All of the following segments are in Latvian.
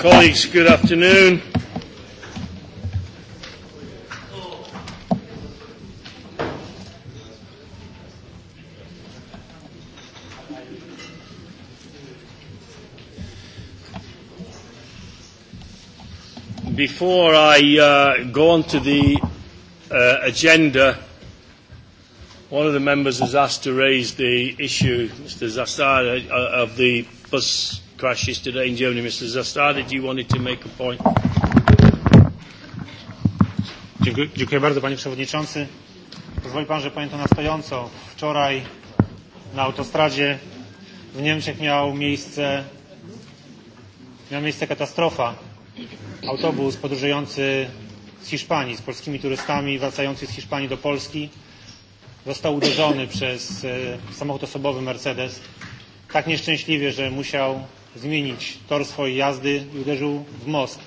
Colleagues, good afternoon. Before I uh, go on to the uh, agenda, one of the members has asked to raise the issue, Mr. Zastar, uh, of the bus crashes today in Germany. Mr. Zastardy, you wanted to make a point. Dziękuję, dziękuję bardzo, panie przewodniczący. Pozwoli pan, że pamiętam na stojąco. Wczoraj na autostradzie w Niemczech miał miejsce, miała miejsce katastrofa. Autobus podróżujący z Hiszpanii, z polskimi turystami wracający z Hiszpanii do Polski został uderzony przez e, samochód osobowy Mercedes tak nieszczęśliwie, że musiał zmienić tor swojej jazdy i uderzył w most.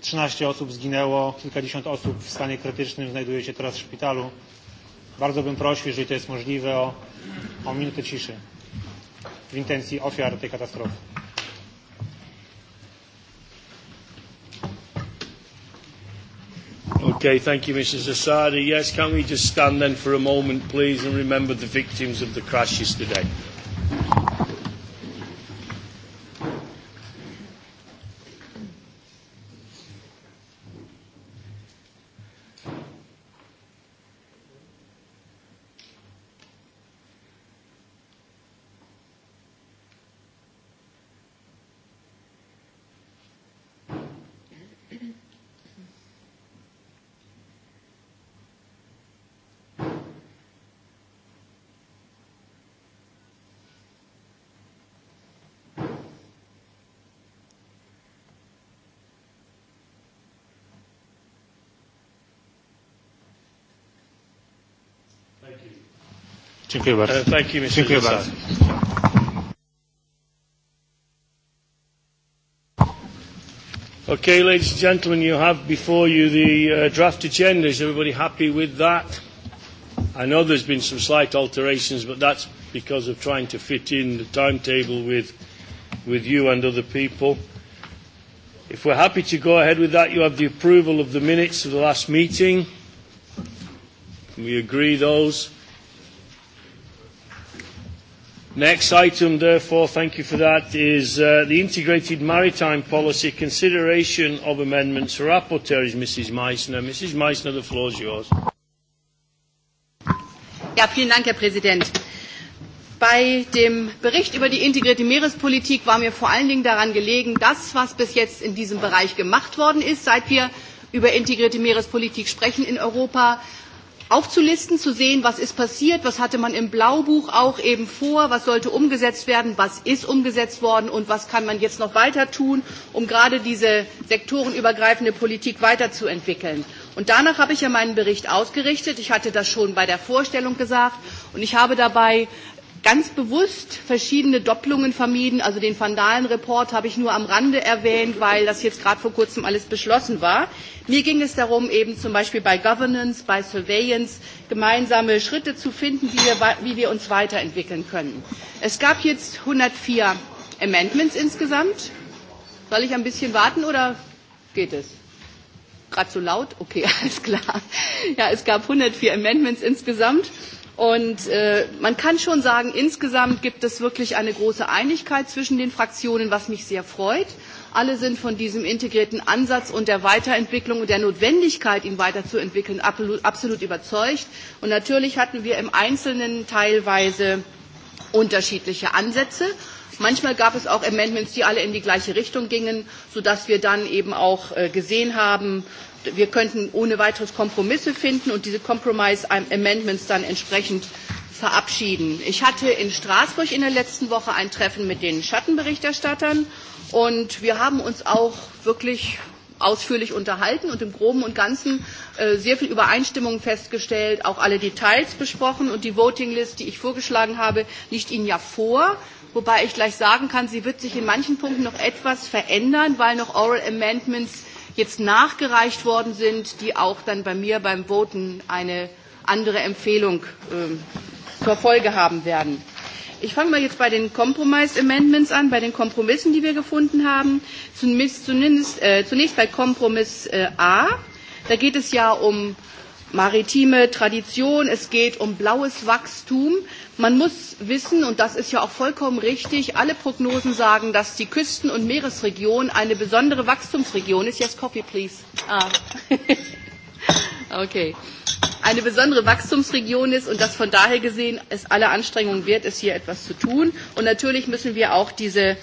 13 osób zginęło, kilkadziesiąt osób w stanie krytycznym znajduje się teraz w szpitalu. Bardzo bym prosił, jeżeli to jest możliwe, o, o minutę ciszy w intencji ofiar tej katastrofy. Okay, thank you, Mrs. Asadi. Yes, can we just stand then for a moment, please, and remember the victims of the crashes today? Dziękuję bardzo. Uh, thank you, Mr. Dziękuję Lisa. bardzo. Okay, ladies and gentlemen, you have before you the uh, draft agenda. Is everybody happy with that? I know there's been some slight alterations, but that's because of trying to fit in the timetable with, with you and other people. If we're happy to go ahead with that, you have the approval of the minutes of the last meeting. Can we agree those? Next item, therefore, thank you for that, is uh, the Integrated Maritime Policy Consideration of Amendments. Her rapporteur is Mrs. Meissner. Mrs. Meissner, the floor is yours. Ja, vielen Dank, Herr Präsident. Bei dem Bericht über die integrierte Meerespolitik war mir vor allen Dingen daran gelegen, das, was bis jetzt in diesem Bereich gemacht worden ist, seit wir über integrierte Meerespolitik sprechen in Europa, aufzulisten, zu sehen, was ist passiert, was hatte man im Blaubuch auch eben vor, was sollte umgesetzt werden, was ist umgesetzt worden und was kann man jetzt noch weiter tun, um gerade diese sektorenübergreifende Politik weiterzuentwickeln. Und danach habe ich ja meinen Bericht ausgerichtet. Ich hatte das schon bei der Vorstellung gesagt. Und ich habe dabei ganz bewusst verschiedene Doppelungen vermieden. Also den Vandalenreport habe ich nur am Rande erwähnt, weil das jetzt gerade vor kurzem alles beschlossen war. Mir ging es darum, eben zum Beispiel bei Governance, bei Surveillance gemeinsame Schritte zu finden, wie wir, wie wir uns weiterentwickeln können. Es gab jetzt 104 Amendments insgesamt. Soll ich ein bisschen warten oder geht es? Gerade so laut? Okay, alles klar. Ja, es gab 104 Amendments insgesamt. Und äh, man kann schon sagen, insgesamt gibt es wirklich eine große Einigkeit zwischen den Fraktionen, was mich sehr freut. Alle sind von diesem integrierten Ansatz und der Weiterentwicklung und der Notwendigkeit, ihn weiterzuentwickeln, absolut, absolut überzeugt. Und natürlich hatten wir im Einzelnen teilweise unterschiedliche Ansätze. Manchmal gab es auch Amendments, die alle in die gleiche Richtung gingen, sodass wir dann eben auch äh, gesehen haben, wir könnten ohne weiteres Kompromisse finden und diese Compromise Amendments dann entsprechend verabschieden. Ich hatte in Straßburg in der letzten Woche ein Treffen mit den Schattenberichterstattern und wir haben uns auch wirklich ausführlich unterhalten und im Groben und Ganzen äh, sehr viel Übereinstimmung festgestellt, auch alle Details besprochen und die Voting List, die ich vorgeschlagen habe, liegt Ihnen ja vor wobei ich gleich sagen kann, sie wird sich in manchen Punkten noch etwas verändern, weil noch Oral Amendments jetzt nachgereicht worden sind, die auch dann bei mir beim Voten eine andere Empfehlung äh, zur Folge haben werden. Ich fange mal jetzt bei den Compromise Amendments an, bei den Kompromissen, die wir gefunden haben. Zunächst, zunächst, äh, zunächst bei Kompromiss äh, A. Da geht es ja um maritime Tradition, es geht um blaues Wachstum. Man muss wissen, und das ist ja auch vollkommen richtig, alle Prognosen sagen, dass die Küsten- und Meeresregion eine besondere Wachstumsregion ist. Yes, copy, please. Ah. okay. Eine besondere Wachstumsregion ist und dass von daher gesehen es alle Anstrengungen wert ist, hier etwas zu tun. Und natürlich müssen wir auch diese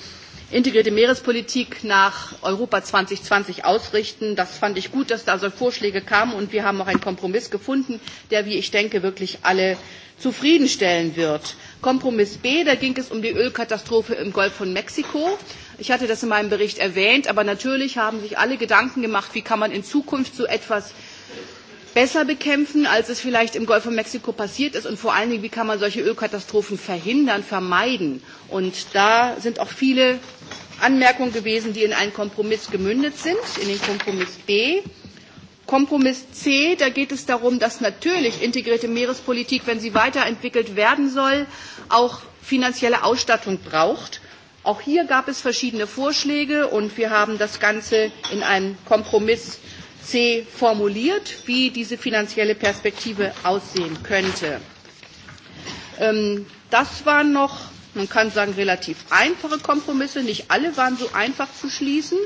integrierte Meerespolitik nach Europa 2020 ausrichten. Das fand ich gut, dass da so Vorschläge kamen und wir haben auch einen Kompromiss gefunden, der, wie ich denke, wirklich alle zufriedenstellen wird. Kompromiss B, da ging es um die Ölkatastrophe im Golf von Mexiko. Ich hatte das in meinem Bericht erwähnt, aber natürlich haben sich alle Gedanken gemacht, wie kann man in Zukunft so etwas besser bekämpfen, als es vielleicht im Golf von Mexiko passiert ist und vor allen Dingen, wie kann man solche Ölkatastrophen verhindern, vermeiden. Und da sind auch viele Anmerkungen gewesen, die in einen Kompromiss gemündet sind, in den Kompromiss B. Kompromiss C, da geht es darum, dass natürlich integrierte Meerespolitik, wenn sie weiterentwickelt werden soll, auch finanzielle Ausstattung braucht. Auch hier gab es verschiedene Vorschläge und wir haben das Ganze in einem Kompromiss C formuliert, wie diese finanzielle Perspektive aussehen könnte. Ähm, das waren noch, man kann sagen, relativ einfache Kompromisse. Nicht alle waren so einfach zu schließen.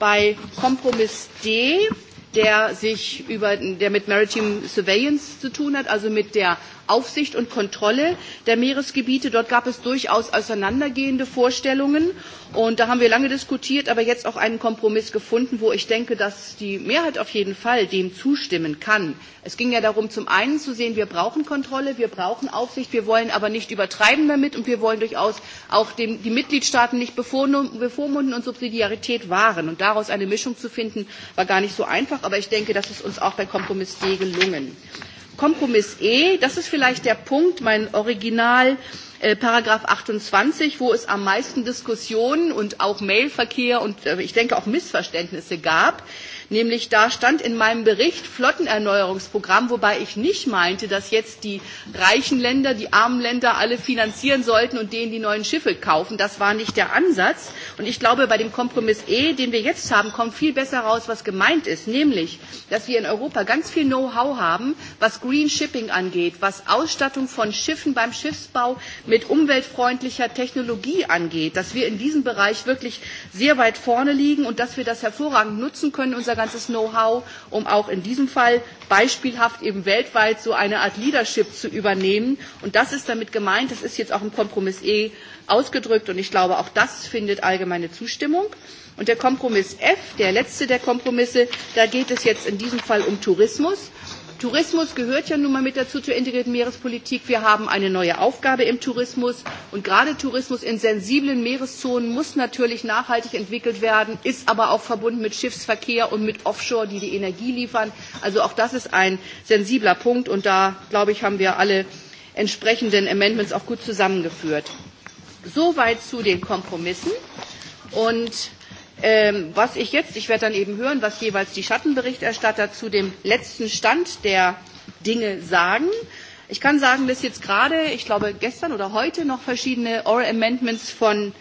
Bei Kompromiss D der sich über, der mit Maritime Surveillance zu tun hat, also mit der Aufsicht und Kontrolle der Meeresgebiete. Dort gab es durchaus auseinandergehende Vorstellungen. Und da haben wir lange diskutiert, aber jetzt auch einen Kompromiss gefunden, wo ich denke, dass die Mehrheit auf jeden Fall dem zustimmen kann. Es ging ja darum, zum einen zu sehen, wir brauchen Kontrolle, wir brauchen Aufsicht, wir wollen aber nicht übertreiben damit und wir wollen durchaus auch dem, die Mitgliedstaaten nicht bevormunden und Subsidiarität wahren. Und daraus eine Mischung zu finden, war gar nicht so einfach, aber ich denke, das ist uns auch bei Kompromiss D gelungen. Kompromiss E, das ist vielleicht der Punkt, mein Original äh, Paragraph 28, wo es am meisten Diskussionen und auch Mailverkehr und äh, ich denke auch Missverständnisse gab. Äh, Nämlich da stand in meinem Bericht Flottenerneuerungsprogramm, wobei ich nicht meinte, dass jetzt die reichen Länder, die armen Länder alle finanzieren sollten und denen die neuen Schiffe kaufen. Das war nicht der Ansatz. Und ich glaube, bei dem Kompromiss E, den wir jetzt haben, kommt viel besser raus, was gemeint ist. Nämlich, dass wir in Europa ganz viel Know-how haben, was Green Shipping angeht, was Ausstattung von Schiffen beim Schiffsbau mit umweltfreundlicher Technologie angeht, dass wir in diesem Bereich wirklich sehr weit vorne liegen und dass wir das hervorragend nutzen können. Unser ganzes Know-how, um auch in diesem Fall beispielhaft eben weltweit so eine Art Leadership zu übernehmen. Und das ist damit gemeint, das ist jetzt auch im Kompromiss E ausgedrückt und ich glaube, auch das findet allgemeine Zustimmung. Und der Kompromiss F, der letzte der Kompromisse, da geht es jetzt in diesem Fall um Tourismus. Tourismus gehört ja nun mal mit dazu zur integrierten Meerespolitik. Wir haben eine neue Aufgabe im Tourismus und gerade Tourismus in sensiblen Meereszonen muss natürlich nachhaltig entwickelt werden, ist aber auch verbunden mit Schiffsverkehr und mit Offshore, die die Energie liefern. Also auch das ist ein sensibler Punkt und da, glaube ich, haben wir alle entsprechenden Amendments auch gut zusammengeführt. Soweit zu den Kompromissen und Ähm, was ich jetzt, ich werde dann eben hören, was jeweils die Schattenberichterstatter zu dem letzten Stand der Dinge sagen. Ich kann sagen, dass jetzt gerade, ich glaube gestern oder heute noch verschiedene Oral Amendments von äh,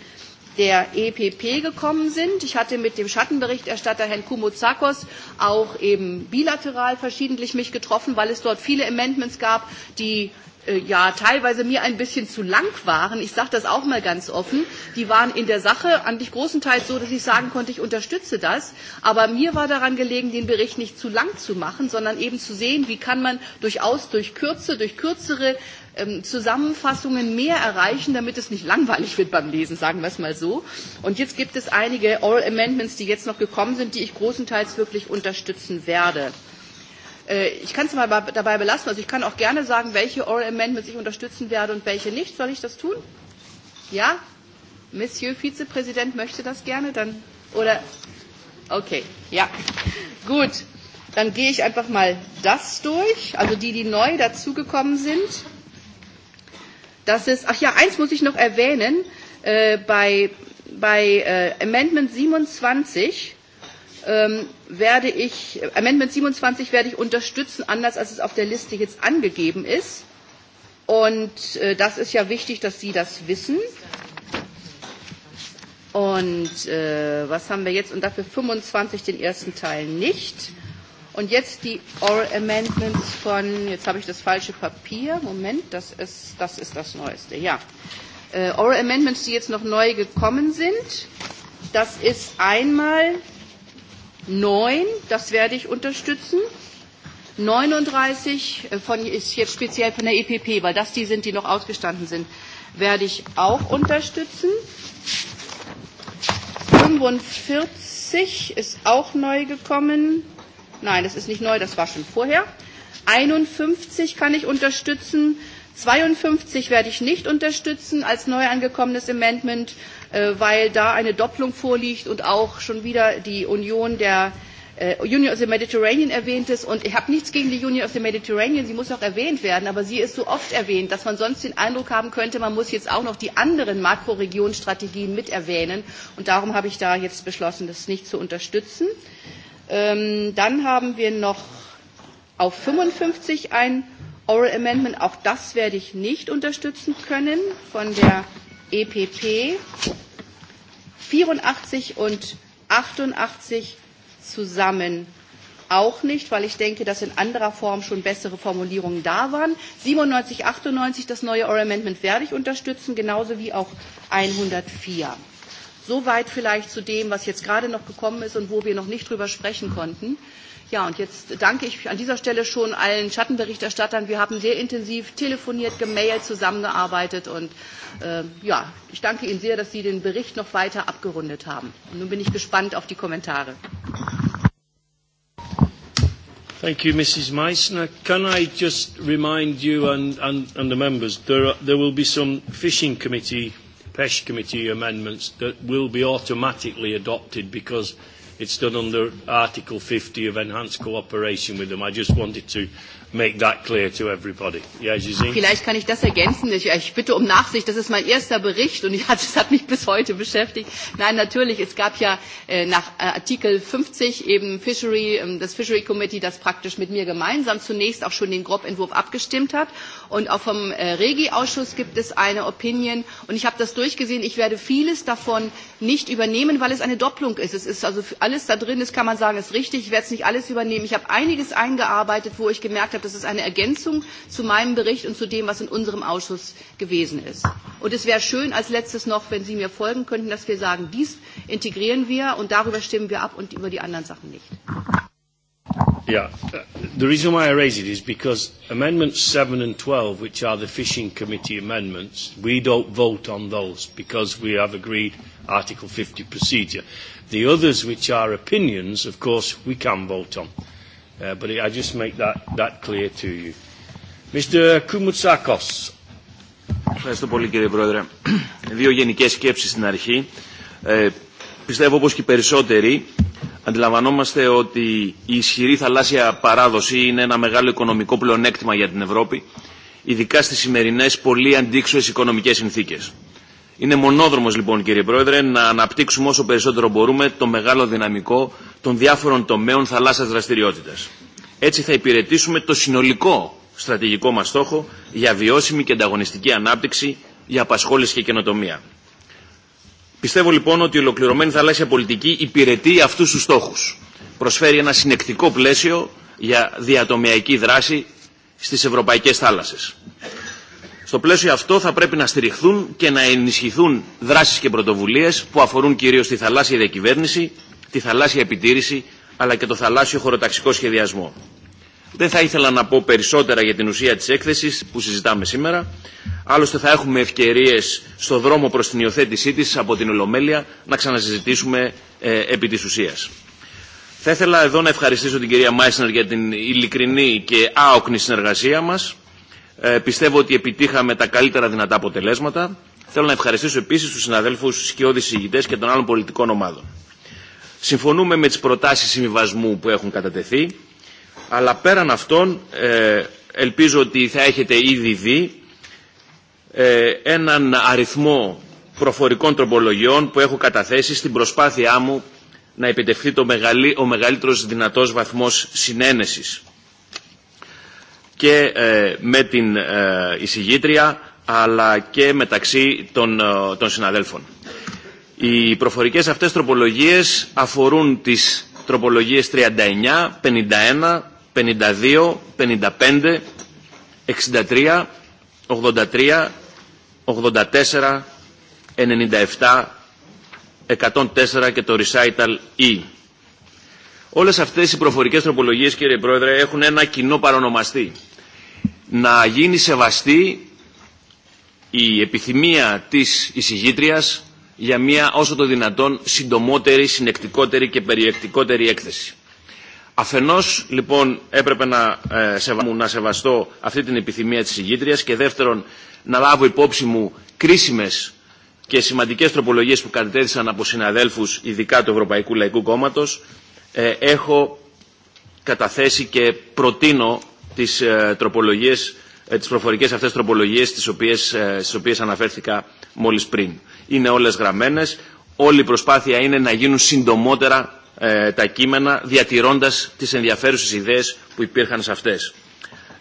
der EPP gekommen sind. Ich hatte mit dem Schattenberichterstatter Herrn Kumuzakos auch eben bilateral verschiedentlich mich getroffen, weil es dort viele Amendments gab, die äh, ja teilweise mir ein bisschen zu lang waren. Ich sage das auch mal ganz offen. Die waren in der Sache eigentlich großenteils so, dass ich sagen konnte, ich unterstütze das. Aber mir war daran gelegen, den Bericht nicht zu lang zu machen, sondern eben zu sehen, wie kann man durchaus durch Kürze, durch kürzere ähm, Zusammenfassungen mehr erreichen, damit es nicht langweilig wird beim Lesen, sagen wir es mal so. Und jetzt gibt es einige Oral Amendments, die jetzt noch gekommen sind, die ich großenteils wirklich unterstützen werde. Äh, ich kann es mal dabei belassen. Also ich kann auch gerne sagen, welche Oral Amendments ich unterstützen werde und welche nicht. Soll ich das tun? Ja? Monsieur Vizepräsident möchte das gerne, dann oder okay, ja. Gut, dann gehe ich einfach mal das durch, also die, die neu dazugekommen sind dass es, ach ja, eins muss ich noch erwähnen, äh, bei, bei äh, Amendment 27 ähm, werde ich, äh, Amendment 27 werde ich unterstützen, anders als es auf der Liste jetzt angegeben ist. Und äh, das ist ja wichtig, dass Sie das wissen. Und äh, was haben wir jetzt? Und dafür 25 den ersten Teil nicht. Und jetzt die Oral Amendments von, jetzt habe ich das falsche Papier, Moment, das ist das, ist das Neueste, ja. Äh, Oral Amendments, die jetzt noch neu gekommen sind, das ist einmal 9, das werde ich unterstützen. 39 äh, von, ist jetzt speziell von der EPP, weil das die sind, die noch ausgestanden sind, werde ich auch unterstützen. 45 ist auch neu gekommen. Nein, das ist nicht neu, das war schon vorher. 51 kann ich unterstützen. 52 werde ich nicht unterstützen als neu angekommenes Amendment, äh, weil da eine Doppelung vorliegt und auch schon wieder die Union der äh, Union of the Mediterranean erwähnt ist. Und ich habe nichts gegen die Union of the Mediterranean, sie muss auch erwähnt werden, aber sie ist so oft erwähnt, dass man sonst den Eindruck haben könnte, man muss jetzt auch noch die anderen Makroregionstrategien mit erwähnen. Und darum habe ich da jetzt beschlossen, das nicht zu unterstützen. Äh, Ähm, dann haben wir noch auf 55 ein Oral Amendment. Auch das werde ich nicht unterstützen können von der EPP. 84 und 88 zusammen auch nicht, weil ich denke, dass in anderer Form schon bessere Formulierungen da waren. 97, 98, das neue Oral Amendment werde ich unterstützen, genauso wie auch 104. Soweit vielleicht zu dem, was jetzt gerade noch gekommen ist und wo wir noch nicht drüber sprechen konnten. Ja, und jetzt danke ich an dieser Stelle schon allen Schattenberichterstattern. Wir haben sehr intensiv telefoniert, gemailt, zusammengearbeitet und äh, ja, ich danke Ihnen sehr, dass Sie den Bericht noch weiter abgerundet haben. Und nun bin ich gespannt auf die Kommentare. Thank you, Mrs. Meissner. Can I just remind you and, and, and the members, there, are, there will be some fishing committee PESH committee amendments that will be automatically adopted because it's done under Article 50 of enhanced cooperation with them. I just wanted to make that clear to everybody. Ja, Ach, vielleicht kann ich das ergänzen. Ich, ich bitte um Nachsicht. Das ist mein erster Bericht und ich, das hat mich bis heute beschäftigt. Nein, natürlich. Es gab ja äh, nach äh, Artikel 50 eben Fishery, äh, das Fishery Committee, das praktisch mit mir gemeinsam zunächst auch schon den Grobentwurf abgestimmt hat. Und auch vom äh, Regi-Ausschuss gibt es eine Opinion. Und ich habe das durchgesehen. Ich werde vieles davon nicht übernehmen, weil es eine Doppelung ist. Es ist also alles da drin, das kann man sagen, ist richtig. Ich werde es nicht alles übernehmen. Ich habe einiges eingearbeitet, wo ich gemerkt habe, habe. Das ist eine Ergänzung zu meinem Bericht und zu dem, was in unserem Ausschuss gewesen ist. Und es wäre schön, als letztes noch, wenn Sie mir folgen könnten, dass wir sagen, dies integrieren wir und darüber stimmen wir ab und über die anderen Sachen nicht. Yeah, the reason why I raise it is because Amendments 7 and 12, which are the Fishing Committee amendments, we don't vote on those because we have agreed Article 50 procedure. The others, which are opinions, of course, we can vote on. Uh, Uh, but I just make that, that clear to you. Mr. Koumoutsakos. Ευχαριστώ πολύ κύριε Πρόεδρε. Δύο γενικές σκέψεις στην αρχή. Ε, πιστεύω όπως και οι περισσότεροι αντιλαμβανόμαστε ότι η ισχυρή θαλάσσια παράδοση είναι ένα μεγάλο οικονομικό πλεονέκτημα για την Ευρώπη, ειδικά στις σημερινές πολύ αντίξωες οικονομικές συνθήκες. Είναι μονόδρομος λοιπόν κύριε Πρόεδρε να αναπτύξουμε όσο περισσότερο μπορούμε το μεγάλο δυναμικό των διάφορων τομέων θαλάσσιας δραστηριότητας. Έτσι θα υπηρετήσουμε το συνολικό στρατηγικό μας στόχο για βιώσιμη και ανταγωνιστική ανάπτυξη, για απασχόληση και καινοτομία. Πιστεύω λοιπόν ότι η ολοκληρωμένη θαλάσσια πολιτική υπηρετεί αυτούς τους στόχους. Προσφέρει ένα συνεκτικό πλαίσιο για διατομιακή δράση στις ευρωπαϊκές θάλασσες. Στο πλαίσιο αυτό θα πρέπει να στηριχθούν και να ενισχυθούν δράσεις και πρωτοβουλίες που αφορούν κυρίως τη θαλάσσια διακυβέρνηση, τη θαλάσσια επιτήρηση αλλά και το θαλάσσιο χωροταξικό σχεδιασμό. Δεν θα ήθελα να πω περισσότερα για την ουσία της έκθεσης που συζητάμε σήμερα. Άλλωστε θα έχουμε ευκαιρίες στο δρόμο προς την υιοθέτησή της από την Ολομέλεια να ξανασυζητήσουμε ε, επί της ουσίας. Θα ήθελα εδώ να ευχαριστήσω την κυρία Μάισνερ για την ειλικρινή και άοκνη συνεργασία μας. Ε, πιστεύω ότι επιτύχαμε τα καλύτερα δυνατά αποτελέσματα. Θέλω να ευχαριστήσω επίσης τους συναδέλφους σκιώδης συγητές και των άλλων πολιτικών ομάδων. Συμφωνούμε με τις προτάσεις συμβιβασμού που έχουν κατατεθεί, αλλά πέραν αυτών ε, ελπίζω ότι θα έχετε ήδη δει ε, έναν αριθμό προφορικών τροπολογιών που έχω καταθέσει στην προσπάθειά μου να επιτευχθεί το μεγαλύ, ο μεγαλύτερος δυνατός βαθμός συνένεσης. Και ε, με την ε, εισηγήτρια αλλά και μεταξύ των, ε, των συναδέλφων. Οι προφορικές αυτές τροπολογίες αφορούν τις τροπολογίες 39, 51, 52, 55, 63, 83, 84, 97, 104 και το Recital E. Όλες αυτές οι προφορικές τροπολογίες, κύριε Πρόεδρε, έχουν ένα κοινό παρονομαστή. Να γίνει σεβαστή η επιθυμία της εισηγήτριας για μια όσο το δυνατόν συντομότερη, συνεκτικότερη και περιεκτικότερη έκθεση. Αφενός, λοιπόν, έπρεπε να, ε, σεβα... να σεβαστώ αυτή την επιθυμία της ηγήτριας και δεύτερον, να λάβω υπόψη μου κρίσιμες και σημαντικές τροπολογίες που κατετέθησαν από συναδέλφους, ειδικά του Ευρωπαϊκού Λαϊκού Κόμματος, ε, έχω καταθέσει και προτείνω τις ε, τροπολογίες, ε, τις προφορικές αυτές τροπολογίες τις οποίες, ε, στις οποίες αναφέρθηκα μόλις πριν είναι όλες γραμμένες. Όλη η προσπάθεια είναι να γίνουν συντομότερα ε, τα κείμενα, διατηρώντας τις ενδιαφέρουσες ιδέες που υπήρχαν σε αυτές.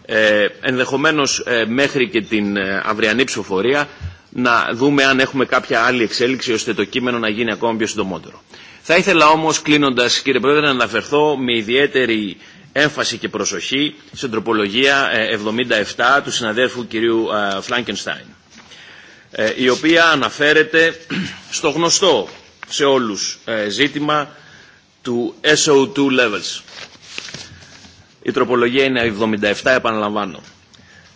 Ε, ενδεχομένως ε, μέχρι και την ε, αυριανή ψηφοφορία να δούμε αν έχουμε κάποια άλλη εξέλιξη ώστε το κείμενο να γίνει ακόμα πιο συντομότερο. Θα ήθελα όμως κλείνοντας κύριε Πρόεδρε να αναφερθώ με ιδιαίτερη έμφαση και προσοχή στην τροπολογία 77 του συναδέλφου κυρίου Φλάνκενστάιν ε, η οποία αναφέρεται στο γνωστό σε όλους ε, ζήτημα του SO2 levels. Η τροπολογία είναι 77, επαναλαμβάνω.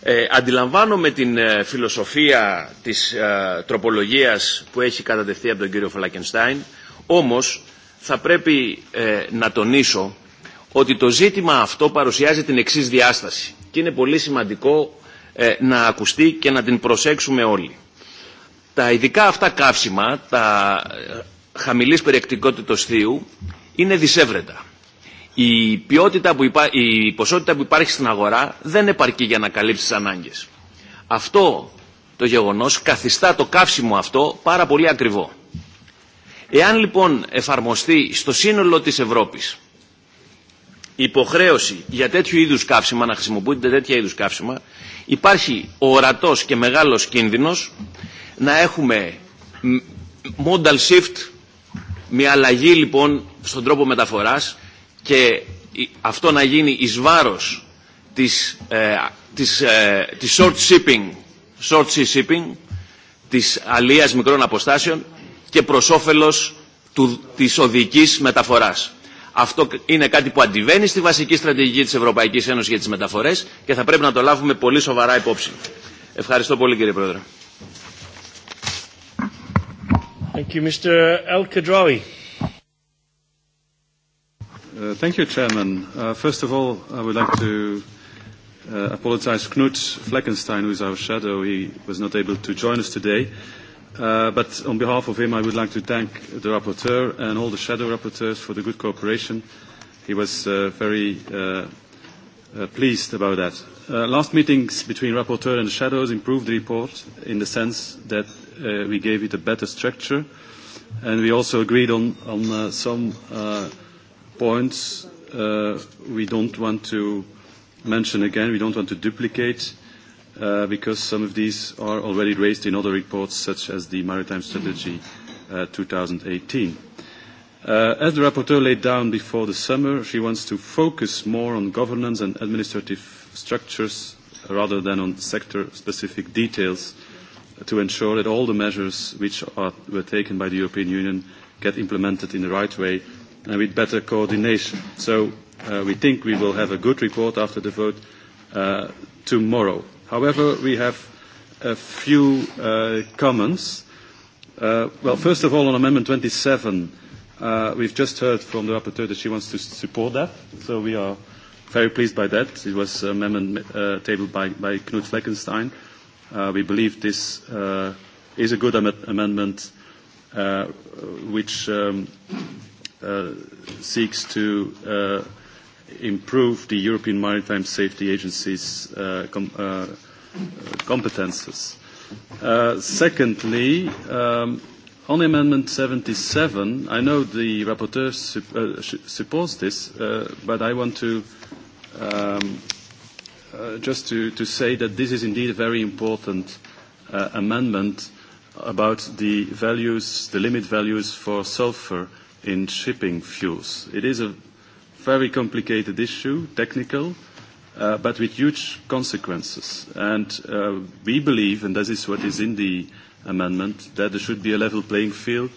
Ε, αντιλαμβάνομαι την ε, φιλοσοφία της ε, τροπολογίας που έχει κατατεθεί από τον κύριο Φλακενστάιν, όμως θα πρέπει ε, να τονίσω ότι το ζήτημα αυτό παρουσιάζει την εξής διάσταση και είναι πολύ σημαντικό ε, να ακουστεί και να την προσέξουμε όλοι. Τα ειδικά αυτά καύσιμα, τα χαμηλής περιεκτικότητος θείου, είναι δυσέβρετα. Η, ποιότητα που υπά... η ποσότητα που υπάρχει στην αγορά δεν επαρκεί για να καλύψει τις ανάγκες. Αυτό το γεγονός καθιστά το καύσιμο αυτό πάρα πολύ ακριβό. Εάν λοιπόν εφαρμοστεί στο σύνολο της Ευρώπης υποχρέωση για τέτοιου είδους καύσιμα, να χρησιμοποιούνται τέτοια είδους καύσιμα, υπάρχει ορατός και μεγάλος κίνδυνος να έχουμε modal shift, μια αλλαγή λοιπόν στον τρόπο μεταφοράς και αυτό να γίνει εις βάρος της, ε, της, ε, της short shipping, short sea shipping, της αλίας μικρών αποστάσεων και προς όφελος του, της οδικής μεταφοράς. Αυτό είναι κάτι που αντιβαίνει στη βασική στρατηγική της Ευρωπαϊκής Ένωσης για τις μεταφορές και θα πρέπει να το λάβουμε πολύ σοβαρά υπόψη. Ευχαριστώ πολύ κύριε Πρόεδρε. Thank you, Mr. El Kadrawi. Uh, thank you, Chairman. Uh, first of all, I would like to uh, apologize Knut Fleckenstein, who is our shadow. He was not able to join us today. Uh, but on behalf of him, I would like to thank the rapporteur and all the shadow rapporteurs for the good cooperation. He was uh, very uh, uh, pleased about that. Uh, last meetings between rapporteur and shadows improved the report in the sense that uh, we gave it a better structure. And we also agreed on, on uh, some uh, points uh, we don't want to mention again. We don't want to duplicate uh, because some of these are already raised in other reports, such as the Maritime Strategy uh, 2018. Uh, as the rapporteur laid down before the summer, she wants to focus more on governance and administrative structures rather than on sector-specific details to ensure that all the measures which are, were taken by the European Union get implemented in the right way and with better coordination. So uh, we think we will have a good report after the vote uh, tomorrow. However, we have a few uh, comments. Uh, well, first of all, on Amendment 27, uh, we've just heard from the rapporteur that she wants to support that, so we are very pleased by that. It was an amendment uh, tabled by, by Knut Fleckenstein. Uh, Uh, we believe this uh, is a good am- amendment uh, which um, uh, seeks to uh, improve the European Maritime Safety Agency's uh, com- uh, competences. Uh, secondly, um, on Amendment 77, I know the rapporteur uh, su- uh, sh- supports this, uh, but I want to um, uh, just to, to say that this is indeed a very important uh, amendment about the values, the limit values for sulfur in shipping fuels. It is a very complicated issue, technical, uh, but with huge consequences. And uh, we believe, and this is what is in the amendment, that there should be a level playing field,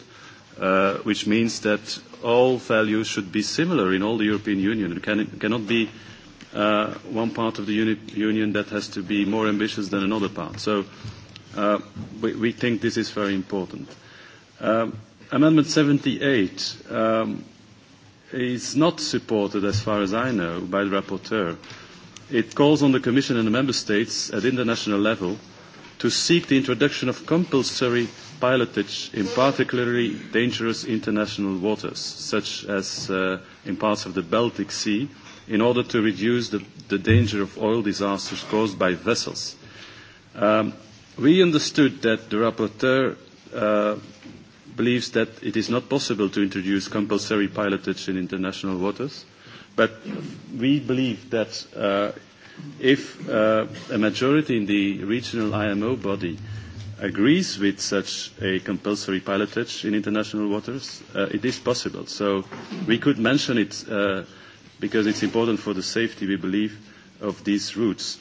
uh, which means that all values should be similar in all the European Union. It can, it cannot be uh, uh, one part of the uni- union that has to be more ambitious than another part. So uh, we, we think this is very important. Um, Amendment 78 um, is not supported, as far as I know, by the rapporteur. It calls on the Commission and the Member States at international level to seek the introduction of compulsory pilotage in particularly dangerous international waters, such as uh, in parts of the Baltic Sea, uh, in order to reduce the, the danger of oil disasters caused by vessels. Um, we understood that the rapporteur uh, believes that it is not possible to introduce compulsory pilotage in international waters, but we believe that uh, if uh, a majority in the regional IMO body agrees with such a compulsory pilotage in international waters, uh, it is possible. So we could mention it uh, because it's important for the safety, we believe, of these routes.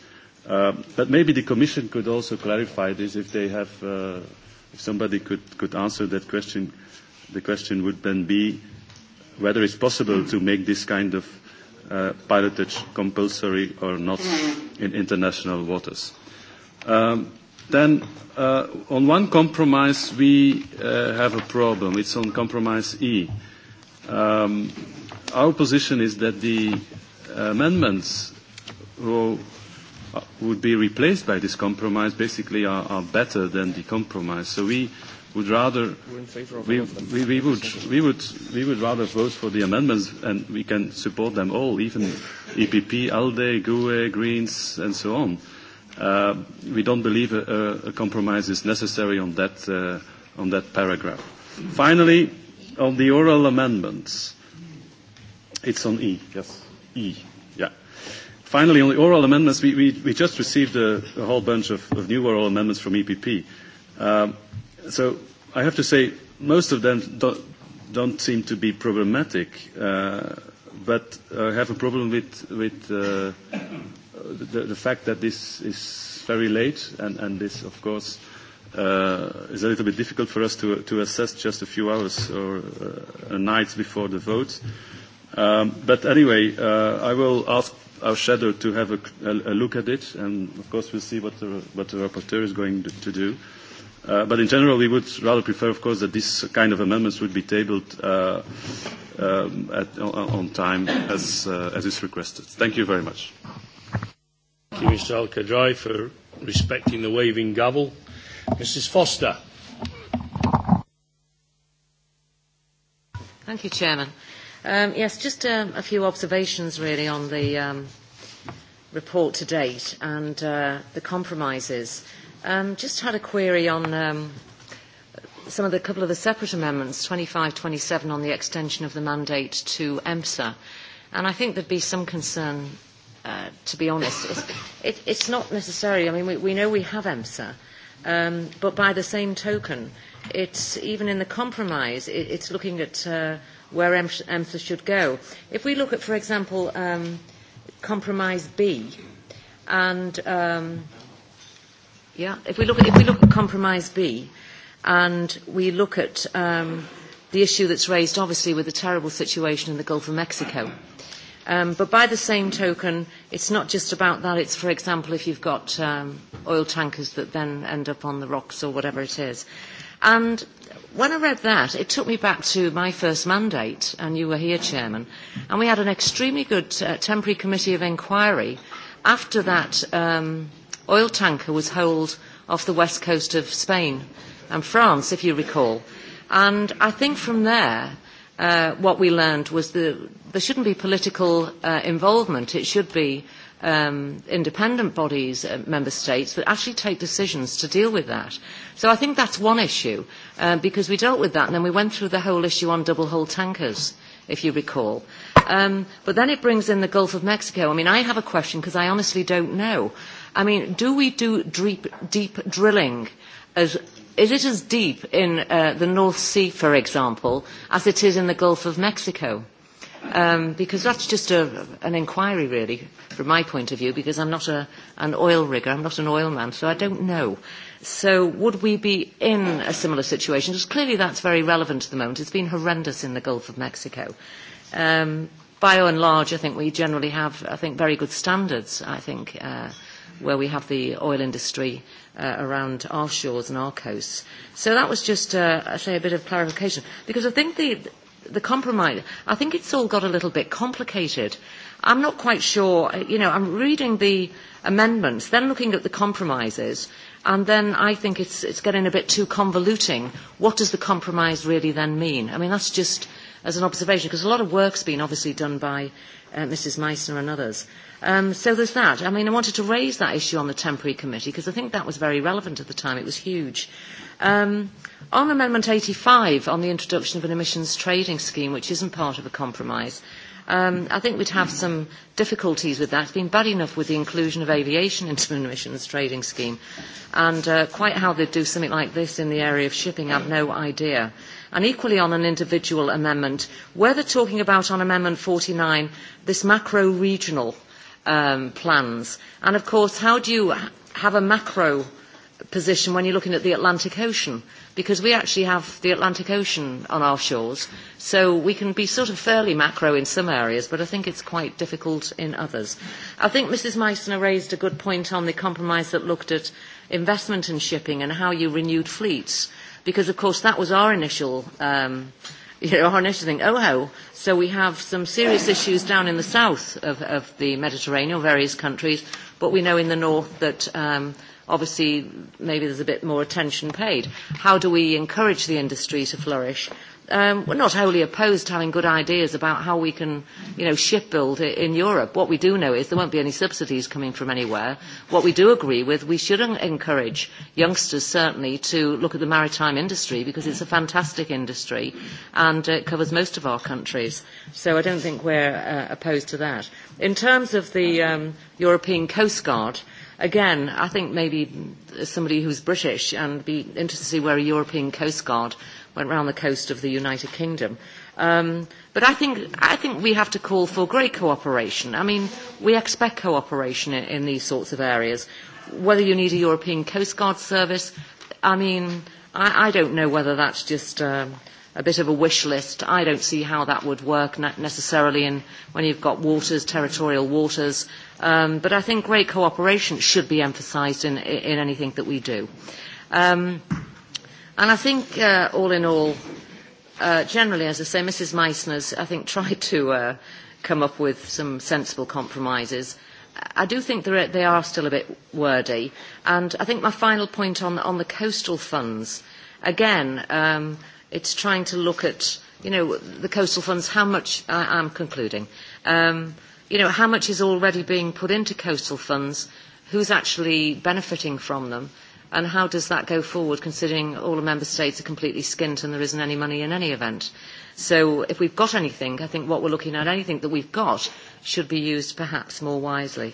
Uh, but maybe the Commission could also clarify this if they have, uh, if somebody could, could answer that question. The question would then be whether it's possible to make this kind of uh, pilotage compulsory or not in international waters. Um, then uh, on one compromise we uh, have a problem. It's on compromise E. Um, our position is that the amendments who would be replaced by this compromise basically are, are better than the compromise. So we would rather We're in favor of we, we, we would we would we would rather vote for the amendments, and we can support them all, even EPP, ALDE, GUE, Greens, and so on. Uh, we don't believe a, a, a compromise is necessary on that uh, on that paragraph. Finally, on the oral amendments. Uh, It's on E, yes. E, yeah. Finally, on the oral amendments, we, we, we just received a, a whole bunch of, of new oral amendments from EPP. Um, so I have to say, most of them don't, don't seem to be problematic, uh, but I have a problem with, with uh, the, the fact that this is very late, and, and this, of course, uh, is a little bit difficult for us to, to assess just a few hours or uh, nights before the vote. Uh, Um, but anyway, uh, I will ask our shadow to have a, a, a look at it, and of course we'll see what the, what the rapporteur is going to do. Uh, but in general, we would rather prefer, of course, that this kind of amendments would be tabled uh, um, at, on, on time as, uh, as is requested. Thank you very much. Thank you, Mr. Al Kadrai, for respecting the waving gavel. Mrs. Foster. Thank you, Chairman. Uh, Um, yes, just um, a few observations really on the um, report to date and uh, the compromises. Um, just had a query on um, some of the couple of the separate amendments, 25, 27, on the extension of the mandate to EMSA. And I think there'd be some concern, uh, to be honest. It's, it, it's not necessary. I mean, we, we know we have EMSA, um, but by the same token, it's even in the compromise, it, it's looking at uh, where EMSA should go. If we look at, for example, um, compromise B, and um, yeah, if we look at, if we look at compromise B, and we look at um, the issue that's raised, obviously, with the terrible situation in the Gulf of Mexico. Um, but by the same token, it's not just about that. It's, for example, if you've got um, oil tankers that then end up on the rocks or whatever it is. And when I read that, it took me back to my first mandate, and you were here, Chairman, and we had an extremely good uh, temporary committee of inquiry after that um, oil tanker was holed off the west coast of Spain and France, if you recall. And I think from there, uh, what we learned was that there shouldn't be political uh, involvement. It should be um, independent bodies at member states that actually take decisions to deal with that. So I think that's one issue, uh, because we dealt with that and then we went through the whole issue on double hull tankers, if you recall. Um, but then it brings in the Gulf of Mexico. I mean, I have a question because I honestly don't know. I mean, do we do deep, deep drilling as is it as deep in uh, the North Sea, for example, as it is in the Gulf of Mexico? um, because that's just a, an inquiry, really, from my point of view, because I'm not a, an oil rigger, I'm not an oil man, so I don't know. So would we be in a similar situation? Because clearly that's very relevant at the moment. It's been horrendous in the Gulf of Mexico. Um, by and large, I think we generally have, I think, very good standards, I think, uh, where we have the oil industry uh, around our shores and our coasts. So that was just, uh, I say, a bit of clarification. Because I think the, the compromise, I think it's all got a little bit complicated. I'm not quite sure, you know, I'm reading the amendments, then looking at the compromises, and then I think it's, it's getting a bit too convoluting. What does the compromise really then mean? I mean, that's just as an observation, because a lot of work's been obviously done by uh, Mrs Meissner and others. Um, so there's that. I mean, I wanted to raise that issue on the temporary committee, because I think that was very relevant at the time. It was huge. Um, on Amendment 85, on the introduction of an emissions trading scheme, which isn't part of a compromise, um, I think we'd have some difficulties with that. It's been bad enough with the inclusion of aviation into an emissions trading scheme. And uh, quite how they'd do something like this in the area of shipping, I've no idea. And equally on an individual amendment, where they're talking about on Amendment 49, this macro-regional um, plans. And of course, how do you have a macro-regional position when you're looking at the Atlantic Ocean, because we actually have the Atlantic Ocean on our shores, so we can be sort of fairly macro in some areas, but I think it's quite difficult in others. I think Mrs Meissner raised a good point on the compromise that looked at investment in shipping and how you renewed fleets, because of course that was our initial um, you know, our initial thing, oh ho. Oh. So we have some serious issues down in the south of, of the Mediterranean, various countries, but we know in the north that um, obviously maybe there's a bit more attention paid. How do we encourage the industry to flourish? Um, we're not wholly opposed to having good ideas about how we can, you know, shipbuild in Europe. What we do know is there won't be any subsidies coming from anywhere. What we do agree with, we should encourage youngsters certainly to look at the maritime industry because it's a fantastic industry and it covers most of our countries. So I don't think we're uh, opposed to that. In terms of the um, European Coast Guard, uh, Again, I think maybe somebody who's British and be interested to see where a European Coast Guard went round the coast of the United Kingdom. Um, but I think, I think we have to call for great cooperation. I mean, we expect cooperation in, in these sorts of areas. Whether you need a European Coast Guard service, I mean, I, I don't know whether that's just um, a bit of a wish list. I don't see how that would work necessarily in, when you've got waters, territorial waters, Um, but I think great cooperation should be emphasised in, in anything that we do. Um, and I think, uh, all in all, uh, generally, as I say, Mrs Meissner's, I think, tried to uh, come up with some sensible compromises. I do think there are, they are still a bit wordy. And I think my final point on, on the coastal funds, again, um, it's trying to look at, you know, the coastal funds, how much, I, I'm concluding, um, uh, you know, how much is already being put into coastal funds, who's actually benefiting from them, and how does that go forward considering all the member states are completely skint and there isn't any money in any event? So if we've got anything, I think what we're looking at, anything that we've got, should be used perhaps more wisely.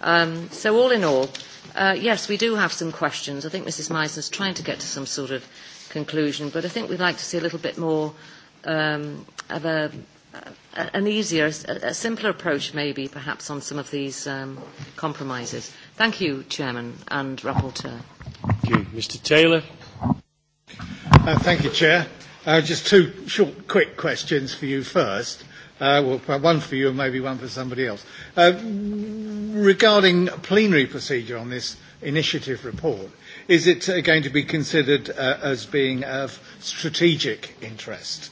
Um, so all in all, uh, yes, we do have some questions. I think Mrs Meisner's trying to get to some sort of conclusion, but I think we'd like to see a little bit more um, of a an easier, a simpler approach maybe perhaps on some of these um, compromises. Thank you, Chairman and Rapporteur. Thank you. Mr Taylor. Uh, thank you, Chair. Uh, just two short, quick questions for you first. Uh, well, one for you and maybe one for somebody else. Uh, regarding plenary procedure on this initiative report, is it uh, going to be considered uh, as being of strategic interest?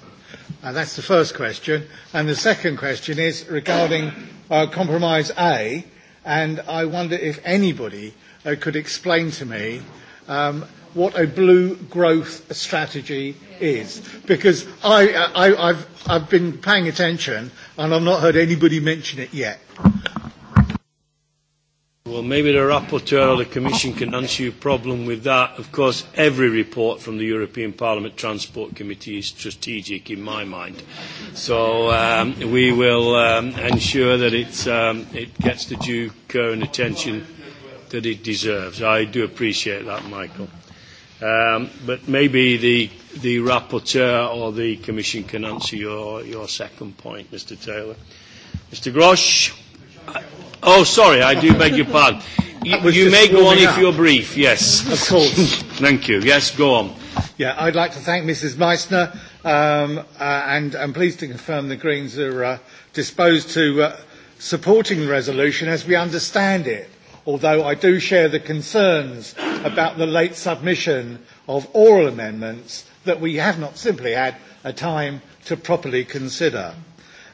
Uh, that's the first question. And the second question is regarding uh, Compromise A, and I wonder if anybody uh, could explain to me um, what a blue growth strategy is, because I, uh, I, I've, I've been paying attention and I've not heard anybody mention it yet. Well, maybe the rapporteur or the Commission can answer your problem with that. Of course, every report from the European Parliament Transport Committee is strategic in my mind. So um, we will um, ensure that it's, um, it gets the due care and attention that it deserves. I do appreciate that, Michael. Um, but maybe the, the rapporteur or the Commission can answer your, your second point, Mr. Taylor. Mr. Grosch. I, Oh, sorry, I do beg your pardon. You, you may go on if up. you're brief, yes. Of course. Thank you. Yes, go on. Yeah, I'd like to thank Mrs. Meissner, um, uh, and I'm pleased to confirm the Greens are uh, disposed to uh, supporting the resolution as we understand it, although I do share the concerns about the late submission of oral amendments that we have not simply had a time to properly consider.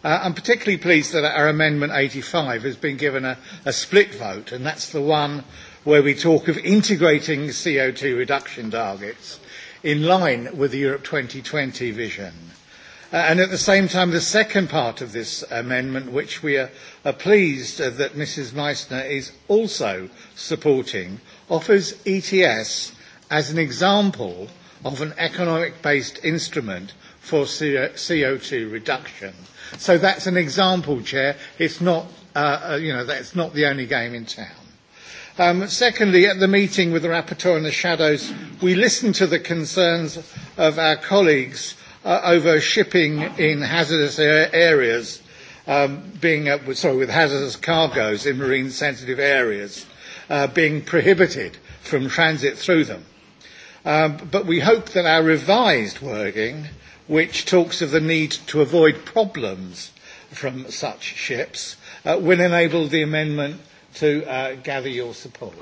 Uh, I'm particularly pleased that our Amendment 85 has been given a, a split vote, and that's the one where we talk of integrating CO2 reduction targets in line with the Europe 2020 vision. Uh, and at the same time, the second part of this amendment, which we are, are pleased uh, that Mrs. Meissner is also supporting, offers ETS as an example of an economic-based instrument for CO2 reduction. So that's an example, Chair. It's not, uh, uh, you know, that's not the only game in town. Um, secondly, at the meeting with the rapporteur and the shadows, we listened to the concerns of our colleagues uh, over shipping in hazardous areas, um, being uh, sorry, with hazardous cargoes in marine sensitive areas, uh, being prohibited from transit through them. Um, but we hope that our revised wording uh, which talks of the need to avoid problems from such ships, uh, will enable the amendment to uh, gather your support.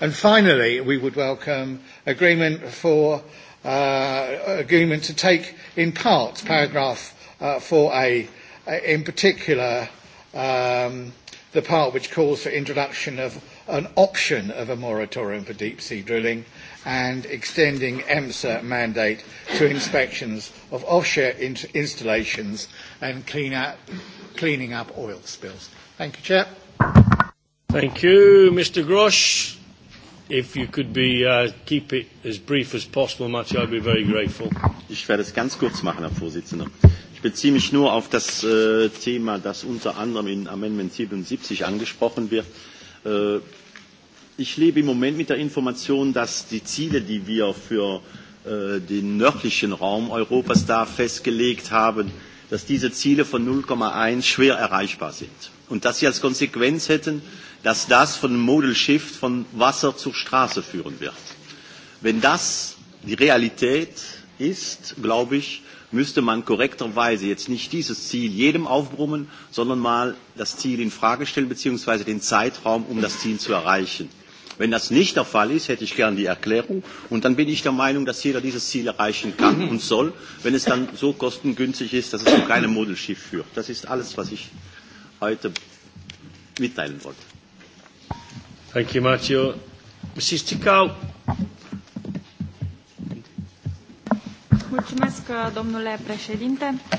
And finally, we would welcome agreement for uh, agreement to take in parts paragraph uh, 4A, uh, in particular um, the part which calls for introduction of an option of a moratorium for deep sea drilling and extending EMSA mandate to inspections of offshore in- installations and clean up, cleaning up oil spills. Thank you, Chair. Thank you, Mr. Grosh. If you could be, uh, keep it as brief as possible, Matti, I'd be very grateful. Ich werde es ganz kurz machen, Herr Vorsitzender. Ich beziehe mich nur auf das äh, Thema, das unter anderem in Amendment 77 angesprochen wird. Äh, Ich lebe im Moment mit der Information, dass die Ziele, die wir für äh, den nördlichen Raum Europas da festgelegt haben, dass diese Ziele von 0,1 schwer erreichbar sind. Und dass sie als Konsequenz hätten, dass das von einem Modal Shift von Wasser zur Straße führen wird. Wenn das die Realität ist, glaube ich, müsste man korrekterweise jetzt nicht dieses Ziel jedem aufbrummen, sondern mal das Ziel in Frage stellen, beziehungsweise den Zeitraum, um das Ziel zu erreichen. Wenn das nicht der Fall ist, hätte ich gern die Erklärung. Und dann bin ich der Meinung, dass jeder dieses Ziel erreichen kann und soll, wenn es dann so kostengünstig ist, dass es zu keinem Modelschiff führt. Das ist alles, was ich heute mitteilen wollte. Thank you, Matteo. Mrs. Ticau. Mulțumesc, domnule președinte. Uh,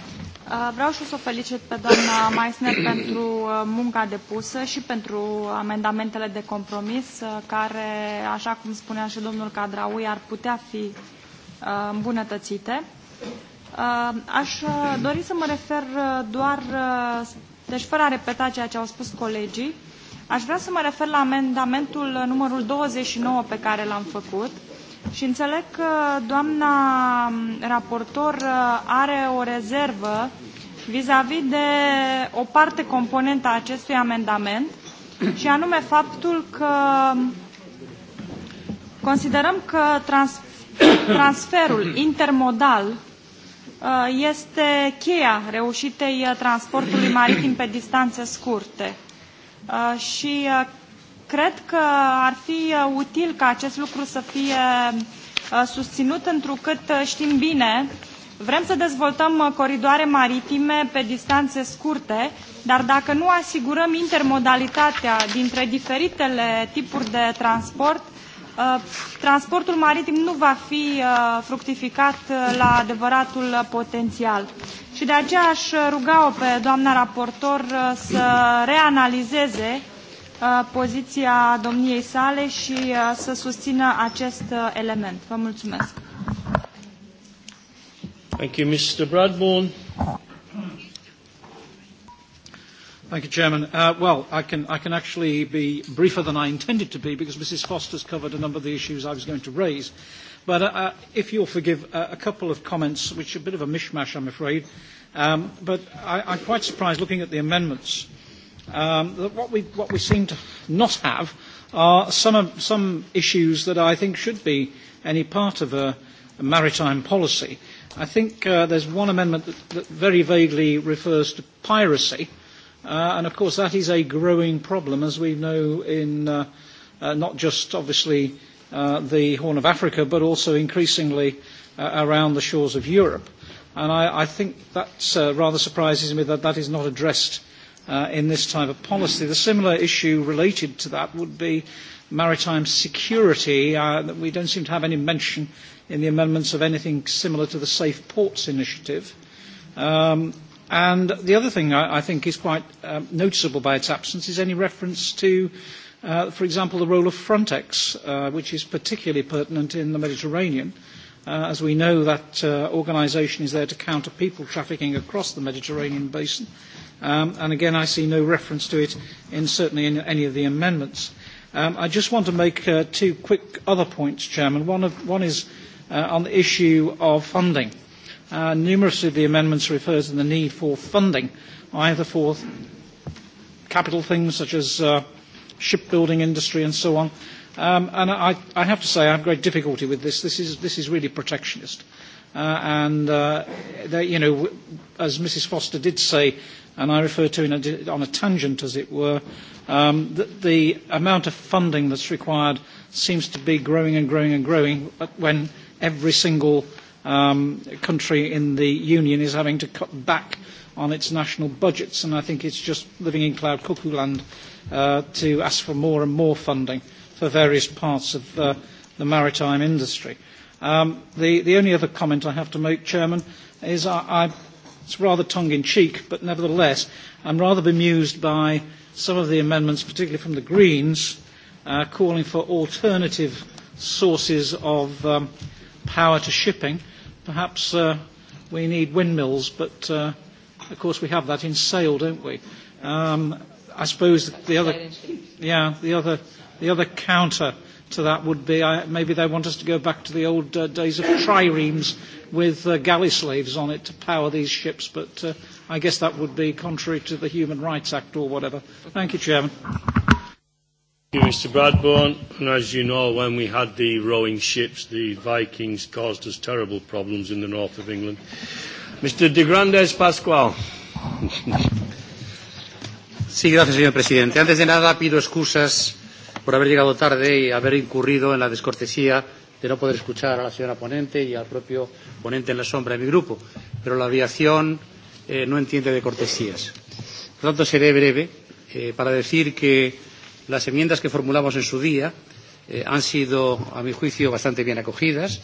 Uh, vreau și o să o felicit pe doamna Meissner pentru uh, munca depusă și pentru amendamentele de compromis, uh, care, așa cum spunea și domnul Cadraui, ar putea fi îmbunătățite. Aș dori să mă refer doar, deci fără a repeta ceea ce au spus colegii, aș vrea să mă refer la amendamentul numărul 29 pe care l-am făcut, Și înțeleg că doamna mm, raportor uh, are o rezervă vis-a-vis -vis de o parte componentă a acestui amendament și anume faptul că mm, considerăm că trans transferul intermodal uh, este cheia reușitei uh, transportului maritim pe distanțe scurte. Și Cred că ar fi uh, util ca acest lucru să fie uh, susținut, întrucât uh, știm bine, vrem să dezvoltăm coridoare maritime pe distanțe scurte, dar dacă nu asigurăm intermodalitatea dintre diferitele tipuri de transport, transportul maritim nu va fi fructificat la adevăratul potențial. Și de aceea aș ruga-o pe doamna raportor să reanalizeze Uh, poziția domniei sale și uh, să susțină acest uh, element. Vă mulțumesc. Thank you, Mr. Bradbourne. Thank you, Chairman. Uh, well, I can, I can actually be briefer than I intended to be because Mrs. Foster's covered a number of the issues I was going to raise. But uh, if you'll forgive, uh, a couple of comments, which are a bit of a mishmash, I'm afraid. Um, but I, I'm quite surprised looking at the amendments. Uh, Um, what, we, what we seem to not have are some, some issues that I think should be any part of a, a maritime policy. I think uh, there's one amendment that, that very vaguely refers to piracy, uh, and of course that is a growing problem, as we know in uh, uh, not just obviously uh, the Horn of Africa, but also increasingly uh, around the shores of Europe. And I, I think that uh, rather surprises me that that is not addressed uh, in this type of policy. The similar issue related to that would be maritime security. Uh, that we don't seem to have any mention in the amendments of anything similar to the Safe Ports Initiative. Um, and the other thing I, I think is quite um, noticeable by its absence is any reference to, uh, for example, the role of Frontex, uh, which is particularly pertinent in the Mediterranean. Uh, as we know, that uh, organisation is there to counter people trafficking across the Mediterranean basin. Um, and again, I see no reference to it in certainly in any of the amendments. Um, I just want to make uh, two quick other points, Chairman. One, of, one is uh, on the issue of funding. Uh, numerous of the amendments refer to the need for funding, either for capital things such as uh, shipbuilding industry and so on. Um, and I, I have to say I have great difficulty with this. This is, this is really protectionist. Uh, and, uh, they, you know, as Mrs Foster did say, and I refer to, in a, on a tangent as it were, um, that the amount of funding that's required seems to be growing and growing and growing when every single um, country in the Union is having to cut back on its national budgets, and I think it's just living in cloud cuckoo land uh, to ask for more and more funding for various parts of uh, the maritime industry. Um, the, the only other comment I have to make, Chairman, is I, I It's rather tongue in cheek, but nevertheless, I'm rather bemused by some of the amendments, particularly from the Greens, uh, calling for alternative sources of um, power to shipping. Perhaps uh, we need windmills, but uh, of course we have that in sail, don't we? Um, I suppose the other, yeah, the other, the other counter uh, to that would be uh, maybe they want us to go back to the old uh, days of triremes with uh, galley slaves on it to power these ships, but uh, I guess that would be contrary to the Human Rights Act or whatever. Thank you, Chairman. Thank you, Mr. Bradbourne. And as you know, when we had the rowing ships, the Vikings caused us terrible problems in the north of England. Mr. De Grandes Pascual. Sí, gracias, señor presidente. Antes de nada, pido excusas por haber llegado tarde y haber incurrido en la descortesía de no poder escuchar a la señora ponente y al propio ponente en la sombra de mi grupo. Pero la aviación eh, no entiende de cortesías. Por lo tanto, seré breve eh, para decir que las enmiendas que formulamos en su día eh, han sido, a mi juicio, bastante bien acogidas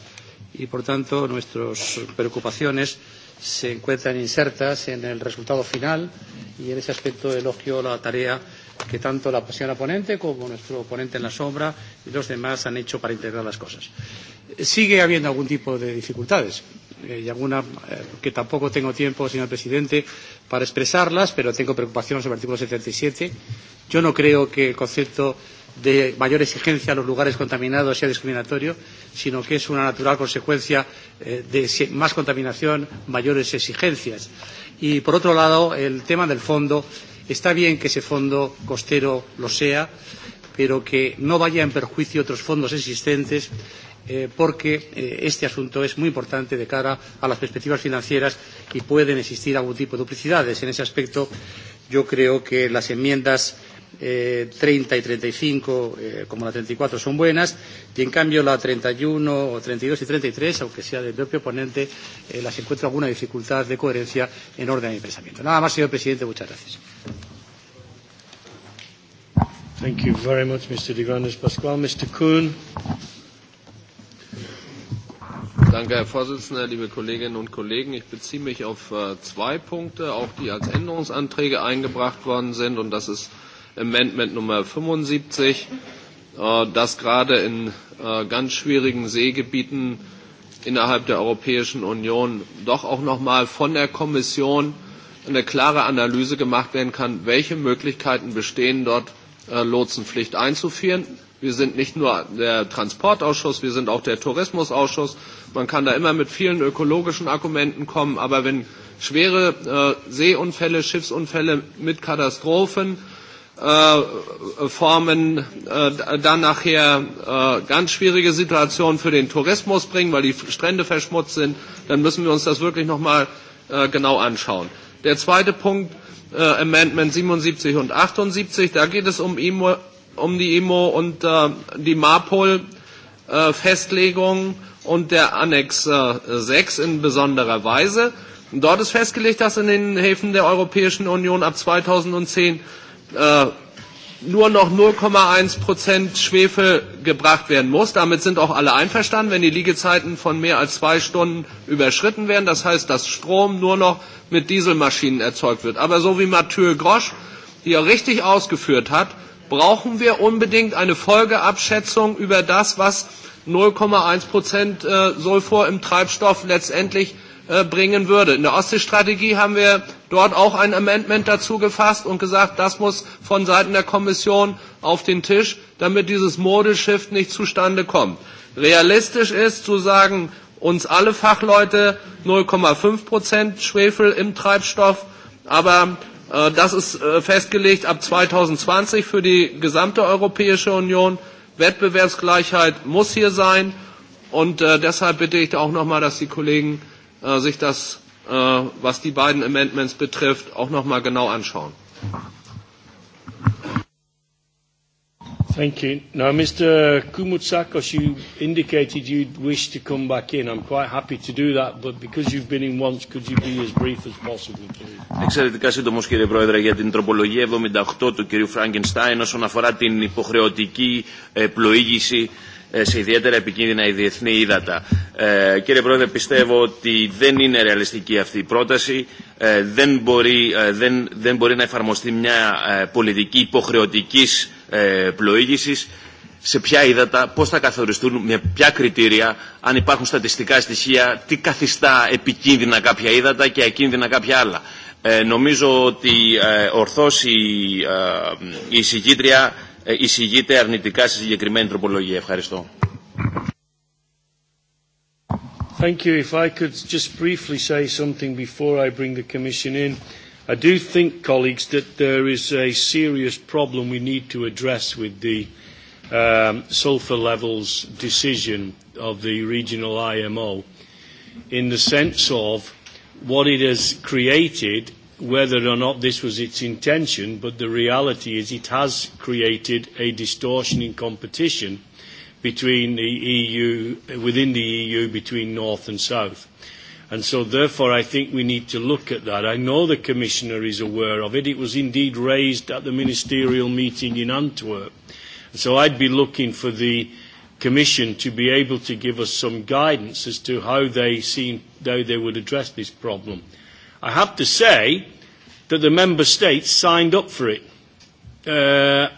y, por tanto, nuestras preocupaciones se encuentran insertas en el resultado final y, en ese aspecto, elogio la tarea que tanto la señora ponente como nuestro ponente en la sombra y los demás han hecho para integrar las cosas. Sigue habiendo algún tipo de dificultades eh, y alguna eh, que tampoco tengo tiempo, señor presidente, para expresarlas, pero tengo preocupación sobre el artículo 77. Yo no creo que el concepto de mayor exigencia a los lugares contaminados sea discriminatorio, sino que es una natural consecuencia eh, de más contaminación, mayores exigencias. Y, por otro lado, el tema del fondo Está bien que ese fondo costero lo sea, pero que no vaya en perjuicio otros fondos existentes eh, porque eh, este asunto es muy importante de cara a las perspectivas financieras y pueden existir algún tipo de duplicidades. En ese aspecto, yo creo que las enmiendas eh, 30 y 35, eh, como la 34, son buenas, y en cambio la 31, o 32 y 33, aunque sea del propio ponente, eh, las encuentro alguna dificultad de coherencia en orden a mi pensamiento. Nada más, señor presidente, muchas gracias. Thank you very much, Mr. De Grandes Pascual. Mr. Kuhn. Danke, Herr Vorsitzender, liebe Kolleginnen und Kollegen. Ich beziehe mich auf äh, zwei Punkte, auch die als Änderungsanträge eingebracht worden sind. Und das ist äh, Amendment Nummer 75, äh, dass gerade in äh, ganz schwierigen Seegebieten innerhalb der Europäischen Union doch auch nochmal von der Kommission eine klare Analyse gemacht werden kann, welche Möglichkeiten bestehen, dort äh, Lotsenpflicht einzuführen. Wir sind nicht nur der Transportausschuss, wir sind auch der Tourismusausschuss. Man kann da immer mit vielen ökologischen Argumenten kommen, aber wenn schwere äh, Seeunfälle, Schiffsunfälle mit Katastrophen äh, Formen äh, dann nachher äh, ganz schwierige Situationen für den Tourismus bringen, weil die Strände verschmutzt sind, dann müssen wir uns das wirklich nochmal äh, genau anschauen. Der zweite Punkt, äh, Amendment 77 und 78, da geht es um, IMO, um die IMO und äh, die MARPOL-Festlegung äh, und der Annex äh, 6 in besonderer Weise. Und dort ist festgelegt, dass in den Häfen der Europäischen Union ab 2010 äh, nur noch 0,1 Prozent Schwefel gebracht werden muss. Damit sind auch alle einverstanden, wenn die Liegezeiten von mehr als zwei Stunden überschritten werden. Das heißt, dass Strom nur noch mit Dieselmaschinen erzeugt wird. Aber so wie Mathieu Grosch hier richtig ausgeführt hat, brauchen wir unbedingt eine Folgeabschätzung über das, was 0,1 Prozent äh, Sulfur im Treibstoff letztendlich äh, bringen würde. In der Ostseestrategie haben wir dort auch ein Amendment dazu gefasst und gesagt, das muss von Seiten der Kommission auf den Tisch, damit dieses Modeschiff nicht zustande kommt. Realistisch ist zu sagen, uns alle Fachleute 0,5 Prozent Schwefel im Treibstoff, aber äh, das ist äh, festgelegt ab 2020 für die gesamte Europäische Union. Wettbewerbsgleichheit muss hier sein und äh, deshalb bitte ich auch nochmal, dass die Kollegen äh, sich das, äh, was die beiden Amendments betrifft, auch nochmal genau anschauen. Thank you. Now, Mr. Koumoutsakos, you indicated you'd wish to come back in. I'm quite happy to do that, but because you've been in once, could you be as brief as possible, please? Εξαιρετικά σύντομος, κύριε Πρόεδρε, για την τροπολογία 78 του κυρίου Φράγκενστάιν όσον αφορά την υποχρεωτική πλοήγηση σε ιδιαίτερα επικίνδυνα η διεθνή ύδατα. Ε, κύριε Πρόεδρε, πιστεύω ότι δεν είναι ρεαλιστική αυτή η πρόταση. Ε, δεν, μπορεί, ε, δεν, δεν μπορεί να εφαρμοστεί μια ε, πολιτική υποχρεωτικής ε, πλοήγησης σε ποια ύδατα, πώς θα καθοριστούν, με ποια κριτήρια, αν υπάρχουν στατιστικά στοιχεία, τι καθιστά επικίνδυνα κάποια ύδατα και ακίνδυνα κάποια άλλα. Ε, νομίζω ότι ε, ορθώς η, ε, η συγκήτρια εισηγείται αρνητικά στη συγκεκριμένη τροπολογία. Ευχαριστώ. Thank you. If I could just briefly say something before I bring the Commission in. I do think, colleagues, that there is a serious problem we need to address with the um, sulfur levels decision of the regional IMO in the sense of what it has created whether or not this was its intention, but the reality is it has created a distortion in competition between the EU, within the EU, between North and South. And so therefore I think we need to look at that. I know the Commissioner is aware of it. It was indeed raised at the ministerial meeting in Antwerp. So I'd be looking for the Commission to be able to give us some guidance as to how they, seen, how they would address this problem. Mm-hmm I have to say that the member states signed up for it. Uh,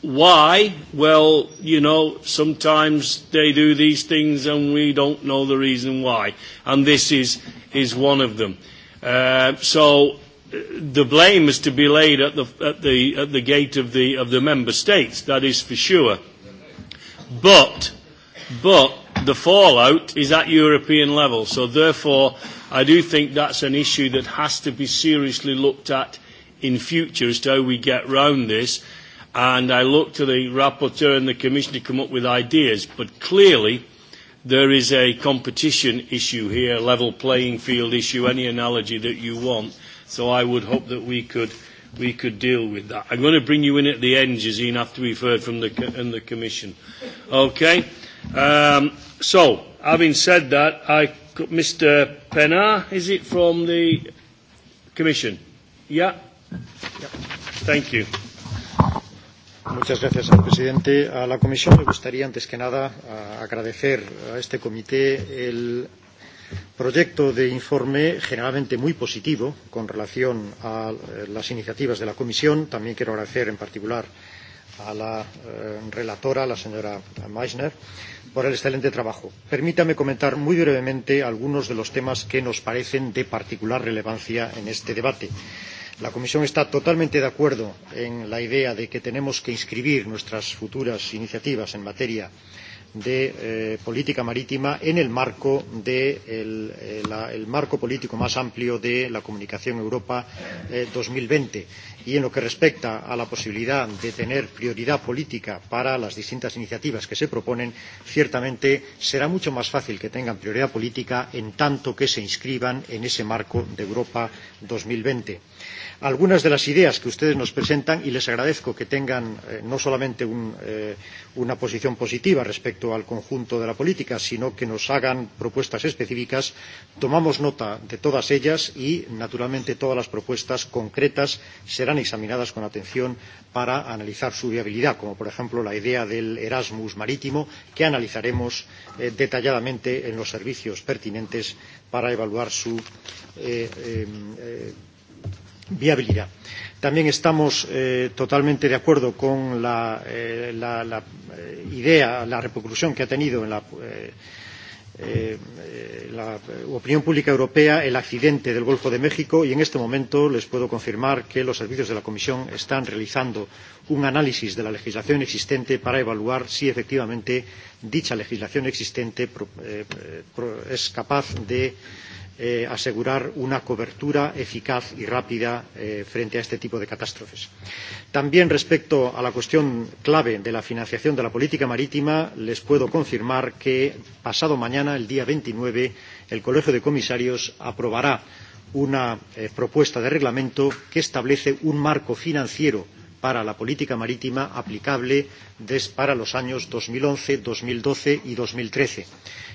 why? Well, you know, sometimes they do these things and we don't know the reason why. And this is, is one of them. Uh, so uh, the blame is to be laid at the, at the, at the gate of the, of the member states, that is for sure. But, but the fallout is at European level. So therefore, I do think that's an issue that has to be seriously looked at in future as to how we get round this. And I look to the rapporteur and the commission to come up with ideas. But clearly, there is a competition issue here, a level playing field issue, any analogy that you want. So I would hope that we could, we could deal with that. I'm going to bring you in at the end, Jazine, after we've heard from the, and the commission. Okay? Um, so, having said that, I, Mr. Penner, is it from the Commission? Yeah. yeah. Thank you. Muchas gracias, señor presidente. A la Comisión le gustaría, antes que nada, a agradecer a este comité el proyecto de informe generalmente muy positivo con relación a eh, las iniciativas de la Comisión. También quiero agradecer, en particular, a a la eh, relatora, la señora Meissner, por el excelente trabajo. Permítame comentar muy brevemente algunos de los temas que nos parecen de particular relevancia en este debate. La Comisión está totalmente de acuerdo en la idea de que tenemos que inscribir nuestras futuras iniciativas en materia eh, de eh, política marítima en el marco de el, eh, la, el marco político más amplio de la comunicación Europa eh, 2020 y en lo que respecta a la posibilidad de tener prioridad política para las distintas iniciativas que se proponen, ciertamente será mucho más fácil que tengan prioridad política en tanto que se inscriban en ese marco de Europa 2020 algunas de las ideas que ustedes nos presentan y les agradezco que tengan eh, no solamente un, eh, una posición positiva respecto al conjunto de la política, sino que nos hagan propuestas específicas. Tomamos nota de todas ellas y, naturalmente, todas las propuestas concretas serán examinadas con atención para analizar su viabilidad, como por ejemplo la idea del Erasmus marítimo, que analizaremos eh, detalladamente en los servicios pertinentes para evaluar su eh, eh, viabilidad. También estamos eh, totalmente de acuerdo con la, eh, la, la eh, idea, la repercusión que ha tenido en la, eh, eh, eh la eh, opinión pública europea el accidente del Golfo de México y en este momento les puedo confirmar que los servicios de la Comisión están realizando un análisis de la legislación existente para evaluar si efectivamente dicha legislación existente pro, eh, pro, es capaz de eh, eh, asegurar una cobertura eficaz y rápida eh, frente a este tipo de catástrofes. También respecto a la cuestión clave de la financiación de la política marítima, les puedo confirmar que pasado mañana, el día 29, el Colegio de Comisarios aprobará una eh, propuesta de reglamento que establece un marco financiero para la política marítima aplicable des, para los años 2011, 2012 y 2013.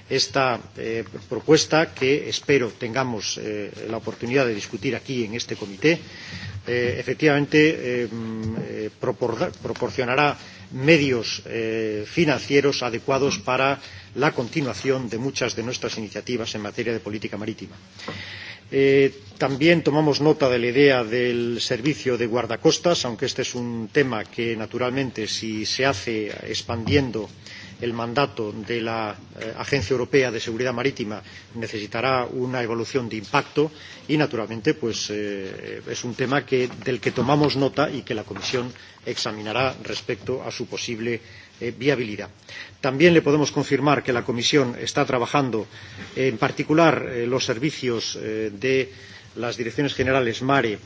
Esta eh, propuesta, que espero tengamos eh, la oportunidad de discutir aquí en este comité, eh, efectivamente eh, eh propor proporcionará medios eh, financieros adecuados para la continuación de muchas de nuestras iniciativas en materia de política marítima. Eh, Eh, también tomamos nota de la idea del servicio de guardacostas, aunque este es un tema que, naturalmente, si se hace expandiendo el mandato de la eh, Agencia Europea de Seguridad Marítima necesitará una evolución de impacto y, naturalmente, pues, eh, es un tema que, del que tomamos nota y que la Comisión examinará respecto a su posible eh, viabilidad. También le podemos confirmar que la Comisión está trabajando, eh, en particular, eh, los servicios eh, de las direcciones generales MARE,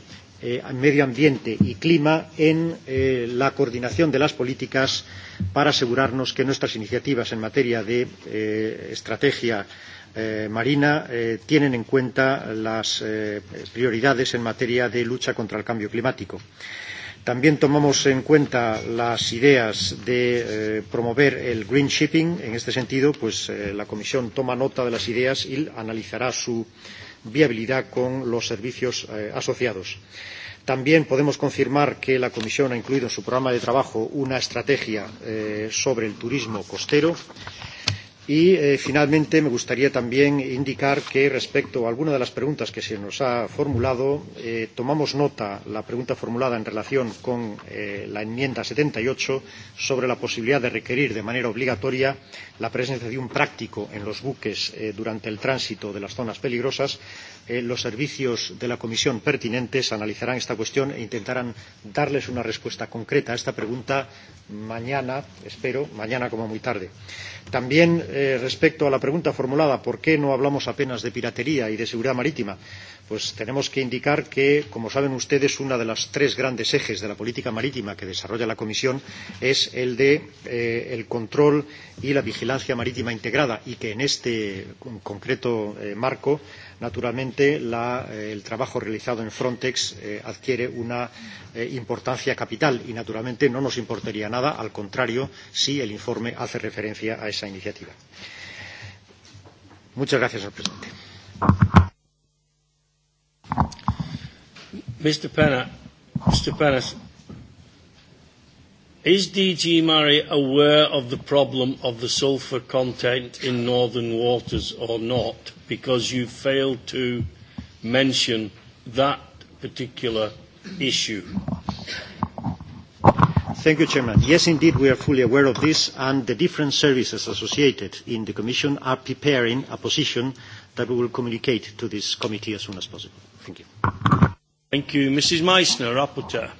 eh, Medio Ambiente y Clima en eh, la coordinación de las políticas para asegurarnos que nuestras iniciativas en materia de eh, estrategia eh, marina eh, tienen en cuenta las eh, prioridades en materia de lucha contra el cambio climático. Eh, También tomamos en cuenta las ideas de eh, promover el green shipping. En este sentido, pues eh, la Comisión toma nota de las ideas y analizará su viabilidad con los servicios eh, asociados. También podemos confirmar que la Comisión ha incluido en su programa de trabajo una estrategia eh, sobre el turismo costero Y, eh, finalmente, me gustaría también indicar que, respecto a alguna de las preguntas que se nos ha formulado, eh, tomamos nota la pregunta formulada en relación con eh, la enmienda 78 sobre la posibilidad de requerir de manera obligatoria la presencia de un práctico en los buques eh, durante el tránsito de las zonas peligrosas. Eh, los servicios de la Comisión pertinentes analizarán esta cuestión e intentarán darles una respuesta concreta a esta pregunta mañana, espero, mañana como muy tarde. También eh, respecto a la pregunta formulada ¿por qué no hablamos apenas de piratería y de seguridad marítima? Pues tenemos que indicar que, como saben ustedes, uno de los tres grandes ejes de la política marítima que desarrolla la Comisión es el de eh, el control y la vigilancia marítima integrada y que en este concreto eh, marco eh, naturalmente la, eh, el trabajo realizado en Frontex eh, adquiere una eh, importancia capital y naturalmente no nos importaría nada, al contrario, si el informe hace referencia a esa iniciativa. Muchas gracias, señor presidente. Mr. Pana, Mr. Panas, Is DG Murray aware of the problem of the sulfur content in northern waters or not? Because you failed to mention that particular issue. Thank you, Chairman. Yes, indeed, we are fully aware of this, and the different services associated in the Commission are preparing a position that we will communicate to this committee as soon as possible. Thank you. Thank you. Mrs. Meissner, Rapporteur.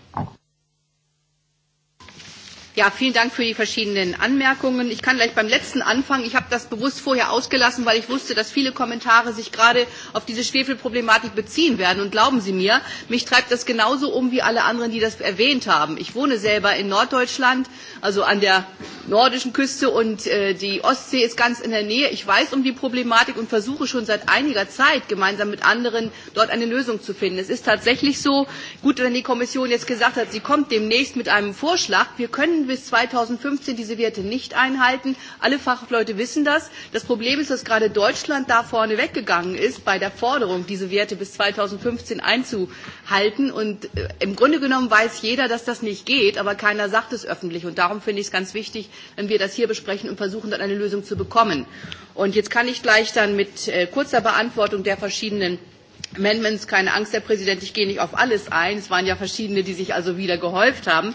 Ja, vielen Dank für die verschiedenen Anmerkungen. Ich kann gleich beim letzten anfangen. Ich habe das bewusst vorher ausgelassen, weil ich wusste, dass viele Kommentare sich gerade auf diese Schwefelproblematik beziehen werden. Und glauben Sie mir, mich treibt das genauso um wie alle anderen, die das erwähnt haben. Ich wohne selber in Norddeutschland, also an der nordischen Küste und äh, die Ostsee ist ganz in der Nähe. Ich weiß um die Problematik und versuche schon seit einiger Zeit gemeinsam mit anderen dort eine Lösung zu finden. Es ist tatsächlich so, gut, wenn die Kommission jetzt gesagt hat, sie kommt demnächst mit einem Vorschlag. Wir können können bis 2015 diese Werte nicht einhalten. Alle Fachleute wissen das. Das Problem ist, dass gerade Deutschland da vorne weggegangen ist bei der Forderung, diese Werte bis 2015 einzuhalten. Und äh, im Grunde genommen weiß jeder, dass das nicht geht, aber keiner sagt es öffentlich. Und darum finde ich es ganz wichtig, wenn wir das hier besprechen und versuchen, dann eine Lösung zu bekommen. Und jetzt kann ich gleich dann mit äh, kurzer Beantwortung der verschiedenen Amendments, keine Angst, Herr Präsident, ich gehe nicht auf alles ein. Es waren ja verschiedene, die sich also wieder gehäuft haben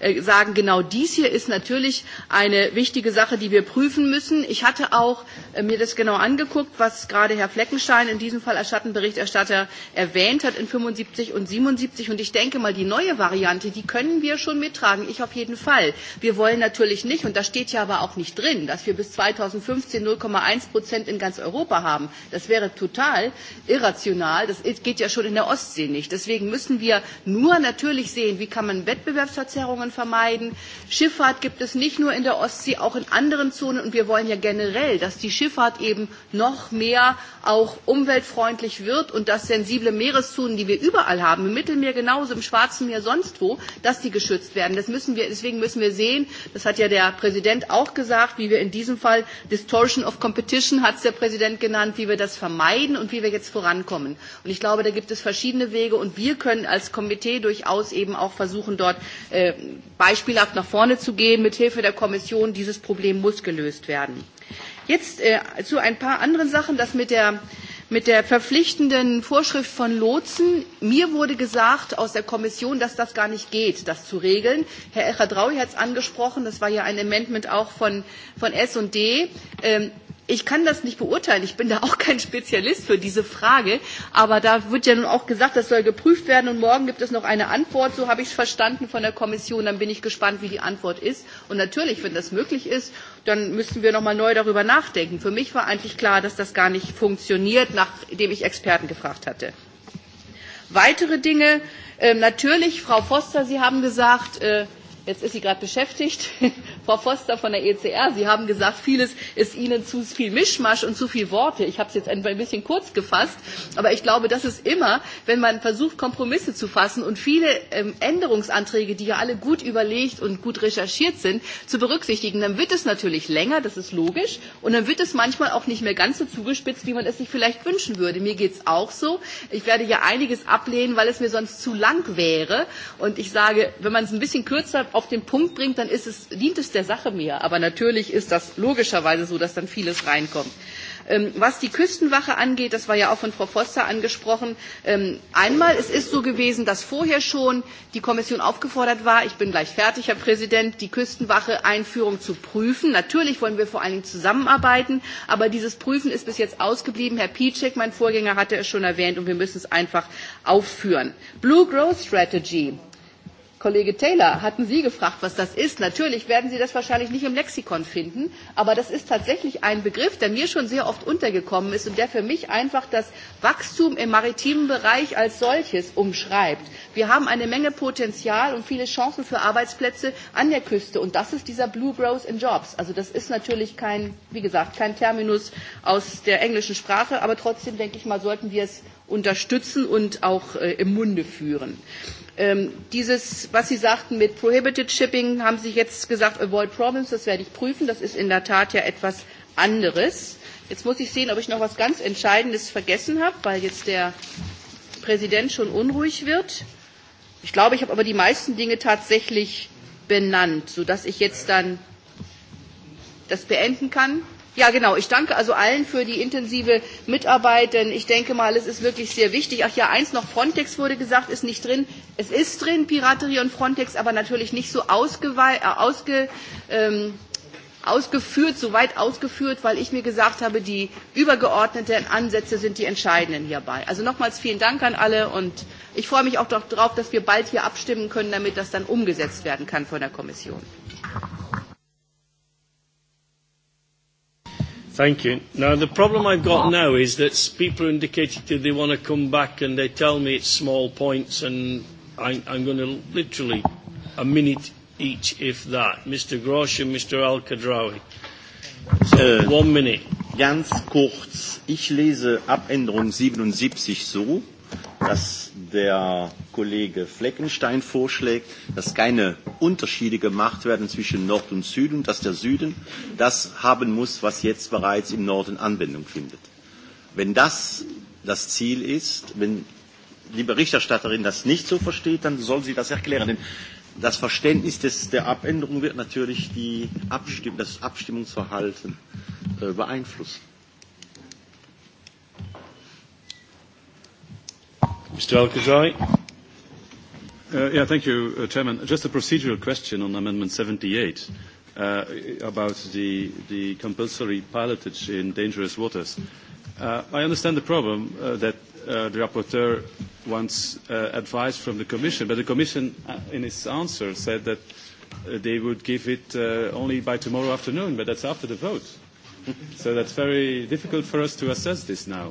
äh, sagen, genau dies hier ist natürlich eine wichtige Sache, die wir prüfen müssen. Ich hatte auch äh, mir das genau angeguckt, was gerade Herr Fleckenstein in diesem Fall als Schattenberichterstatter erwähnt hat in 75 und 77. Und ich denke mal, die neue Variante, die können wir schon mittragen. Ich auf jeden Fall. Wir wollen natürlich nicht, und das steht ja aber auch nicht drin, dass wir bis 2015 0,1 Prozent in ganz Europa haben. Das wäre total irrational Mal. Das geht ja schon in der Ostsee nicht. Deswegen müssen wir nur natürlich sehen, wie kann man Wettbewerbsverzerrungen vermeiden. Schifffahrt gibt es nicht nur in der Ostsee, auch in anderen Zonen. Und wir wollen ja generell, dass die Schifffahrt eben noch mehr auch umweltfreundlich wird und dass sensible Meereszonen, die wir überall haben, im Mittelmeer genauso, im Schwarzen Meer sonst wo, dass die geschützt werden. Das müssen wir, deswegen müssen wir sehen, das hat ja der Präsident auch gesagt, wie wir in diesem Fall Distortion of Competition hat es der Präsident genannt, wie wir das vermeiden und wie wir jetzt vorankommen. Und ich glaube, da gibt es verschiedene Wege und wir können als Komitee durchaus eben auch versuchen, dort äh, beispielhaft nach vorne zu gehen. Mithilfe der Kommission dieses Problem muss gelöst werden. Jetzt äh, zu ein paar anderen Sachen, das mit der mit der verpflichtenden Vorschrift von Lotsen. Mir wurde gesagt aus der Kommission, dass das gar nicht geht, das zu regeln. Herr Echadraui hat es angesprochen, das war ja ein Amendment auch von, von S und D. Ähm, Ich kann das nicht beurteilen. Ich bin da auch kein Spezialist für diese Frage. Aber da wird ja nun auch gesagt, das soll geprüft werden und morgen gibt es noch eine Antwort. So habe ich es verstanden von der Kommission. Dann bin ich gespannt, wie die Antwort ist. Und natürlich, wenn das möglich ist, dann müssen wir nochmal neu darüber nachdenken. Für mich war eigentlich klar, dass das gar nicht funktioniert, nachdem ich Experten gefragt hatte. Weitere Dinge, äh, natürlich, Frau Foster, Sie haben gesagt, äh, jetzt ist sie gerade beschäftigt, Frau Foster von der ECR, Sie haben gesagt, vieles ist Ihnen zu viel Mischmasch und zu viel Worte. Ich habe es jetzt ein bisschen kurz gefasst, aber ich glaube, das ist immer, wenn man versucht, Kompromisse zu fassen und viele ähm, Änderungsanträge, die ja alle gut überlegt und gut recherchiert sind, zu berücksichtigen, dann wird es natürlich länger, das ist logisch, und dann wird es manchmal auch nicht mehr ganz so zugespitzt, wie man es sich vielleicht wünschen würde. Mir geht es auch so. Ich werde ja einiges ablehnen, weil es mir sonst zu lang wäre. Und ich sage, wenn man es ein bisschen kürzer auf den Punkt bringt, dann ist es, dient es der der Sache mehr. Aber natürlich ist das logischerweise so, dass dann vieles reinkommt. Ähm, was die Küstenwache angeht, das war ja auch von Frau Foster angesprochen, ähm, einmal, es ist so gewesen, dass vorher schon die Kommission aufgefordert war, ich bin gleich fertig, Herr Präsident, die Küstenwache-Einführung zu prüfen. Natürlich wollen wir vor allen Dingen zusammenarbeiten, aber dieses Prüfen ist bis jetzt ausgeblieben. Herr Pieczek, mein Vorgänger, hatte es schon erwähnt und wir müssen es einfach aufführen. Blue Growth Strategy Kollege Taylor, hatten Sie gefragt, was das ist. Natürlich werden Sie das wahrscheinlich nicht im Lexikon finden, aber das ist tatsächlich ein Begriff, der mir schon sehr oft untergekommen ist und der für mich einfach das Wachstum im maritimen Bereich als solches umschreibt. Wir haben eine Menge Potenzial und viele Chancen für Arbeitsplätze an der Küste und das ist dieser Blue Growth in Jobs. Also das ist natürlich kein, wie gesagt, kein Terminus aus der englischen Sprache, aber trotzdem denke ich mal, sollten wir es unterstützen und auch äh, im Munde führen. Äh, Ähm, dieses, was Sie sagten mit Prohibited Shipping, haben Sie jetzt gesagt, Avoid Problems, das werde ich prüfen. Das ist in der Tat ja etwas anderes. Jetzt muss ich sehen, ob ich noch etwas ganz Entscheidendes vergessen habe, weil jetzt der Präsident schon unruhig wird. Ich glaube, ich habe aber die meisten Dinge tatsächlich benannt, sodass ich jetzt dann das beenden kann. Ja, genau. Ich danke also allen für die intensive Mitarbeit, denn ich denke mal, es ist wirklich sehr wichtig. Ach ja, eins noch, Frontex wurde gesagt, ist nicht drin. Es ist drin, Piraterie und Frontex, aber natürlich nicht so ausgewei äh, ausge, ähm, ausgeführt, so weit ausgeführt, weil ich mir gesagt habe, die übergeordneten Ansätze sind die entscheidenden hierbei. Also nochmals vielen Dank an alle und ich freue mich auch darauf, dass wir bald hier abstimmen können, damit das dann umgesetzt werden kann von der Kommission. Applaus Thank you. Now, the problem I've got now is that people are indicating that they want to come back and they tell me it's small points and I'm, I'm going to literally a minute each, if that. Mr. Grosch and Mr. Al-Kadrawi. So, äh, one minute. Ganz kurz. Ich lese Abänderung 77 so, dass der Kollege Fleckenstein vorschlägt, dass keine Unterschiede gemacht werden zwischen Nord und Süden, dass der Süden das haben muss, was jetzt bereits im Norden Anwendung findet. Wenn das das Ziel ist, wenn die Berichterstatterin das nicht so versteht, dann soll sie das erklären. Denn das Verständnis des, der Abänderung wird natürlich die Abstimm das Abstimmungsverhalten äh, beeinflussen. Mr. Al-Khadraoui. Uh, yeah, thank you, uh, Chairman. Just a procedural question on Amendment 78 uh, about the, the compulsory pilotage in dangerous waters. Uh, I understand the problem uh, that uh, the rapporteur wants uh, advice from the Commission, but the Commission, uh, in its answer, said that uh, they would give it uh, only by tomorrow afternoon, but that's after the vote. so that's very difficult for us to assess this now. Uh,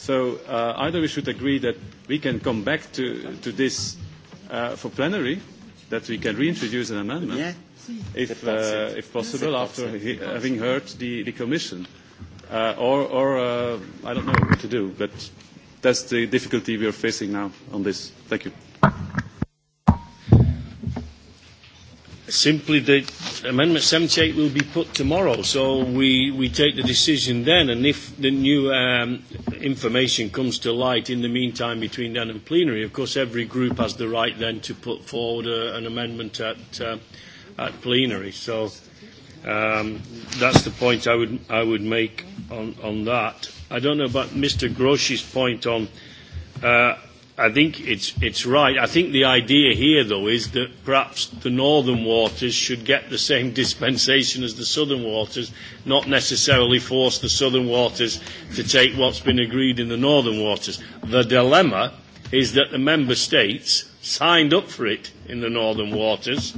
So uh, either we should agree that we can come back to, to this uh, for plenary, that we can reintroduce an amendment, yeah. if, uh, if possible, after he, having heard the, the Commission. Uh, or or uh, I don't know what to do, but that's the difficulty we are facing now on this. Thank you. simply that Amendment 78 will be put tomorrow, so we, we take the decision then, and if the new um, information comes to light in the meantime between then and plenary, of course every group has the right then to put forward a, uh, an amendment at, uh, at plenary. So um, that's the point I would, I would make on, on that. I don't know about Mr. Grosh's point on uh, I think it's, it's right. I think the idea here, though, is that perhaps the northern waters should get the same dispensation as the southern waters, not necessarily force the southern waters to take what's been agreed in the northern waters. The dilemma is that the member states signed up for it in the northern waters,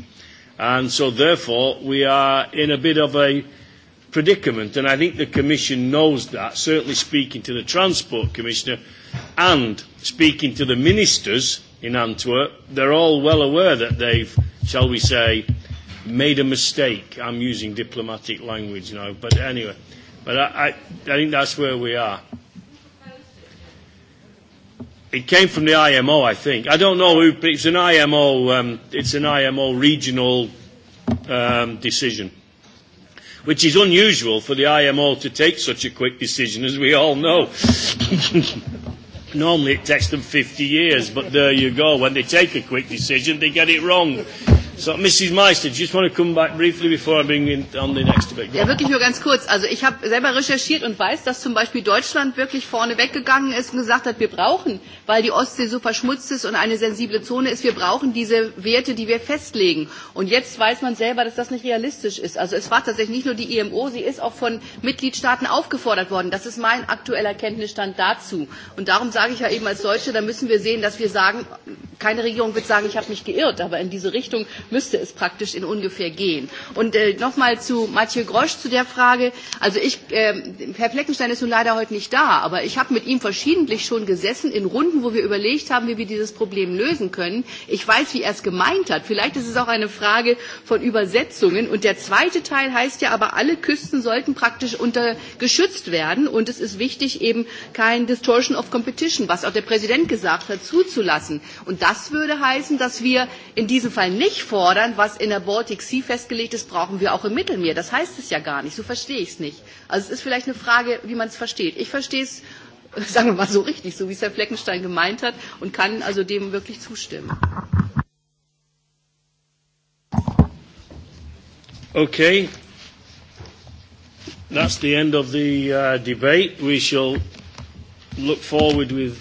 and so therefore we are in a bit of a predicament, and I think the Commission knows that, certainly speaking to the Transport Commissioner, And speaking to the ministers in Antwerp, they're all well aware that they've, shall we say, made a mistake. I'm using diplomatic language now, but anyway. But I, I, I think that's where we are. It came from the IMO, I think. I don't know who, but it's an IMO, um, it's an IMO regional um, decision, which is unusual for the IMO to take such a quick decision, as we all know. normally it takes them 50 years, but there you go. When they take a quick decision, they get it wrong. So, Mrs. Meister, do you just want to come back briefly before I bring in on the next debate? Go ja, wirklich nur ganz kurz. Also ich habe selber recherchiert und weiß, dass zum Beispiel Deutschland wirklich vorne weggegangen ist und gesagt hat, wir brauchen, weil die Ostsee so verschmutzt ist und eine sensible Zone ist, wir brauchen diese Werte, die wir festlegen. Und jetzt weiß man selber, dass das nicht realistisch ist. Also es war tatsächlich nicht nur die IMO, sie ist auch von Mitgliedstaaten aufgefordert worden. Das ist mein aktueller Kenntnisstand dazu. Und darum sage ich ja eben als Deutsche, da müssen wir sehen, dass wir sagen, keine Regierung wird sagen, ich habe mich geirrt, aber in diese Richtung müsste es praktisch in ungefähr gehen. Und äh, nochmal zu Mathieu Grosch, zu der Frage. Also ich, äh, Herr Fleckenstein ist nun leider heute nicht da, aber ich habe mit ihm verschiedentlich schon gesessen in Runden, wo wir überlegt haben, wie wir dieses Problem lösen können. Ich weiß, wie er es gemeint hat. Vielleicht ist es auch eine Frage von Übersetzungen. Und der zweite Teil heißt ja aber, alle Küsten sollten praktisch unter geschützt werden. Und es ist wichtig, eben kein Distortion of Competition, was auch der Präsident gesagt hat, zuzulassen. Und das würde heißen, dass wir in diesem Fall nicht einfordern, was in der Baltic Sea festgelegt ist, brauchen wir auch im Mittelmeer. Das heißt es ja gar nicht. So verstehe ich es nicht. Also es ist vielleicht eine Frage, wie man es versteht. Ich verstehe es, sagen wir mal so richtig, so wie es Herr Fleckenstein gemeint hat und kann also dem wirklich zustimmen. Okay. That's the end of the uh, debate. We shall look forward with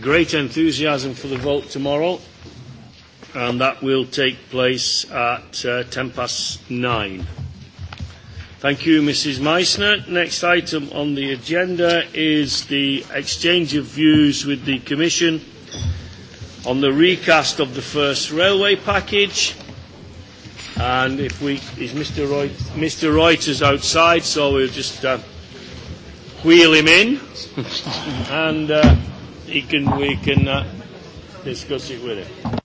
great enthusiasm for the vote tomorrow and that will take place at uh, 10 past 9. Thank you, Mrs. Meissner. Next item on the agenda is the exchange of views with the Commission on the recast of the first railway package. And if we, is Mr. Reut, Mr. Reuters outside, so we'll just uh, wheel him in, and uh, he can, we can uh, discuss it with him.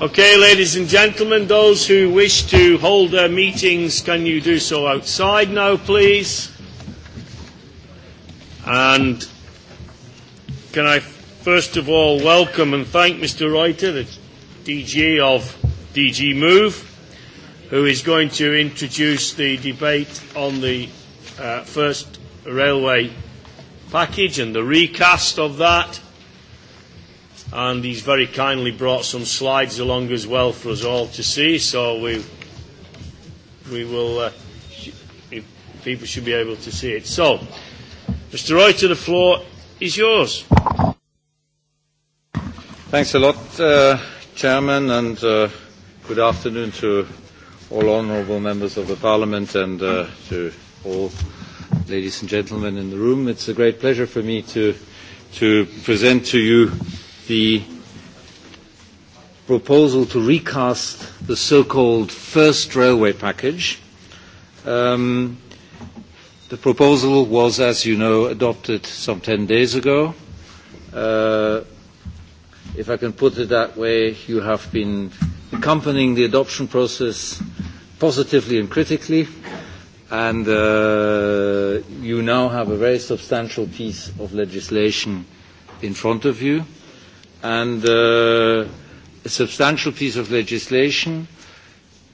Okay, ladies and gentlemen, those who wish to hold their meetings, can you do so outside now, please? And can I first of all welcome and thank Mr. Reuter, the DG of DG Move, who is going to introduce the debate on the uh, first railway package and the recast of that and he's very kindly brought some slides along as well for us all to see. So we we will uh, sh- people should be able to see it. So, Mr. Roy, to the floor is yours. Thanks a lot, uh, Chairman, and uh, good afternoon to all honourable members of the Parliament and uh, to all ladies and gentlemen in the room. It's a great pleasure for me to to present to you uh, the proposal to recast the so-called first railway package. Um, the proposal was, as you know, adopted some 10 days ago. Uh, if I can put it that way, you have been accompanying the adoption process positively and critically, and uh, you now have a very substantial piece of legislation in front of you and uh, a substantial piece of legislation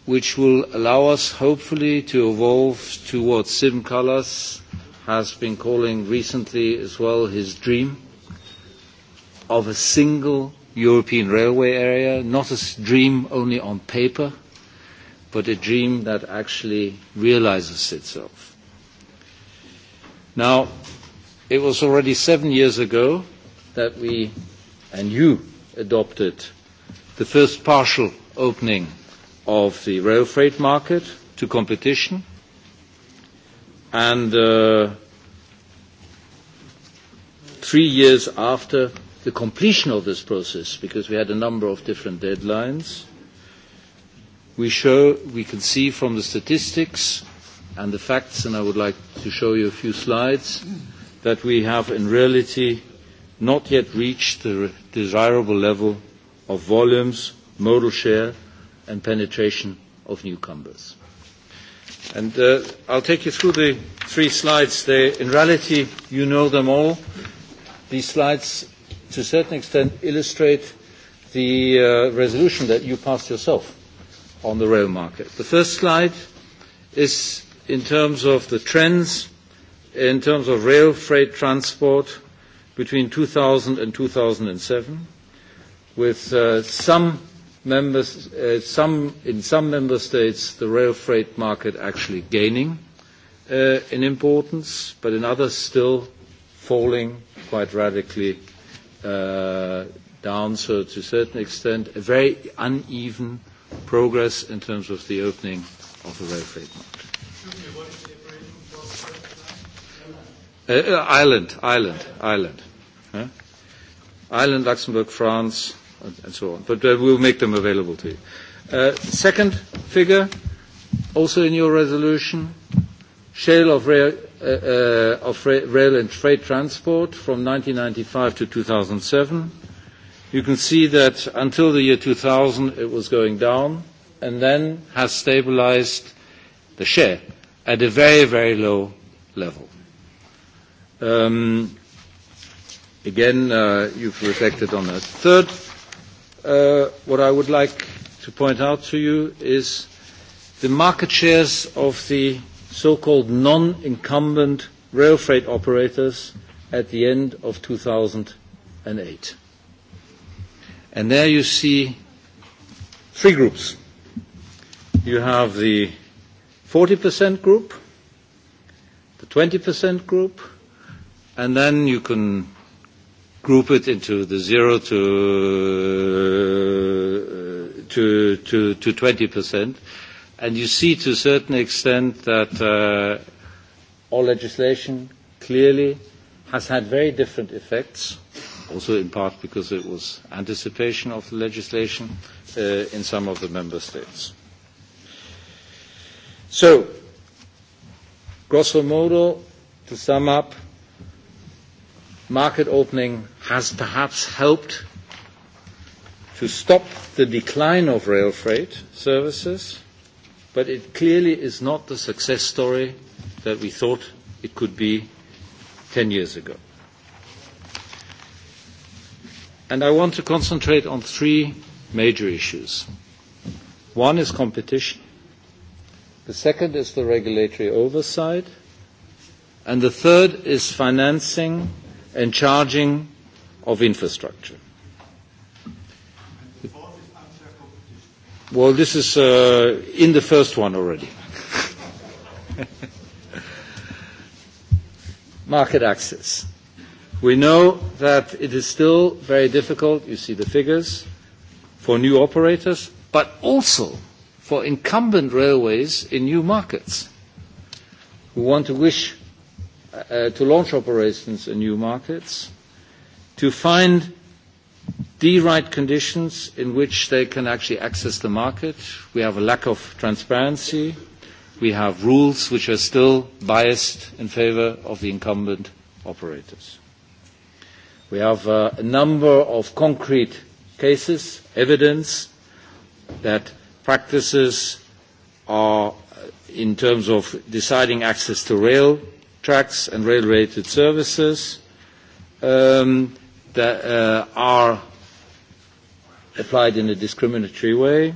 which will allow us, hopefully, to evolve to what Sim Kalas has been calling recently as well his dream of a single European railway area, not a dream only on paper, but a dream that actually realizes itself. Now, it was already seven years ago that we and you adopted the first partial opening of the rail freight market to competition. And uh, three years after the completion of this process, because we had a number of different deadlines, we show, we can see from the statistics and the facts, and I would like to show you a few slides, that we have in reality not yet reached the desirable level of volumes, modal share, and penetration of newcomers. And uh, I'll take you through the three slides. They, in reality, you know them all. These slides, to a certain extent, illustrate the uh, resolution that you passed yourself on the rail market. The first slide is in terms of the trends, in terms of rail freight transport, between 2000 and 2007, with uh, some members, uh, some, in some member states, the rail freight market actually gaining uh, in importance, but in others still falling quite radically uh, down. So to a certain extent, a very uneven progress in terms of the opening of the rail freight market. Uh, uh Ireland, Ireland, Ireland. Yeah? Ireland, Luxembourg, France, and, and so on. But uh, we'll make them available to you. Uh, second figure, also in your resolution, shale of rail, uh, uh, of ra- rail and freight transport from 1995 to 2007. You can see that until the year 2000 it was going down and then has stabilized the share at a very, very low level. Um, Again, uh, you've reflected on that. Third, uh, what I would like to point out to you is the market shares of the so-called non-incumbent rail freight operators at the end of 2008. And there you see three groups. You have the 40% group, the 20% group, and then you can group it into the 0 to, uh, to, to, to 20%. And you see to a certain extent that uh, our legislation clearly has had very different effects, also in part because it was anticipation of the legislation uh, in some of the member states. So, grosso modo, to sum up, market opening has perhaps helped to stop the decline of rail freight services, but it clearly is not the success story that we thought it could be 10 years ago. And I want to concentrate on three major issues. One is competition, the second is the regulatory oversight, and the third is financing and charging of infrastructure. Well, this is uh, in the first one already. Market access. We know that it is still very difficult, you see the figures, for new operators, but also for incumbent railways in new markets who want to wish uh, to launch operations in new markets, to find the right conditions in which they can actually access the market. We have a lack of transparency. We have rules which are still biased in favor of the incumbent operators. We have uh, a number of concrete cases, evidence that practices are, uh, in terms of deciding access to rail, trucks and rail-related services um, that uh, are applied in a discriminatory way,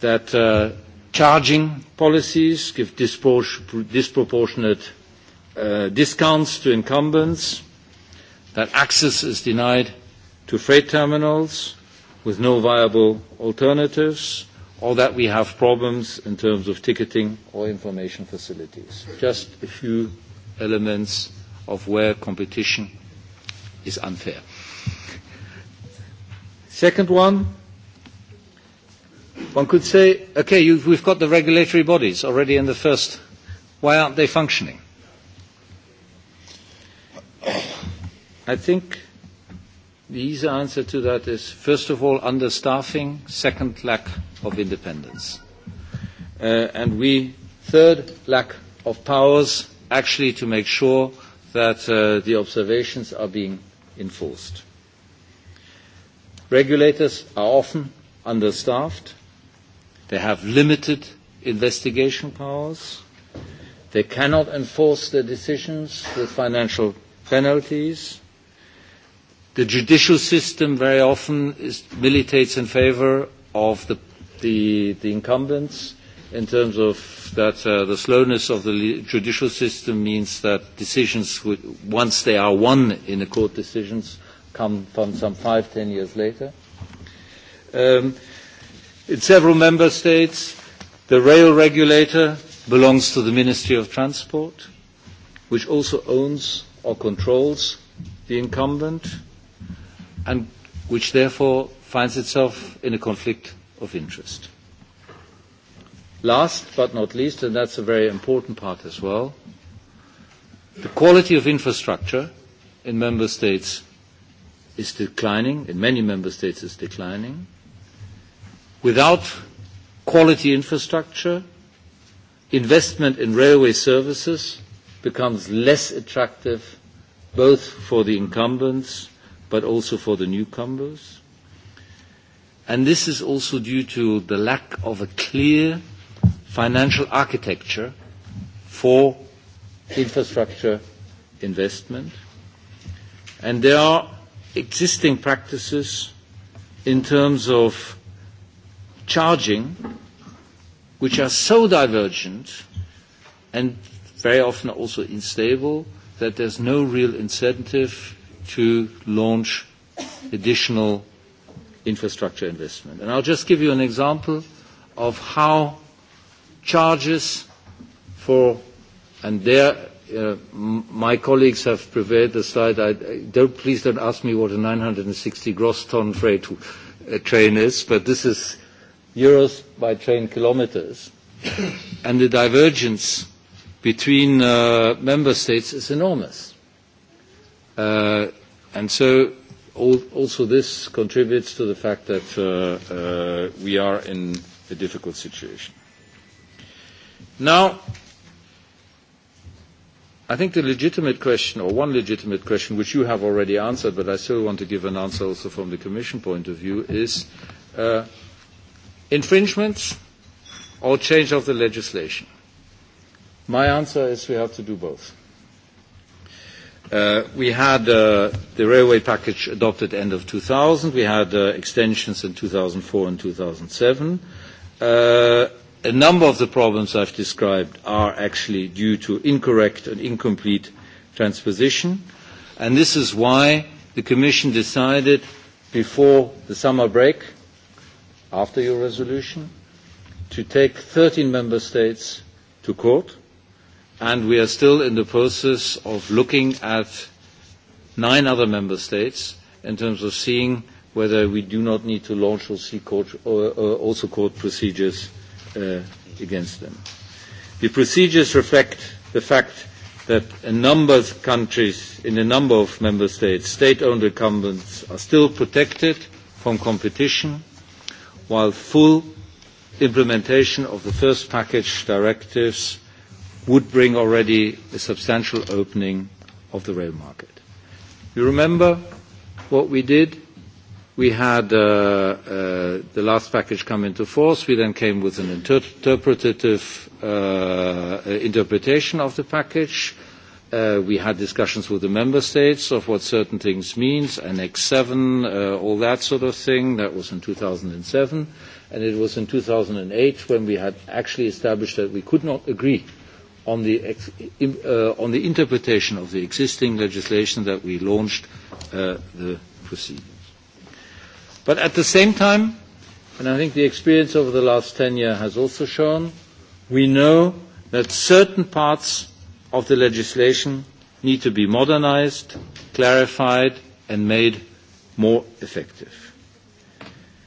that uh, charging policies give dispor disproportionate uh, discounts to incumbents, that access is denied to freight terminals with no viable alternatives, or that we have problems in terms of ticketing or information facilities. Just a few elements of where competition is unfair. Second one, one could say, okay, you've, we've got the regulatory bodies already in the first. Why aren't they functioning? I think The easy answer to that is, first of all, understaffing. Second, lack of independence. Uh, and we, third, lack of powers actually to make sure that uh, the observations are being enforced. Regulators are often understaffed. They have limited investigation powers. They cannot enforce their decisions with financial penalties. The judicial system very often is, militates in favor of the, the, the incumbents in terms of that uh, the slowness of the judicial system means that decisions, would, once they are won in the court decisions, come from some five, ten years later. Um, in several member states, the rail regulator belongs to the Ministry of Transport, which also owns or controls the incumbent and which therefore finds itself in a conflict of interest. Last but not least, and that's a very important part as well, the quality of infrastructure in member states is declining, in many member states is declining. Without quality infrastructure, investment in railway services becomes less attractive both for the incumbents but also for the newcomers. And this is also due to the lack of a clear financial architecture for infrastructure investment. And there are existing practices in terms of charging which are so divergent and very often also unstable that there's no real incentive to launch additional infrastructure investment. And I'll just give you an example of how charges for, and there uh, my colleagues have prepared the slide. I, don't, please don't ask me what a 960 gross ton freight uh, train is, but this is euros by train kilometers. and the divergence between uh, member states is enormous Uh, and so all, also this contributes to the fact that uh, uh, we are in a difficult situation. Now, I think the legitimate question, or one legitimate question, which you have already answered, but I still want to give an answer also from the Commission point of view, is uh, infringements or change of the legislation? My answer is we have to do both. Uh, we had uh, the railway package adopted end of 2000. We had uh, extensions in 2004 and 2007. Uh, a number of the problems I've described are actually due to incorrect and incomplete transposition. And this is why the Commission decided before the summer break, after your resolution, to take 13 member states to court – and we are still in the process of looking at nine other member states in terms of seeing whether we do not need to launch also court, or, or also court procedures uh, against them. The procedures reflect the fact that a number of countries, in a number of member states, state-owned incumbents are still protected from competition, while full implementation of the first package directives would bring already a substantial opening of the rail market. You remember what we did? We had uh, uh, the last package come into force. We then came with an inter interpretative uh, interpretation of the package. Uh, we had discussions with the member states of what certain things means, Annex 7, uh, all that sort of thing. That was in 2007. And it was in 2008 when we had actually established that we could not agree on the, ex, uh, on the interpretation of the existing legislation that we launched uh, the proceedings. But at the same time, and I think the experience over the last 10 years has also shown, we know that certain parts of the legislation need to be modernized, clarified, and made more effective.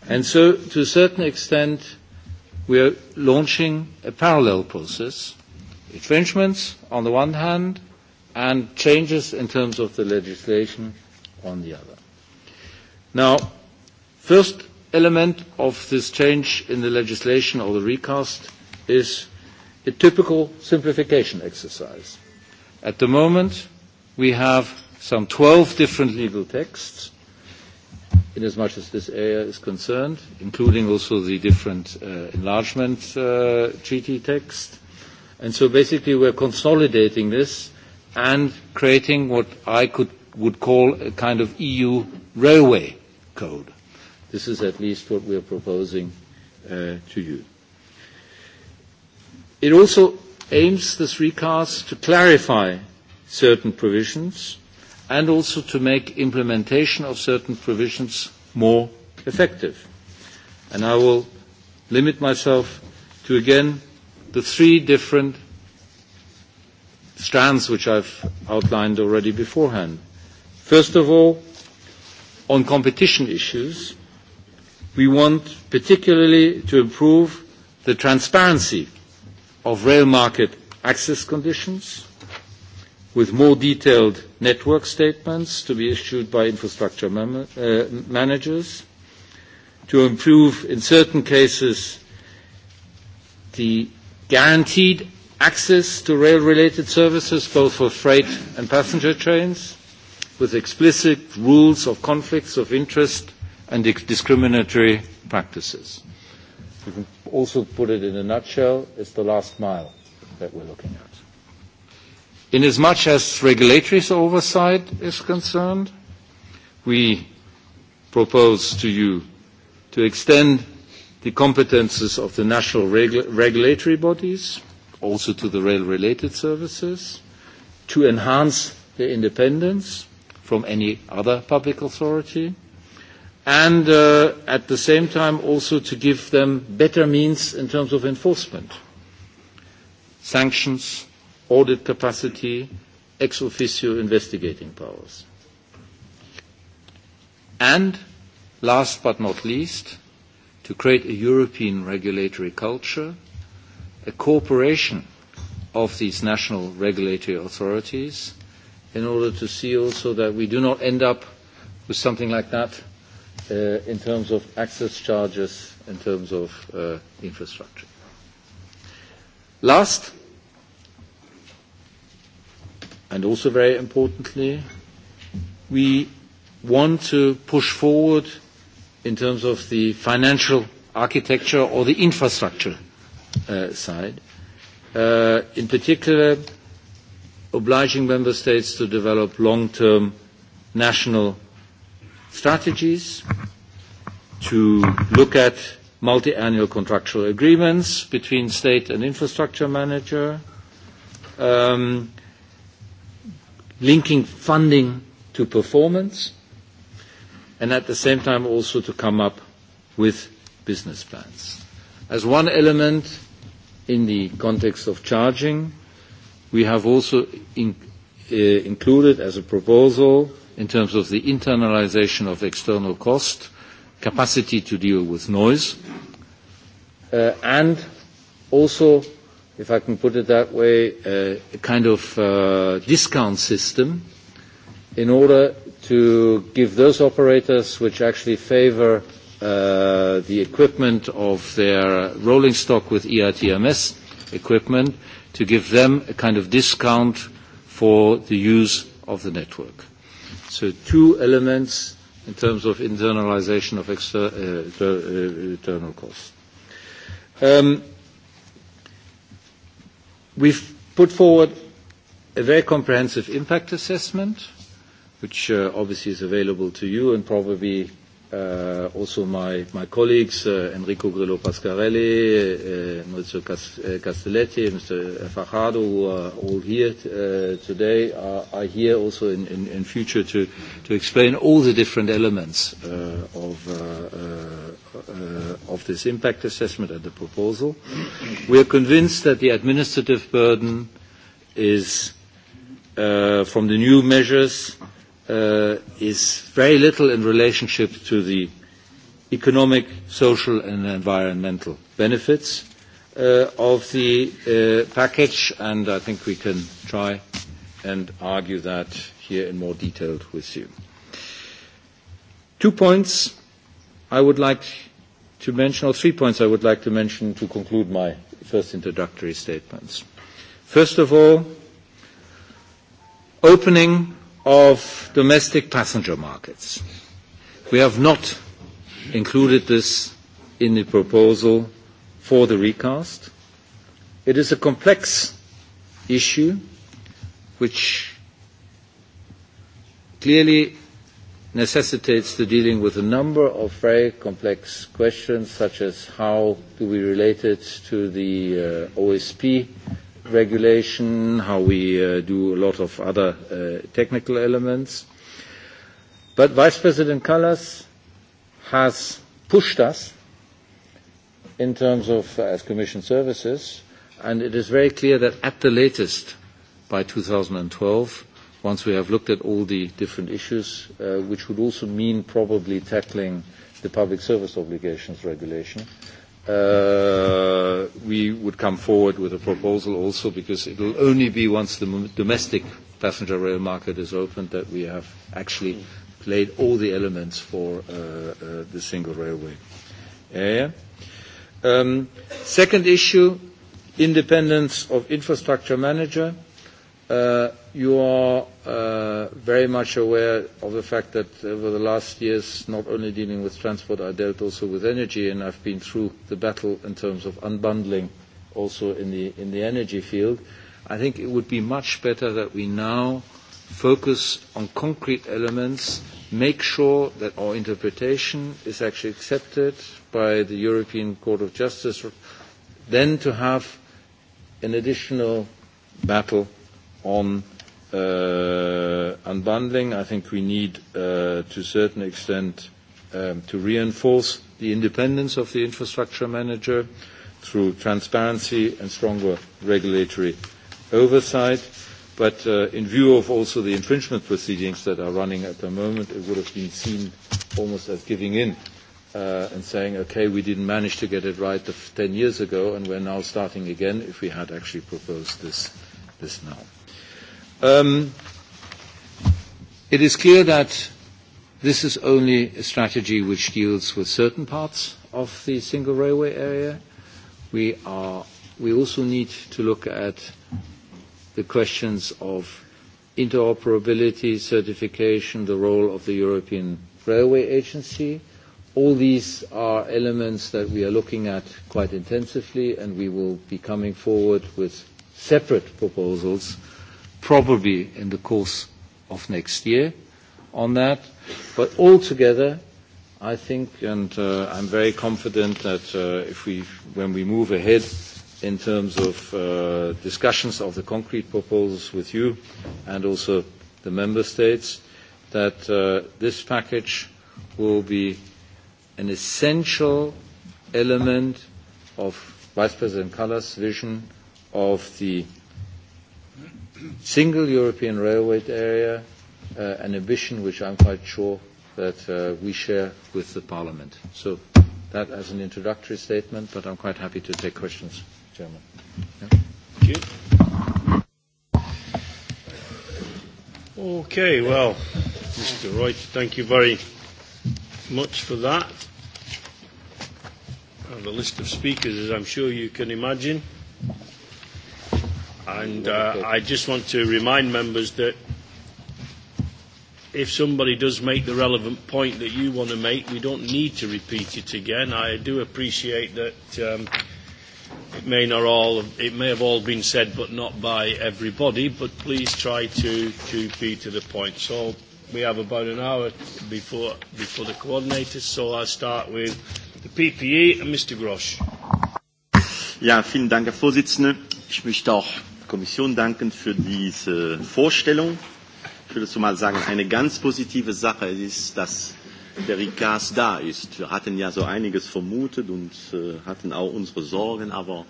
And so, to a certain extent, we are launching a parallel process infringements on the one hand and changes in terms of the legislation on the other. Now, first element of this change in the legislation or the recast is a typical simplification exercise. At the moment, we have some 12 different legal texts in as much as this area is concerned, including also the different uh, enlargement uh, treaty text. And so basically we're consolidating this and creating what I could, would call a kind of EU railway code. This is at least what we are proposing uh, to you. It also aims, this recast, to clarify certain provisions and also to make implementation of certain provisions more effective. And I will limit myself to again the three different strands which I've outlined already beforehand. First of all, on competition issues, we want particularly to improve the transparency of rail market access conditions with more detailed network statements to be issued by infrastructure mem- uh, managers, to improve, in certain cases, the guaranteed access to rail-related services, both for freight and passenger trains, with explicit rules of conflicts of interest and discriminatory practices. You can also put it in a nutshell, it's the last mile that we're looking at. Inasmuch as regulatory oversight is concerned, we propose to you to extend the competences of the national regula regulatory bodies, also to the rail-related services, to enhance their independence from any other public authority, and uh, at the same time also to give them better means in terms of enforcement, sanctions, audit capacity, ex officio investigating powers. And last but not least, to create a European regulatory culture, a cooperation of these national regulatory authorities in order to see also that we do not end up with something like that uh, in terms of access charges, in terms of uh, infrastructure. Last, and also very importantly, we want to push forward in terms of the financial architecture or the infrastructure uh, side. Uh, in particular, obliging member states to develop long-term national strategies, to look at multi-annual contractual agreements between state and infrastructure manager, um, linking funding to performance, and at the same time also to come up with business plans. As one element in the context of charging, we have also in, uh, included as a proposal in terms of the internalization of external cost, capacity to deal with noise, uh, and also, if I can put it that way, uh, a kind of uh, discount system in order to give those operators which actually favor uh, the equipment of their rolling stock with ERTMS equipment, to give them a kind of discount for the use of the network. So two elements in terms of internalization of exter- uh, uh internal costs. Um, we've put forward a very comprehensive impact assessment which uh, obviously is available to you and probably uh, also my, my colleagues, uh, Enrico Grillo Pascarelli, uh, Maurizio Cas- uh, Castelletti, Mr. Fajardo, who are all here t- uh, today, are, are here also in, in, in future to, to explain all the different elements uh, of, uh, uh, uh, of this impact assessment and the proposal. We are convinced that the administrative burden is, uh, from the new measures, uh, is very little in relationship to the economic, social and environmental benefits uh, of the uh, package and I think we can try and argue that here in more detail with you. Two points I would like to mention, or three points I would like to mention to conclude my first introductory statements. First of all, opening of domestic passenger markets. We have not included this in the proposal for the recast. It is a complex issue which clearly necessitates the dealing with a number of very complex questions, such as how do we relate it to the uh, OSP regulation, how we uh, do a lot of other uh, technical elements. But Vice President Kallas has pushed us in terms of uh, as Commission services, and it is very clear that at the latest, by 2012, once we have looked at all the different issues, uh, which would also mean probably tackling the public service obligations regulation, uh, uh, we would come forward with a proposal also because it will only be once the domestic passenger rail market is opened that we have actually laid all the elements for uh, uh, the single railway area. Yeah. Um, second issue, independence of infrastructure manager. Uh, you are uh, very much aware of the fact that over the last years, not only dealing with transport, I dealt also with energy, and I've been through the battle in terms of unbundling also in the, in the energy field. I think it would be much better that we now focus on concrete elements, make sure that our interpretation is actually accepted by the European Court of Justice, then to have an additional battle on uh, unbundling, I think we need, uh, to a certain extent, um, to reinforce the independence of the infrastructure manager through transparency and stronger regulatory oversight. But uh, in view of also the infringement proceedings that are running at the moment, it would have been seen almost as giving in uh, and saying, okay, we didn't manage to get it right the f- 10 years ago, and we're now starting again if we had actually proposed this, this now. Um, it is clear that this is only a strategy which deals with certain parts of the single railway area. We, are, we also need to look at the questions of interoperability, certification, the role of the European Railway Agency. All these are elements that we are looking at quite intensively, and we will be coming forward with separate proposals uh, probably in the course of next year on that. But altogether, I think, and uh, I'm very confident that uh, if we, when we move ahead in terms of uh, discussions of the concrete proposals with you and also the member states, that uh, this package will be an essential element of Vice President Callas' vision of the single European railway area, uh, an ambition which I'm quite sure that uh, we share with the Parliament. So that as an introductory statement, but I'm quite happy to take questions, Chairman. Yeah. Thank you. Okay, well, Mr. Roy, thank you very much for that. I uh, have a list of speakers, as I'm sure you can imagine. And uh, I just want to remind members that if somebody does make the relevant point that you want to make, we don't need to repeat it again. I do appreciate that um, it may not all it may have all been said, but not by everybody. But please try to to be to the point. So we have about an hour before before the coordinators. So I'll start with the PPE and Mr. Grosch. Ja, vielen Dank, Herr Vorsitzender. Ich möchte auch Kommission danken für diese Vorstellung. Ich würde zumal sagen, eine ganz positive Sache ist, dass der ICAS da ist. Wir hatten ja so einiges vermutet und äh, hatten auch unsere Sorgen, aber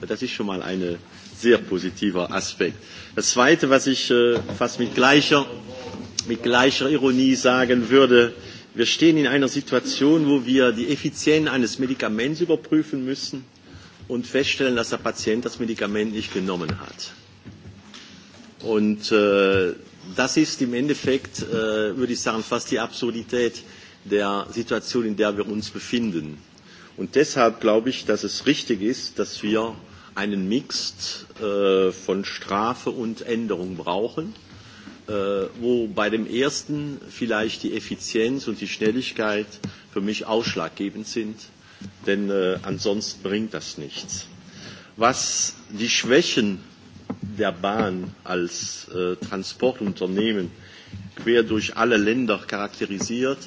das ist schon mal ein sehr positiver Aspekt. Das Zweite, was ich äh, fast mit gleicher, mit gleicher Ironie sagen würde, wir stehen in einer Situation, wo wir die Effizienz eines Medikaments überprüfen müssen und feststellen, dass der Patient das Medikament nicht genommen hat. Und äh, das ist im Endeffekt, äh, würde ich sagen, fast die Absurdität der Situation, in der wir uns befinden. Und deshalb glaube ich, dass es richtig ist, dass wir einen Mix äh, von Strafe und Änderung brauchen, äh, wo bei dem ersten vielleicht die Effizienz und die Schnelligkeit für mich ausschlaggebend sind denn äh, ansonsten bringt das nichts. Was die Schwächen der Bahn als äh, Transportunternehmen quer durch alle Länder charakterisiert,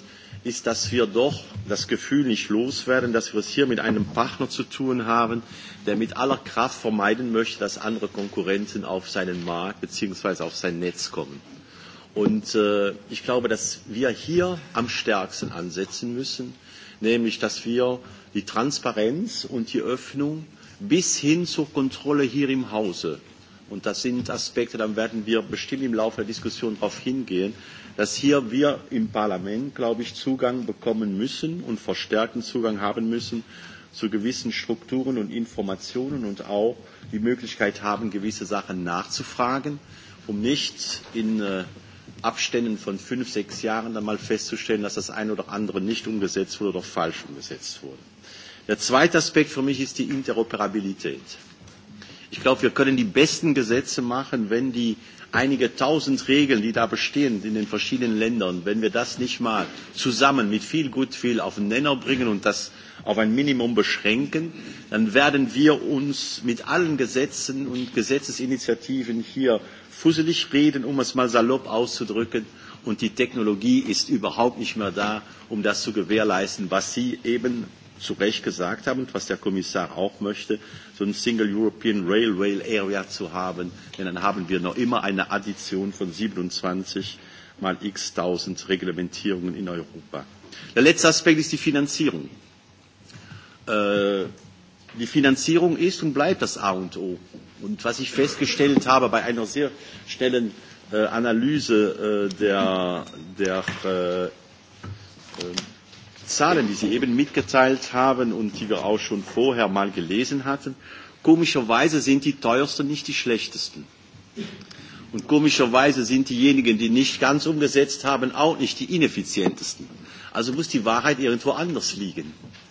ist, dass wir doch das Gefühl nicht loswerden, dass wir es hier mit einem Partner zu tun haben, der mit aller Kraft vermeiden möchte, dass andere Konkurrenten auf seinen Markt bzw. auf sein Netz kommen. Und äh, ich glaube, dass wir hier am stärksten ansetzen müssen, nämlich dass wir die Transparenz und die Öffnung bis hin zur Kontrolle hier im Hause und das sind Aspekte, dann werden wir bestimmt im Laufe der Diskussion darauf hingehen, dass hier wir im Parlament, glaube ich, Zugang bekommen müssen und verstärkten Zugang haben müssen zu gewissen Strukturen und Informationen und auch die Möglichkeit haben, gewisse Sachen nachzufragen, um nicht in äh, Abständen von fünf, sechs Jahren dann mal festzustellen, dass das eine oder andere nicht umgesetzt wurde oder falsch umgesetzt wurde. Der zweite Aspekt für mich ist die Interoperabilität. Ich glaube, wir können die besten Gesetze machen, wenn die einige tausend Regeln, die da bestehen in den verschiedenen Ländern, wenn wir das nicht mal zusammen mit viel Gutwill auf den Nenner bringen und das auf ein Minimum beschränken, dann werden wir uns mit allen Gesetzen und Gesetzesinitiativen hier fusselig reden, um es mal salopp auszudrücken. Und die Technologie ist überhaupt nicht mehr da, um das zu gewährleisten, was Sie eben zu Recht gesagt haben und was der Kommissar auch möchte, so ein Single European Railway Area zu haben. Denn dann haben wir noch immer eine Addition von 27 mal x tausend Reglementierungen in Europa. Der letzte Aspekt ist die Finanzierung äh, die Finanzierung ist und bleibt das A und O. Und was ich festgestellt habe bei einer sehr schnellen äh, Analyse äh, der, der äh, äh, Zahlen, die Sie eben mitgeteilt haben und die wir auch schon vorher mal gelesen hatten, komischerweise sind die teuersten nicht die schlechtesten. Und komischerweise sind diejenigen, die nicht ganz umgesetzt haben, auch nicht die ineffizientesten. Also muss die Wahrheit irgendwo anders liegen. Äh,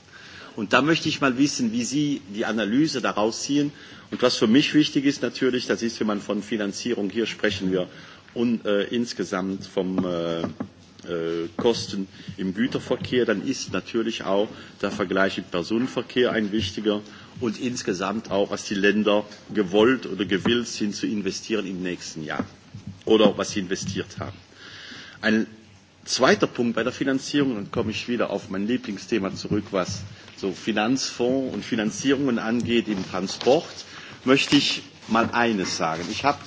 Und da möchte ich mal wissen, wie Sie die Analyse daraus ziehen. Und was für mich wichtig ist natürlich, das ist, wenn man von Finanzierung hier sprechen wir und, äh, insgesamt vom äh, äh, Kosten im Güterverkehr, dann ist natürlich auch der Vergleich im Personenverkehr ein wichtiger und insgesamt auch, was die Länder gewollt oder gewillt sind zu investieren im nächsten Jahr oder was sie investiert haben. Ein zweiter Punkt bei der Finanzierung, dann komme ich wieder auf mein Lieblingsthema zurück, was so Finanzfonds und Finanzierungen angeht im Transport, möchte ich mal eines sagen. Ich habe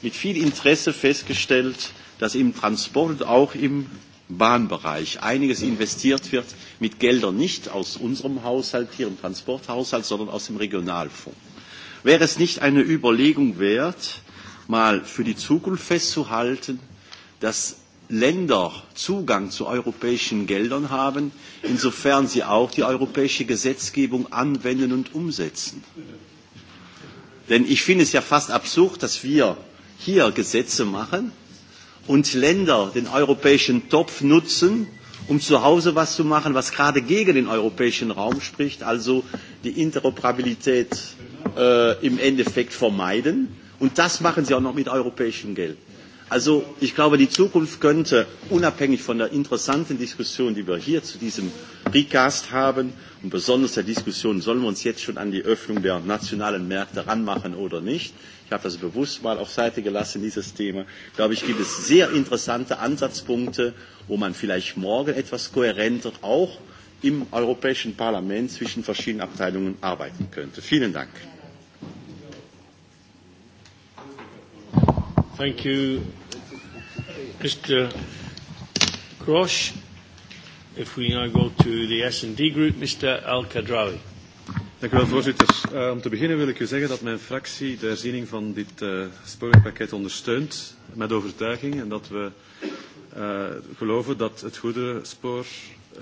mit viel Interesse festgestellt, dass im Transport und auch im Bahnbereich einiges investiert wird mit Geldern nicht aus unserem Haushalt, hier im Transporthaushalt, sondern aus dem Regionalfonds. Wäre es nicht eine Überlegung wert, mal für die Zukunft festzuhalten, dass Länder Zugang zu europäischen Geldern haben, insofern sie auch die europäische Gesetzgebung anwenden und umsetzen. Denn ich finde es ja fast absurd, dass wir hier Gesetze machen und Länder den europäischen Topf nutzen, um zu Hause was zu machen, was gerade gegen den europäischen Raum spricht, also die Interoperabilität äh, im Endeffekt vermeiden. Und das machen sie auch noch mit europäischem Geld. Also ich glaube, die Zukunft könnte unabhängig von der interessanten Diskussion, die wir hier zu diesem Recast haben, und besonders der Diskussion, sollen wir uns jetzt schon an die Öffnung der nationalen Märkte ranmachen oder nicht, ich habe das bewusst mal auf Seite gelassen, dieses Thema, glaube ich, gibt es sehr interessante Ansatzpunkte, wo man vielleicht morgen etwas kohärenter auch im Europäischen Parlament zwischen verschiedenen Abteilungen arbeiten könnte. Vielen Dank. Thank you, Mr. Grosch. If we now go to the S&D group, Mr. Al-Kadrawi. Dank u wel, voorzitter. Uh, om te beginnen wil ik u zeggen dat mijn fractie de herziening van dit uh, spoorwegpakket ondersteunt met overtuiging en dat we uh, geloven dat het goederenspoor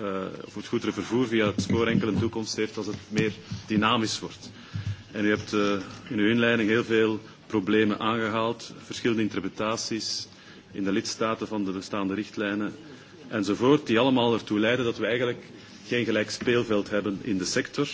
uh, of het goederenvervoer via het spoor enkel een toekomst heeft als het meer dynamisch wordt. En u hebt uh, in uw inleiding heel veel problemen aangehaald, verschillende interpretaties, in de lidstaten van de bestaande richtlijnen enzovoort, die allemaal ertoe leiden dat we eigenlijk geen gelijk speelveld hebben in de sector.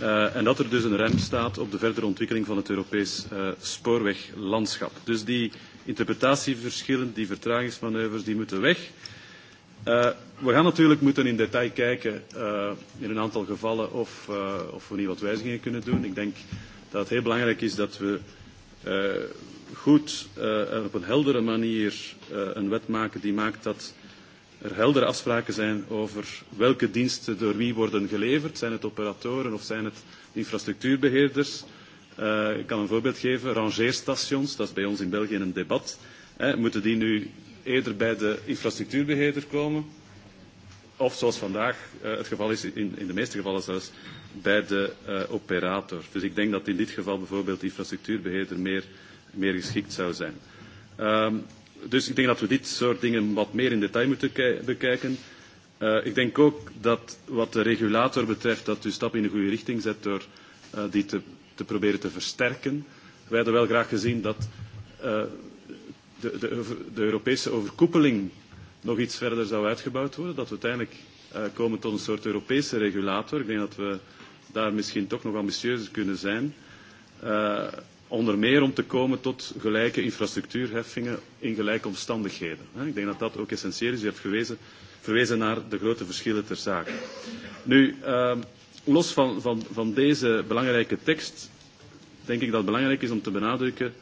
Uh, en dat er dus een rem staat op de verdere ontwikkeling van het Europees uh, spoorweglandschap. Dus die interpretatieverschillen, die vertragingsmanoeuvres, die moeten weg. Uh, we gaan natuurlijk moeten in detail kijken uh, in een aantal gevallen of, uh, of we niet wat wijzigingen kunnen doen. Ik denk dat het heel belangrijk is dat we uh, uh, goed uh, en op een heldere manier uh, een wet maken die maakt dat er heldere afspraken zijn over welke diensten door wie worden geleverd. Zijn het operatoren of zijn het infrastructuurbeheerders? Uh, ik kan een voorbeeld geven. Rangeerstations, dat is bij ons in België een debat. Hè, moeten die nu eerder bij de infrastructuurbeheerder komen? Of zoals vandaag uh, het geval is, in, in de meeste gevallen zelfs, bij de uh, operator. Dus ik denk dat in dit geval bijvoorbeeld de infrastructuurbeheerder meer, meer geschikt zou zijn. Um, dus ik denk dat we dit soort dingen wat meer in detail moeten bekijken. Uh, ik denk ook dat wat de regulator betreft, dat u stap in de goede richting zet door uh, die te, te proberen te versterken. Wij hadden wel graag gezien dat uh, de, de, de Europese overkoepeling nog iets verder zou uitgebouwd worden. Dat we uiteindelijk uh, komen tot een soort Europese regulator. Ik denk dat we daar misschien toch nog ambitieuzer kunnen zijn. Uh, onder meer om te komen tot gelijke infrastructuurheffingen in gelijke omstandigheden. Ik denk dat dat ook essentieel is. U hebt gewezen, verwezen naar de grote verschillen ter zake. Nu, uh, los van, van, van deze belangrijke tekst, denk ik dat het belangrijk is om te benadrukken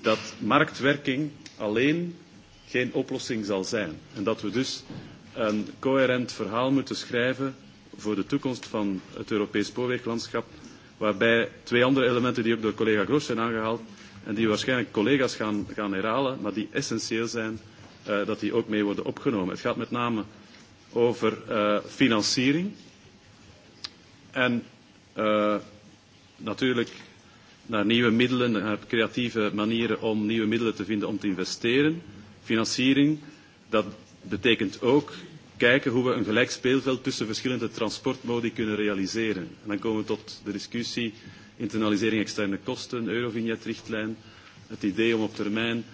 dat marktwerking alleen geen oplossing zal zijn. En dat we dus een coherent verhaal moeten schrijven voor de toekomst van het Europees spoorweglandschap, waarbij twee andere elementen die ook door collega Groos zijn aangehaald en die waarschijnlijk collega's gaan, gaan herhalen, maar die essentieel zijn, uh, dat die ook mee worden opgenomen. Het gaat met name over uh, financiering en uh, natuurlijk naar nieuwe middelen, naar creatieve manieren om nieuwe middelen te vinden om te investeren. Financiering, dat betekent ook kijken hoe we een gelijk speelveld tussen verschillende transportmodi kunnen realiseren. En dan komen we tot de discussie internalisering externe kosten, Eurovignetrichtlijn, het idee om op termijn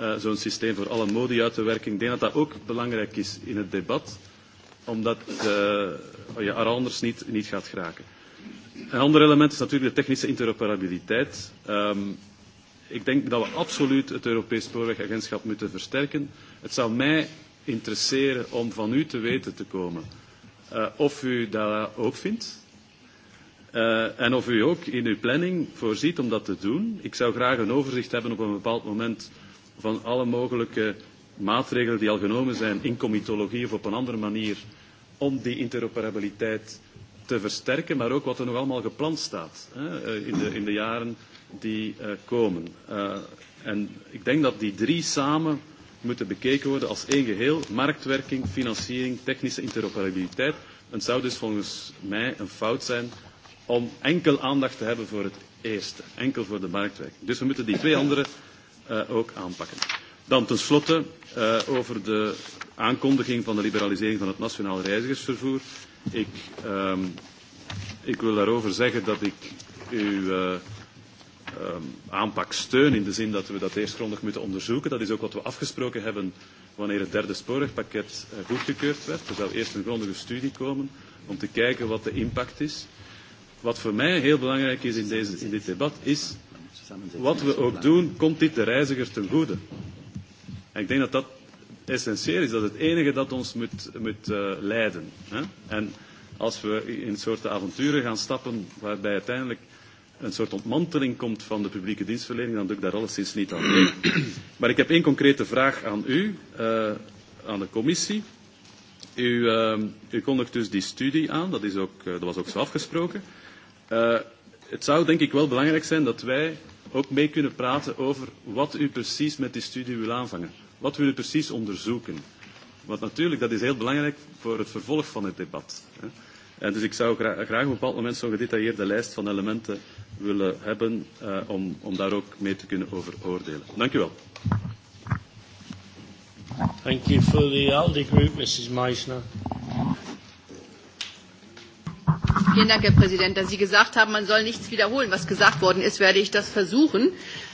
uh, zo'n systeem voor alle modi uit te werken. Ik denk dat dat ook belangrijk is in het debat, omdat uh, je er anders niet, niet gaat geraken. Een ander element is natuurlijk de technische interoperabiliteit. Um, ik denk dat we absoluut het Europees Spoorwegagentschap moeten versterken. Het zou mij interesseren om van u te weten te komen uh, of u dat ook vindt. Uh, en of u ook in uw planning voorziet om dat te doen. Ik zou graag een overzicht hebben op een bepaald moment van alle mogelijke maatregelen die al genomen zijn in comitologie of op een andere manier om die interoperabiliteit te versterken, maar ook wat er nog allemaal gepland staat hè, eh, in, de, in de jaren die uh, komen. Uh, en ik denk dat die drie samen moeten bekeken worden als één geheel. Marktwerking, financiering, technische interoperabiliteit. Het zou dus volgens mij een fout zijn om enkel aandacht te hebben voor het eerste, enkel voor de marktwerking. Dus we moeten die twee andere uh, ook aanpakken. Dan tenslotte uh, over de aankondiging van de liberalisering van het nationaal reizigersvervoer. Ik, uh, ik wil daarover zeggen dat ik uw. Uh, eh, um, aanpak steun, in de zin dat we dat eerst grondig moeten onderzoeken. Dat is ook wat we afgesproken hebben wanneer het derde spoorwegpakket uh, goedgekeurd werd. Er zou eerst een grondige studie komen om te kijken wat de impact is. Wat voor mij heel belangrijk is in, deze, in dit debat is, wat we ook doen, komt dit de reiziger ten goede? En ik denk dat dat essentieel is. Dat is het enige dat ons moet, moet uh, leiden. Hè? En als we in soorten avonturen gaan stappen waarbij uiteindelijk een soort ontmanteling komt van de publieke dienstverlening, dan doe ik daar alleszins niet aan mee. Maar ik heb één concrete vraag aan u, uh, aan de commissie. U, uh, u kondigt dus die studie aan, dat, is ook, uh, dat was ook zo afgesproken. Uh, het zou denk ik wel belangrijk zijn dat wij ook mee kunnen praten over wat u precies met die studie wil aanvangen. Wat wil u precies onderzoeken? Want natuurlijk, dat is heel belangrijk voor het vervolg van het debat. Hè. En eh, dus ik zou graag, graag op een bepaald moment zo'n gedetailleerde lijst van elementen willen hebben uh, om, om daar ook mee te kunnen over oordelen. Dank u wel. Thank you for the ALDE group, Mrs. Meisner. Vielen Dank, Herr Präsident. Da Sie gesagt haben, man soll nichts wiederholen, was gesagt worden ist, werde ich das versuchen.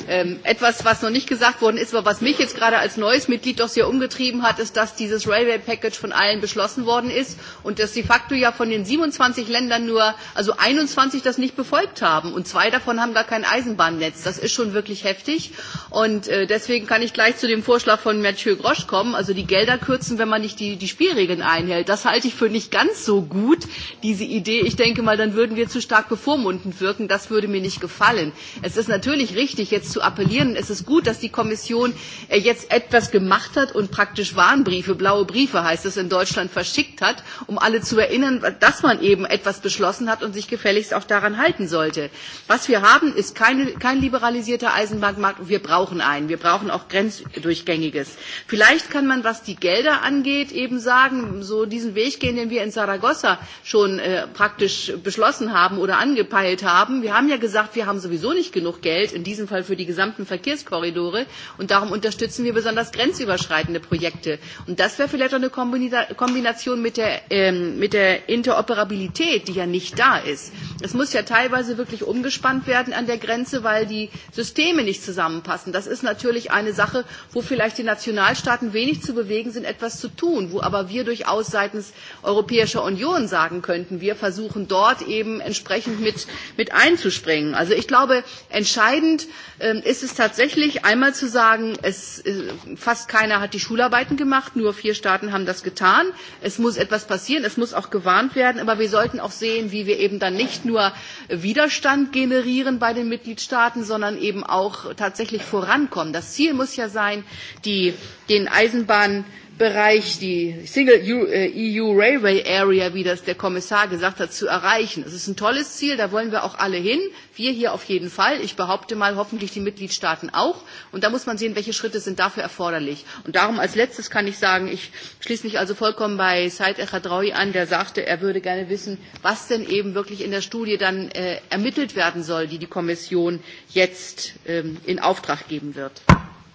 Ähm, etwas, was noch nicht gesagt worden ist, aber was mich jetzt gerade als neues Mitglied doch sehr umgetrieben hat, ist, dass dieses Railway Package von allen beschlossen worden ist und dass de facto ja von den 27 Ländern nur, also 21 das nicht befolgt haben und zwei davon haben gar kein Eisenbahnnetz. Das ist schon wirklich heftig und äh, deswegen kann ich gleich zu dem Vorschlag von Mathieu Grosch kommen, also die Gelder kürzen, wenn man nicht die, die Spielregeln einhält. Das halte ich für nicht ganz so gut, diese Idee ich denke mal, dann würden wir zu stark bevormundend wirken. Das würde mir nicht gefallen. Es ist natürlich richtig, jetzt zu appellieren. Es ist gut, dass die Kommission äh, jetzt etwas gemacht hat und praktisch Warnbriefe, blaue Briefe heißt es in Deutschland, verschickt hat, um alle zu erinnern, dass man eben etwas beschlossen hat und sich gefälligst auch daran halten sollte. Was wir haben, ist keine, kein liberalisierter Eisenbahnmarkt und wir brauchen einen. Wir brauchen auch grenzdurchgängiges. Vielleicht kann man, was die Gelder angeht, eben sagen, so diesen Weg gehen, den wir in Saragossa schon äh, praktisch praktisch beschlossen haben oder angepeilt haben. Wir haben ja gesagt, wir haben sowieso nicht genug Geld, in diesem Fall für die gesamten Verkehrskorridore. Und darum unterstützen wir besonders grenzüberschreitende Projekte. Und das wäre vielleicht auch eine Kombination mit der, ähm, mit der Interoperabilität, die ja nicht da ist. Es muss ja teilweise wirklich umgespannt werden an der Grenze, weil die Systeme nicht zusammenpassen. Das ist natürlich eine Sache, wo vielleicht die Nationalstaaten wenig zu bewegen sind, etwas zu tun, wo aber wir durchaus seitens Europäischer Union sagen könnten, wir versuchen, versuchen, dort eben entsprechend mit, mit einzuspringen. Also ich glaube, entscheidend äh, ist es tatsächlich einmal zu sagen, es, äh, fast keiner hat die Schularbeiten gemacht, nur vier Staaten haben das getan. Es muss etwas passieren, es muss auch gewarnt werden, aber wir sollten auch sehen, wie wir eben dann nicht nur Widerstand generieren bei den Mitgliedstaaten, sondern eben auch tatsächlich vorankommen. Das Ziel muss ja sein, die, den Eisenbahn Bereich, die Single EU äh, e Railway Area, wie das der Kommissar gesagt hat, zu erreichen. Das ist ein tolles Ziel, da wollen wir auch alle hin. Wir hier auf jeden Fall. Ich behaupte mal, hoffentlich die Mitgliedstaaten auch. Und da muss man sehen, welche Schritte sind dafür erforderlich. Und darum als letztes kann ich sagen, ich schließe mich also vollkommen bei Said Echadraoui an, der sagte, er würde gerne wissen, was denn eben wirklich in der Studie dann äh, ermittelt werden soll, die die Kommission jetzt ähm, in Auftrag geben wird.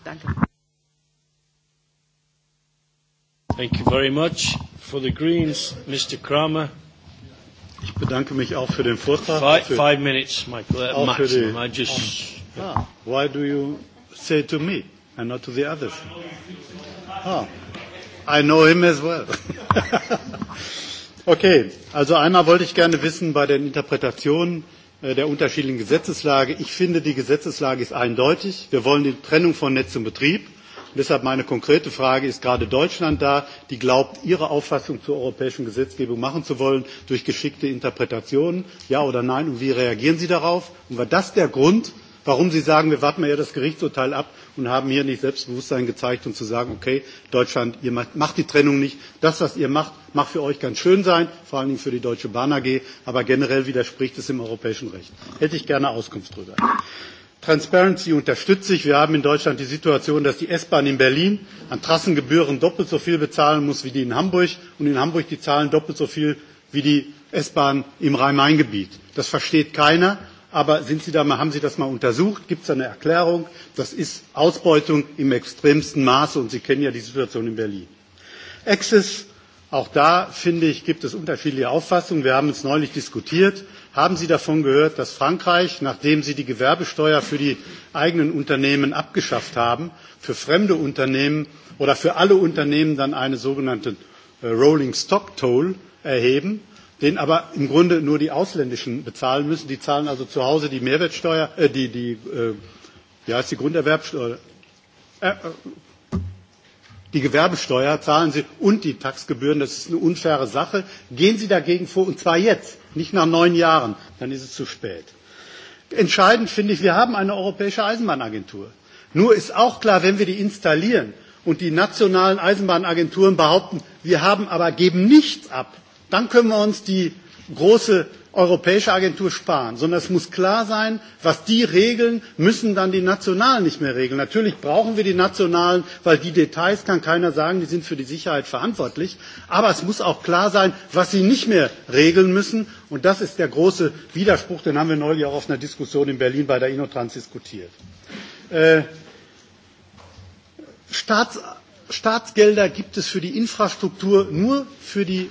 Danke. Thank you very much. For the Greens, Mr. Kramer. Ich bedanke mich auch für den Vortrag. Five, für, five minutes, Michael. Auch maximum. Für die, I just, um, yeah. Oh. ah, why do you say to me and not to the others? Ah, I know him as well. okay, also einmal wollte ich gerne wissen bei den Interpretationen äh, der unterschiedlichen Gesetzeslage. Ich finde, die Gesetzeslage ist eindeutig. Wir wollen die Trennung von Netz und Betrieb. Und deshalb meine konkrete Frage, ist gerade Deutschland da, die glaubt, ihre Auffassung zur europäischen Gesetzgebung machen zu wollen durch geschickte Interpretationen? Ja oder nein? Und wie reagieren Sie darauf? Und war das der Grund, warum Sie sagen, wir warten ja das Gerichtsurteil ab und haben hier nicht Selbstbewusstsein gezeigt und zu sagen, okay, Deutschland, ihr macht, macht die Trennung nicht. Das, was ihr macht, mag für euch ganz schön sein, vor allen Dingen für die Deutsche Bahn AG, aber generell widerspricht es dem europäischen Recht. Hätte ich gerne Auskunft darüber. Transparency unterstütze ich. Wir haben in Deutschland die Situation, dass die S-Bahn in Berlin an Trassengebühren doppelt so viel bezahlen muss wie die in Hamburg und in Hamburg die zahlen doppelt so viel wie die S-Bahn im Rhein-Main-Gebiet. Das versteht keiner. Aber sind Sie da mal, haben Sie das mal untersucht? Gibt es da eine Erklärung? Das ist Ausbeutung im extremsten Maße und Sie kennen ja die Situation in Berlin. Access, auch da finde ich, gibt es unterschiedliche Auffassungen. Wir haben es neulich diskutiert Haben Sie davon gehört, dass Frankreich, nachdem sie die Gewerbesteuer für die eigenen Unternehmen abgeschafft haben, für fremde Unternehmen oder für alle Unternehmen dann eine sogenannte äh, Rolling Stock Toll erheben, den aber im Grunde nur die Ausländischen bezahlen müssen. Die zahlen also zu Hause die Mehrwertsteuer, äh, die, die, äh, wie heißt die Grunderwerbsteuer? Äh, äh die Gewerbesteuer zahlen Sie und die Taxgebühren. Das ist eine unfaire Sache. Gehen Sie dagegen vor, und zwar jetzt, nicht nach neun Jahren, dann ist es zu spät. Entscheidend finde ich, wir haben eine europäische Eisenbahnagentur. Nur ist auch klar, wenn wir die installieren und die nationalen Eisenbahnagenturen behaupten, wir haben aber geben nichts ab, dann können wir uns die große Europäische Agentur sparen, sondern es muss klar sein, was die regeln, müssen dann die Nationalen nicht mehr regeln. Natürlich brauchen wir die Nationalen, weil die Details kann keiner sagen, die sind für die Sicherheit verantwortlich. Aber es muss auch klar sein, was sie nicht mehr regeln müssen. Und das ist der große Widerspruch, den haben wir neulich auch auf einer Diskussion in Berlin bei der Inotrans diskutiert. Äh, Staats, Staatsgelder gibt es für die Infrastruktur nur für die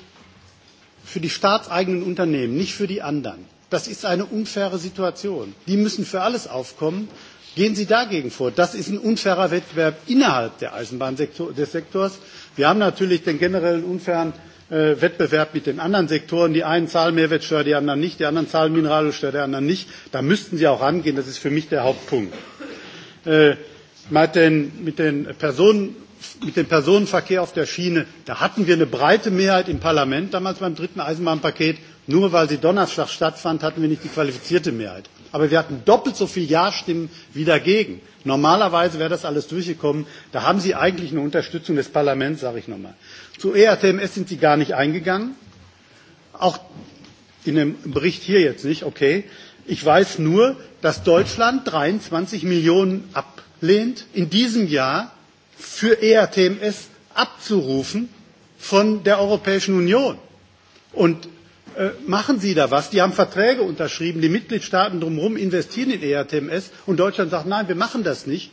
für die staatseigenen Unternehmen, nicht für die anderen. Das ist eine unfaire Situation. Die müssen für alles aufkommen. Gehen Sie dagegen vor. Das ist ein unfairer Wettbewerb innerhalb der Eisenbahnsektors. Wir haben natürlich den generellen unfairen äh, Wettbewerb mit den anderen Sektoren. Die einen zahlen Mehrwertsteuer, die anderen nicht. Die anderen zahlen Mineralölsteuer, die anderen nicht. Da müssten Sie auch rangehen. Das ist für mich der Hauptpunkt. Äh, mit den, mit den Personen mit dem Personenverkehr auf der Schiene, da hatten wir eine breite Mehrheit im Parlament damals beim dritten Eisenbahnpaket. Nur weil sie Donnerstag stattfand, hatten wir nicht die qualifizierte Mehrheit. Aber wir hatten doppelt so viele Ja-Stimmen wie dagegen. Normalerweise wäre das alles durchgekommen. Da haben Sie eigentlich eine Unterstützung des Parlaments, sage ich nochmal. Zu ERTMS sind Sie gar nicht eingegangen. Auch in dem Bericht hier jetzt nicht, okay. Ich weiß nur, dass Deutschland 23 Millionen ablehnt in diesem Jahr für ERTMS abzurufen von der Europäischen Union. Und äh, machen Sie da was? Die haben Verträge unterschrieben, die Mitgliedstaaten drumherum investieren in ERTMS und Deutschland sagt, nein, wir machen das nicht.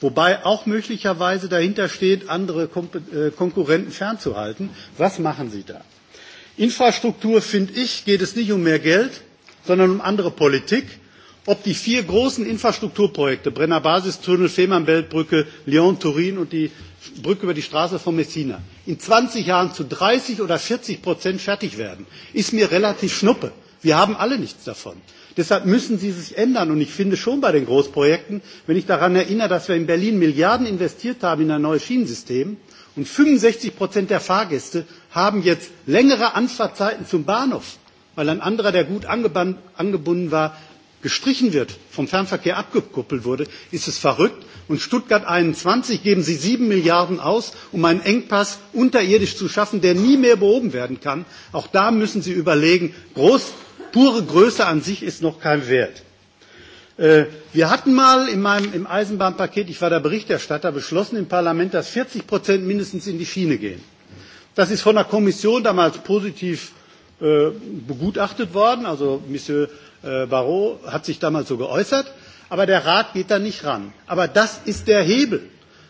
Wobei auch möglicherweise dahinter steht, andere Kom äh, Konkurrenten fernzuhalten. Was machen Sie da? Infrastruktur, finde ich, geht es nicht um mehr Geld, sondern um andere Politik ob die vier großen Infrastrukturprojekte Brenner Basistunnel, Fehmarnbeltbrücke, Lyon, Turin und die Brücke über die Straße von Messina in 20 Jahren zu 30 oder 40 Prozent fertig werden, ist mir relativ schnuppe. Wir haben alle nichts davon. Deshalb müssen sie sich ändern. Und ich finde schon bei den Großprojekten, wenn ich daran erinnere, dass wir in Berlin Milliarden investiert haben in ein neues Schienensystem und 65 Prozent der Fahrgäste haben jetzt längere Anfahrtzeiten zum Bahnhof, weil ein anderer, der gut angebunden war, gestrichen wird, vom Fernverkehr abgekuppelt wurde, ist es verrückt. Und Stuttgart 21 geben Sie sieben Milliarden aus, um einen Engpass unterirdisch zu schaffen, der nie mehr behoben werden kann. Auch da müssen Sie überlegen, groß, pure Größe an sich ist noch kein Wert. Äh, wir hatten mal in meinem, im Eisenbahnpaket, ich war der Berichterstatter, beschlossen im Parlament, dass 40 Prozent mindestens in die Schiene gehen. Das ist von der Kommission damals positiv äh, begutachtet worden. Also Monsieur äh, Barrot hat sich damals so geäußert. Aber der Rat geht da nicht ran. Aber das ist der Hebel.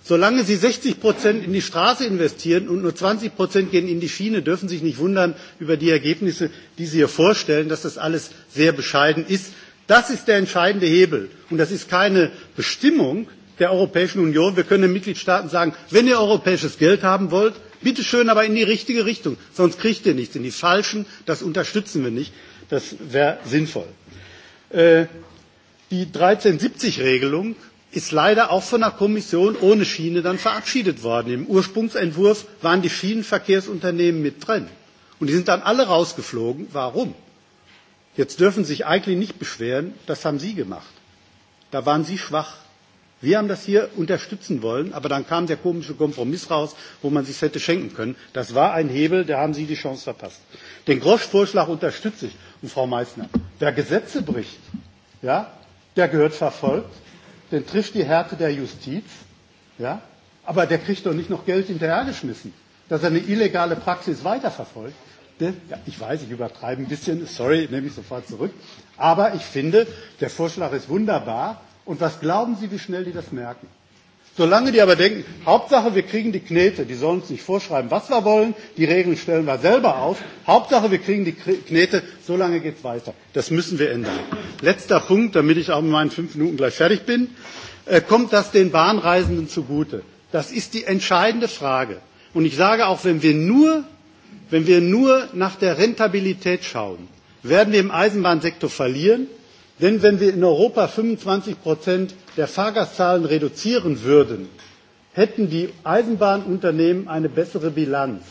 Solange Sie 60 Prozent in die Straße investieren und nur 20 Prozent gehen in die Schiene, dürfen Sie sich nicht wundern über die Ergebnisse, die Sie hier vorstellen, dass das alles sehr bescheiden ist. Das ist der entscheidende Hebel. Und das ist keine Bestimmung der Europäischen Union. Wir können den Mitgliedstaaten sagen, wenn ihr europäisches Geld haben wollt, Bitte schön, aber in die richtige Richtung, sonst kriegt ihr nichts. In die falschen, das unterstützen wir nicht. Das wäre sinnvoll. Äh, die 1370-Regelung ist leider auch von der Kommission ohne Schiene dann verabschiedet worden. Im Ursprungsentwurf waren die Schienenverkehrsunternehmen mit drin. Und die sind dann alle rausgeflogen. Warum? Jetzt dürfen Sie sich eigentlich nicht beschweren, das haben Sie gemacht. Da waren Sie schwach. Wir haben das hier unterstützen wollen, aber dann kam der komische Kompromiss raus, wo man sich hätte schenken können. Das war ein Hebel, da haben Sie die Chance verpasst. Den Grosch-Vorschlag unterstütze ich. Und Frau Meissner, wer Gesetze bricht, ja, der gehört verfolgt, den trifft die Härte der Justiz, ja, aber der kriegt doch nicht noch Geld hinterhergeschmissen, dass er eine illegale Praxis weiterverfolgt. Ja, ich weiß, ich übertreibe ein bisschen, sorry, nehme ich sofort zurück. Aber ich finde, der Vorschlag ist wunderbar, Und was glauben Sie, wie schnell die das merken? Solange die aber denken, Hauptsache wir kriegen die Knete, die sollen uns nicht vorschreiben, was wir wollen, die Regeln stellen wir selber auf, Hauptsache wir kriegen die Knete, solange geht es weiter. Das müssen wir ändern. Letzter Punkt, damit ich auch in meinen fünf Minuten gleich fertig bin, äh, kommt das den Bahnreisenden zugute? Das ist die entscheidende Frage. Und ich sage auch, wenn wir nur, wenn wir nur nach der Rentabilität schauen, werden wir im Eisenbahnsektor verlieren, Denn wenn wir in Europa 25 Prozent der Fahrgastzahlen reduzieren würden, hätten die Eisenbahnunternehmen eine bessere Bilanz.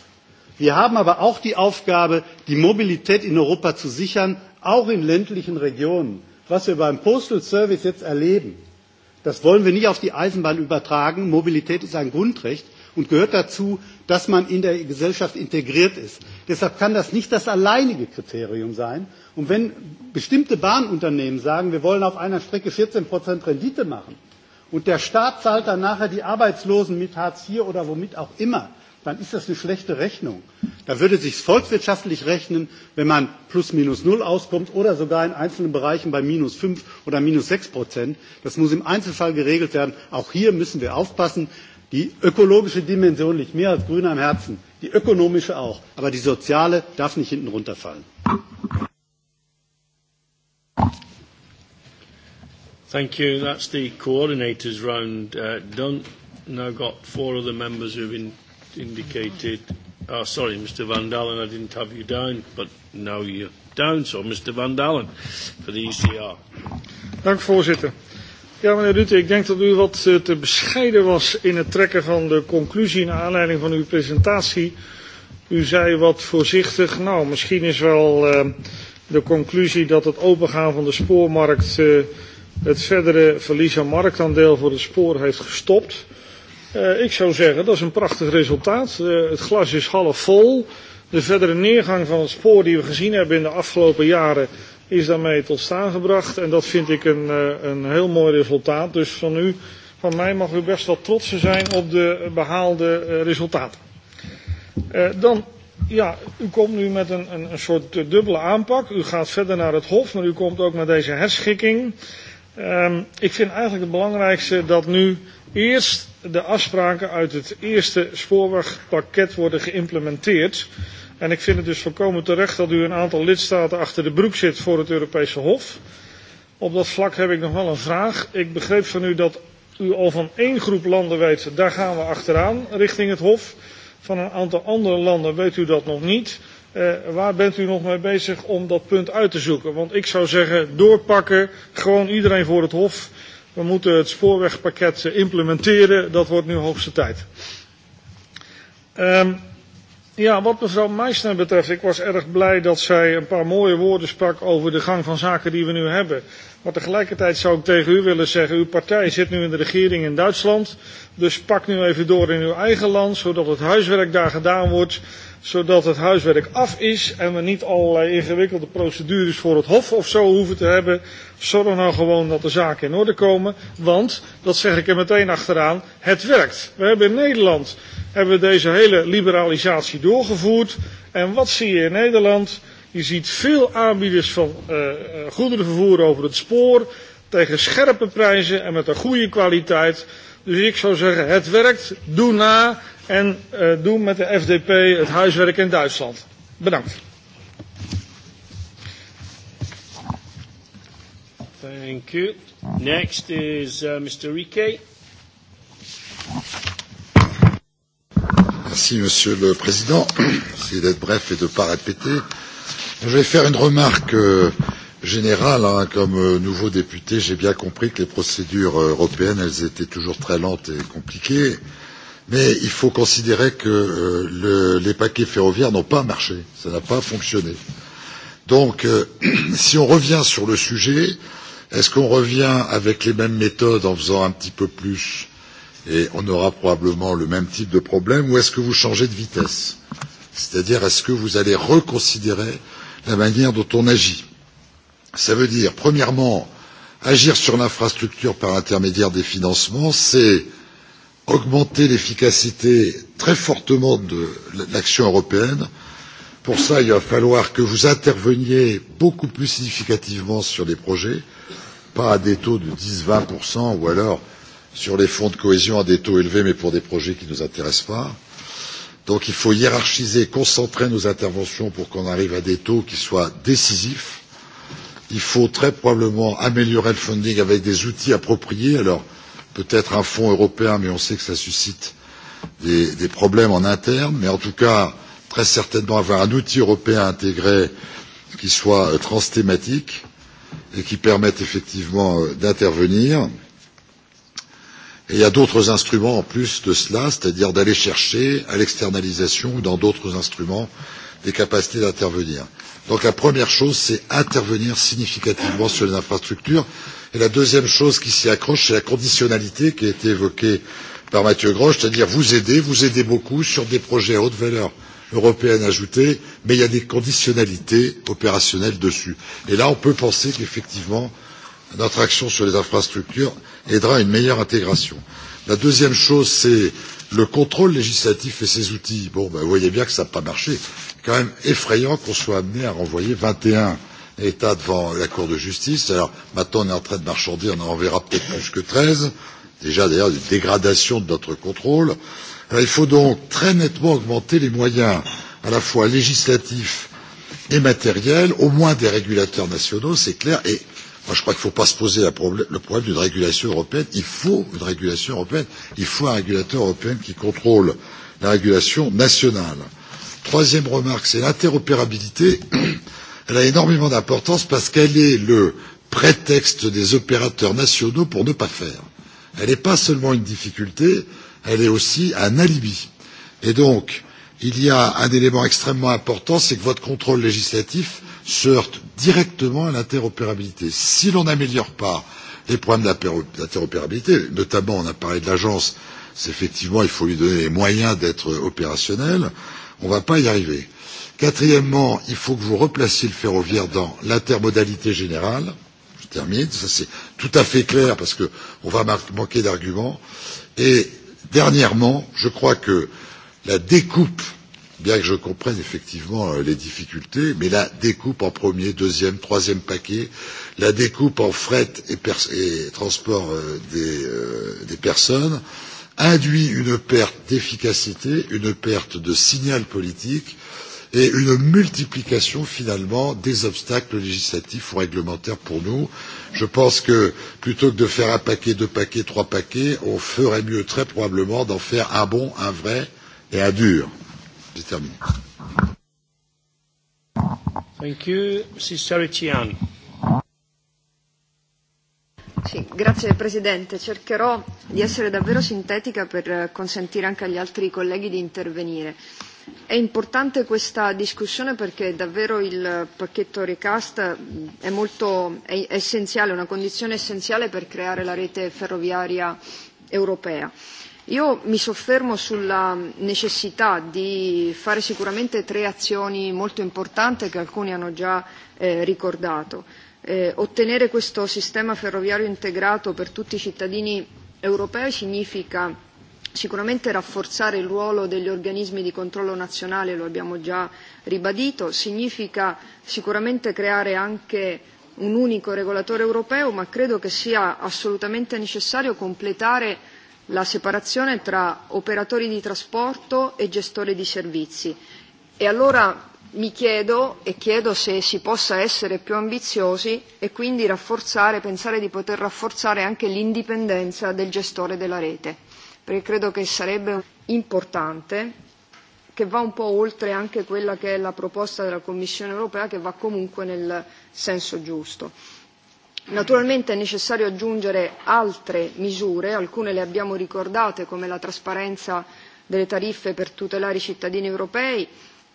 Wir haben aber auch die Aufgabe, die Mobilität in Europa zu sichern, auch in ländlichen Regionen. Was wir beim Postal Service jetzt erleben, das wollen wir nicht auf die Eisenbahn übertragen. Mobilität ist ein Grundrecht und gehört dazu, dass man in der Gesellschaft integriert ist. Deshalb kann das nicht das alleinige Kriterium sein, Und wenn bestimmte Bahnunternehmen sagen, wir wollen auf einer Strecke 14 Prozent Rendite machen und der Staat zahlt dann nachher die Arbeitslosen mit Hartz IV oder womit auch immer, dann ist das eine schlechte Rechnung. Da würde sich volkswirtschaftlich rechnen, wenn man plus minus null auskommt oder sogar in einzelnen Bereichen bei minus fünf oder minus sechs Prozent. Das muss im Einzelfall geregelt werden. Auch hier müssen wir aufpassen. Die ökologische Dimension liegt mir als Grüner am Herzen, die ökonomische auch, aber die soziale darf nicht hinten runterfallen. Thank you. That's the coordinators round uh, done. Now got four other members who've in indicated. Oh, sorry, Mr. Van Dalen, I didn't have you down, but now you're down, so Mr. Van Dalen for the ECR. Dank voorzitter. Ja, meneer Rutte, ik denk dat u wat uh, te bescheiden was in het trekken van de conclusie naar aanleiding van uw presentatie. U zei wat voorzichtig, nou, misschien is wel. Uh, de conclusie dat het opengaan van de spoormarkt uh, het verdere verlies aan marktaandeel voor het spoor heeft gestopt. Uh, ik zou zeggen, dat is een prachtig resultaat. Uh, het glas is half vol. De verdere neergang van het spoor die we gezien hebben in de afgelopen jaren is daarmee tot staan gebracht. En dat vind ik een, uh, een heel mooi resultaat. Dus van u, van mij mag u best wel trots zijn op de behaalde uh, resultaten. Uh, dan ja, u komt nu met een, een, een soort eh, dubbele aanpak. U gaat verder naar het Hof, maar u komt ook met deze herschikking. Um, ik vind eigenlijk het belangrijkste dat nu eerst de afspraken uit het eerste spoorwegpakket worden geïmplementeerd. En ik vind het dus volkomen terecht dat u een aantal lidstaten achter de broek zit voor het Europese Hof. Op dat vlak heb ik nog wel een vraag. Ik begreep van u dat u al van één groep landen weet, daar gaan we achteraan richting het Hof. Van een aantal andere landen weet u dat nog niet. Uh, waar bent u nog mee bezig om dat punt uit te zoeken? Want ik zou zeggen, doorpakken, gewoon iedereen voor het hof. We moeten het spoorwegpakket eh, implementeren, dat wordt nu hoogste tijd. Um, Ja, wat mevrouw Meisner betreft, ik was erg blij dat zij een paar mooie woorden sprak over de gang van zaken die we nu hebben. Maar tegelijkertijd zou ik tegen u willen zeggen, uw partij zit nu in de regering in Duitsland. Dus pak nu even door in uw eigen land, zodat het huiswerk daar gedaan wordt. Zodat het huiswerk af is en we niet allerlei ingewikkelde procedures voor het hof of zo hoeven te hebben. Zorg nou gewoon dat de zaken in orde komen. Want, dat zeg ik er meteen achteraan, het werkt. We hebben in Nederland hebben we deze hele liberalisatie doorgevoerd. En wat zie je in Nederland? Je ziet veel aanbieders van uh, eh, eh, goederenvervoer over het spoor tegen scherpe prijzen en met een goede kwaliteit. Dus ik zou zeggen, het werkt, doe na en uh, doe met de FDP het huiswerk in Duitsland. Bedankt. Thank you. Next is uh, Mr. Rike. Merci, Monsieur le Président. Essayez d'être bref et de ne pas répéter. Je vais faire une remarque euh, générale. Hein. Comme euh, nouveau député, j'ai bien compris que les procédures euh, européennes, elles étaient toujours très lentes et compliquées. Mais il faut considérer que euh, le, les paquets ferroviaires n'ont pas marché. Ça n'a pas fonctionné. Donc, euh, si on revient sur le sujet, est-ce qu'on revient avec les mêmes méthodes en faisant un petit peu plus et on aura probablement le même type de problème, ou est-ce que vous changez de vitesse C'est-à-dire, est-ce que vous allez reconsidérer la manière dont on agit Ça veut dire, premièrement, agir sur l'infrastructure par l'intermédiaire des financements, c'est augmenter l'efficacité très fortement de l'action européenne. Pour ça, il va falloir que vous interveniez beaucoup plus significativement sur les projets, pas à des taux de 10-20% ou alors euh, sur les fonds de cohésion à des taux élevés, mais pour des projets qui ne nous intéressent pas. Donc il faut hiérarchiser, concentrer nos interventions pour qu'on arrive à des taux qui soient décisifs. Il faut très probablement améliorer le funding avec des outils appropriés. Alors peut-être un fonds européen, mais on sait que ça suscite des, des problèmes en interne. Mais en tout cas, très certainement avoir un outil européen intégré qui soit euh, transthématique et qui permette effectivement euh, d'intervenir. Euh, Et il y a d'autres instruments en plus de cela, c'est-à-dire d'aller chercher à l'externalisation ou dans d'autres instruments des capacités d'intervenir. Donc la première chose, c'est intervenir significativement sur les infrastructures. Et la deuxième chose qui s'y accroche, c'est la conditionnalité qui a été évoquée par Mathieu Grosch, c'est-à-dire vous aider, vous aider beaucoup sur des projets à haute valeur européenne ajoutée, mais il y a des conditionnalités opérationnelles dessus. Et là, on peut penser qu'effectivement, notre action sur les infrastructures aidera à une meilleure intégration. La deuxième chose, c'est le contrôle législatif et ses outils. Bon, ben, vous voyez bien que ça n'a pas marché. C'est quand même effrayant qu'on soit amené à renvoyer 21 États devant la Cour de justice. Alors, maintenant, on est en train de marchander, on en enverra peut-être plus que 13. Déjà, d'ailleurs, une dégradation de notre contrôle. Alors, euh, il faut donc très nettement augmenter les moyens, à la fois législatifs et matériels, au moins des régulateurs nationaux, c'est clair, et Moi, je crois qu'il ne faut pas se poser la problème, le problème d'une régulation européenne. Il faut une régulation européenne. Il faut un régulateur européen qui contrôle la régulation nationale. Troisième remarque, c'est l'interopérabilité. Elle a énormément d'importance parce qu'elle est le prétexte des opérateurs nationaux pour ne pas faire. Elle n'est pas seulement une difficulté, elle est aussi un alibi. Et donc, il y a un élément extrêmement important, c'est que votre contrôle législatif euh, se heurte directement à l'interopérabilité. Si l'on n'améliore pas les problèmes d'interopérabilité, notamment on a parlé de l'agence, c'est effectivement il faut lui donner les moyens d'être opérationnel, on ne va pas y arriver. Quatrièmement, il faut que vous replaciez le ferroviaire dans l'intermodalité générale. Je termine, ça c'est tout à fait clair parce qu'on va manquer d'arguments. Et dernièrement, je crois que la découpe euh, bien que je comprenne effectivement euh, les difficultés, mais la découpe en premier, deuxième, troisième paquet, la découpe en fret et, pers et transport euh, des, euh, des personnes induit une perte d'efficacité, une perte de signal politique et une multiplication finalement des obstacles législatifs ou réglementaires pour nous. Je pense que plutôt que de faire un paquet, deux paquets, trois paquets, on ferait mieux très probablement d'en faire un bon, un vrai et un dur J'ai terminé. Thank you. Sarichian. Sì, grazie Presidente. Cercherò di essere davvero sintetica per consentire anche agli altri colleghi di intervenire. È importante questa discussione perché davvero il pacchetto Recast è, molto, è essenziale, una condizione essenziale per creare la rete ferroviaria europea Io mi soffermo sulla necessità di fare sicuramente tre azioni molto importanti che alcuni hanno già eh, ricordato. Eh, ottenere questo sistema ferroviario integrato per tutti i cittadini europei significa sicuramente rafforzare il ruolo degli organismi di controllo nazionale, lo abbiamo già ribadito, significa sicuramente creare anche un unico regolatore europeo, ma credo che sia assolutamente necessario completare la separazione tra operatori di trasporto e gestori di servizi. E allora mi chiedo e chiedo se si possa essere più ambiziosi e quindi rafforzare, pensare di poter rafforzare anche l'indipendenza del gestore della rete, perché credo che sarebbe importante che va un po' oltre anche quella che è la proposta della Commissione europea, che va comunque nel senso giusto. Naturalmente è necessario aggiungere altre misure, alcune le abbiamo ricordate come la trasparenza delle tariffe per tutelare i cittadini europei,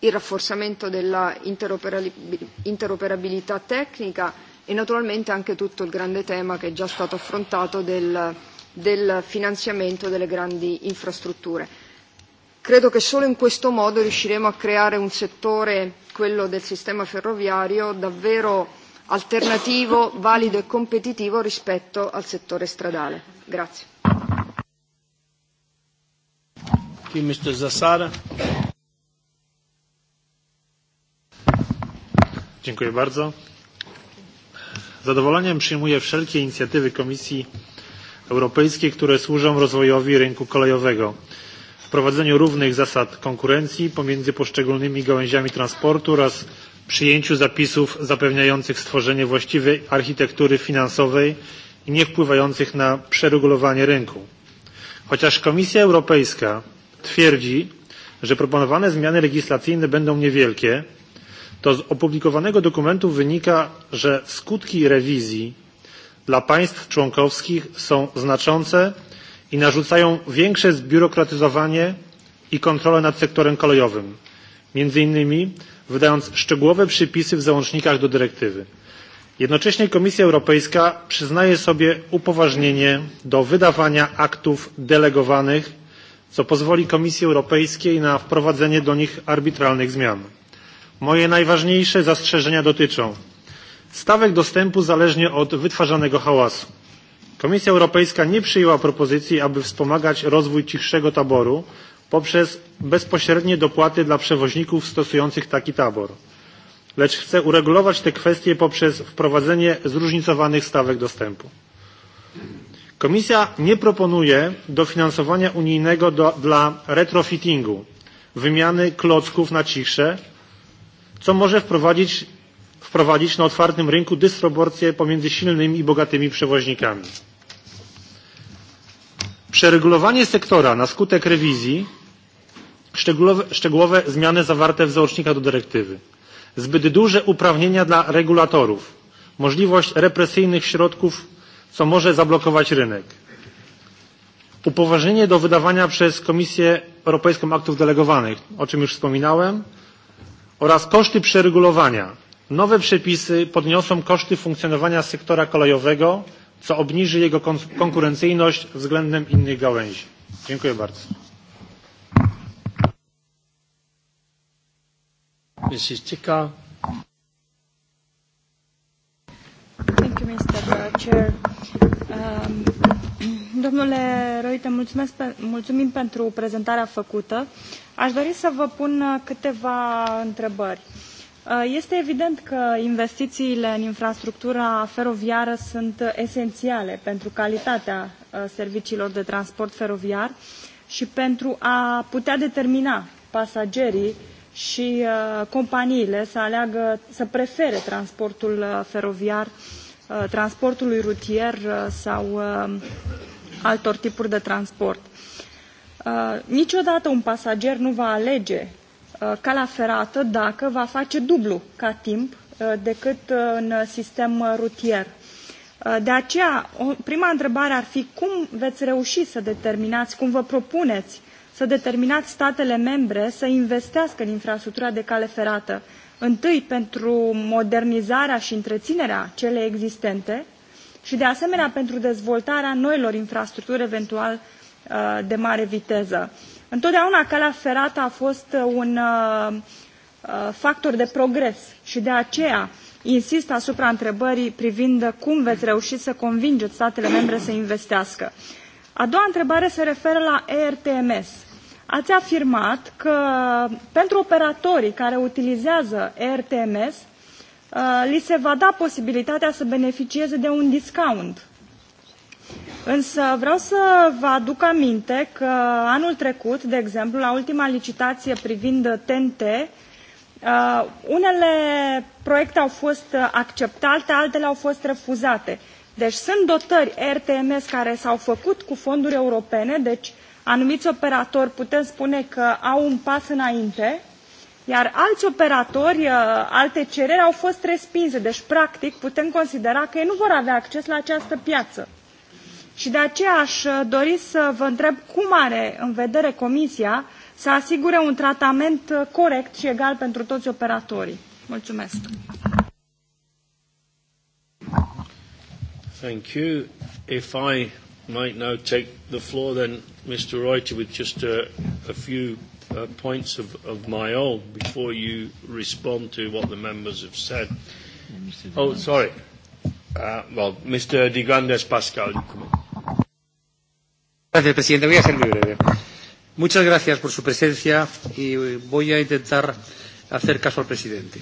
il rafforzamento dell'interoperabilità tecnica e naturalmente anche tutto il grande tema che è già stato affrontato del, del finanziamento delle grandi infrastrutture. Credo che solo in questo modo riusciremo a creare un settore, quello del sistema ferroviario, davvero alternativo, valido e competitivo rispetto al settore stradale. Grazie. You, Mr. Zasada. Dziękuję bardzo. Z zadowoleniem przyjmuję wszelkie inicjatywy Komisji Europejskiej, które służą rozwojowi rynku kolejowego, wprowadzeniu równych zasad konkurencji pomiędzy poszczególnymi gałęziami transportu oraz przyjęciu zapisów zapewniających stworzenie właściwej architektury finansowej i nie wpływających na przeregulowanie rynku. Chociaż Komisja Europejska twierdzi, że proponowane zmiany legislacyjne będą niewielkie, to z opublikowanego dokumentu wynika, że skutki rewizji dla państw członkowskich są znaczące i narzucają większe zbiurokratyzowanie i kontrolę nad sektorem kolejowym, między innymi wydając szczegółowe przypisy w załącznikach do dyrektywy. Jednocześnie Komisja Europejska przyznaje sobie upoważnienie do wydawania aktów delegowanych, co pozwoli Komisji Europejskiej na wprowadzenie do nich arbitralnych zmian. Moje najważniejsze zastrzeżenia dotyczą stawek dostępu zależnie od wytwarzanego hałasu. Komisja Europejska nie przyjęła propozycji, aby wspomagać rozwój cichszego taboru, poprzez bezpośrednie dopłaty dla przewoźników stosujących taki tabor, lecz chce uregulować te kwestie poprzez wprowadzenie zróżnicowanych stawek dostępu. Komisja nie proponuje dofinansowania unijnego do, dla retrofittingu, wymiany klocków na cichsze, co może wprowadzić, wprowadzić na otwartym rynku dysproporcje pomiędzy silnymi i bogatymi przewoźnikami. Przeregulowanie sektora na skutek rewizji szczegółowe, szczegółowe zmiany zawarte w załącznikach do dyrektywy, zbyt duże uprawnienia dla regulatorów, możliwość represyjnych środków, co może zablokować rynek, upoważnienie do wydawania przez Komisję Europejską aktów delegowanych, o czym już wspominałem, oraz koszty przeregulowania. Nowe przepisy podniosą koszty funkcjonowania sektora kolejowego, co obniży jego konkurencyjność względem innych gałęzi. Dziękuję bardzo. Mrs. Tikal. Thank you, Mr. Uh, chair. Um, domnule Roite, mulțumesc pe, mulțumim pentru prezentarea făcută. Aș dori să vă pun uh, câteva întrebări. Uh, este evident că investițiile în infrastructura feroviară sunt esențiale pentru calitatea serviciilor de transport feroviar și pentru a putea determina pasagerii uh, și uh, companiile să aleagă, să prefere transportul uh, feroviar uh, transportului rutier uh, sau uh, altor tipuri de transport. Uh, niciodată un pasager nu va alege uh, calea ferată dacă va face dublu ca timp uh, decât uh, în sistem rutier. Uh, de aceea, o, prima întrebare ar fi cum veți reuși să determinați, cum vă propuneți să determinați statele membre să investească în infrastructura de cale ferată, întâi pentru modernizarea și întreținerea cele existente și de asemenea pentru dezvoltarea noilor infrastructuri eventual uh, de mare viteză. Întotdeauna calea ferată a fost uh, un uh, factor de progres și de aceea insist asupra întrebării privind cum veți reuși să convingeți statele membre să investească. A doua întrebare se referă la ERTMS ați afirmat că pentru operatorii care utilizează ERTMS, uh, li se va da posibilitatea să beneficieze de un discount. Însă vreau să vă aduc aminte că anul trecut, de exemplu, la ultima licitație privind TNT, uh, unele proiecte au fost acceptate, altele au fost refuzate. Deci sunt dotări RTMS care s-au făcut cu fonduri europene, deci uh, anumiți operatori putem spune că au un pas înainte, iar alți operatori, uh, alte cereri au fost respinse. Deci, practic, putem considera că ei nu vor avea acces la această piață. Și de aceea aș uh, dori să vă întreb cum are în vedere Comisia să asigure un tratament uh, corect și egal pentru toți operatorii. Mulțumesc. Thank you. If I might now take the floor then, Mr. Reuter, with just a, a few uh, points of, of my own before you respond to what the members have said. Oh, sorry. Uh, well, Mr. De Grandes Pascal, you come in. Gracias, presidente. Voy a ser muy breve. Muchas gracias por su presencia y voy a intentar hacer caso al presidente.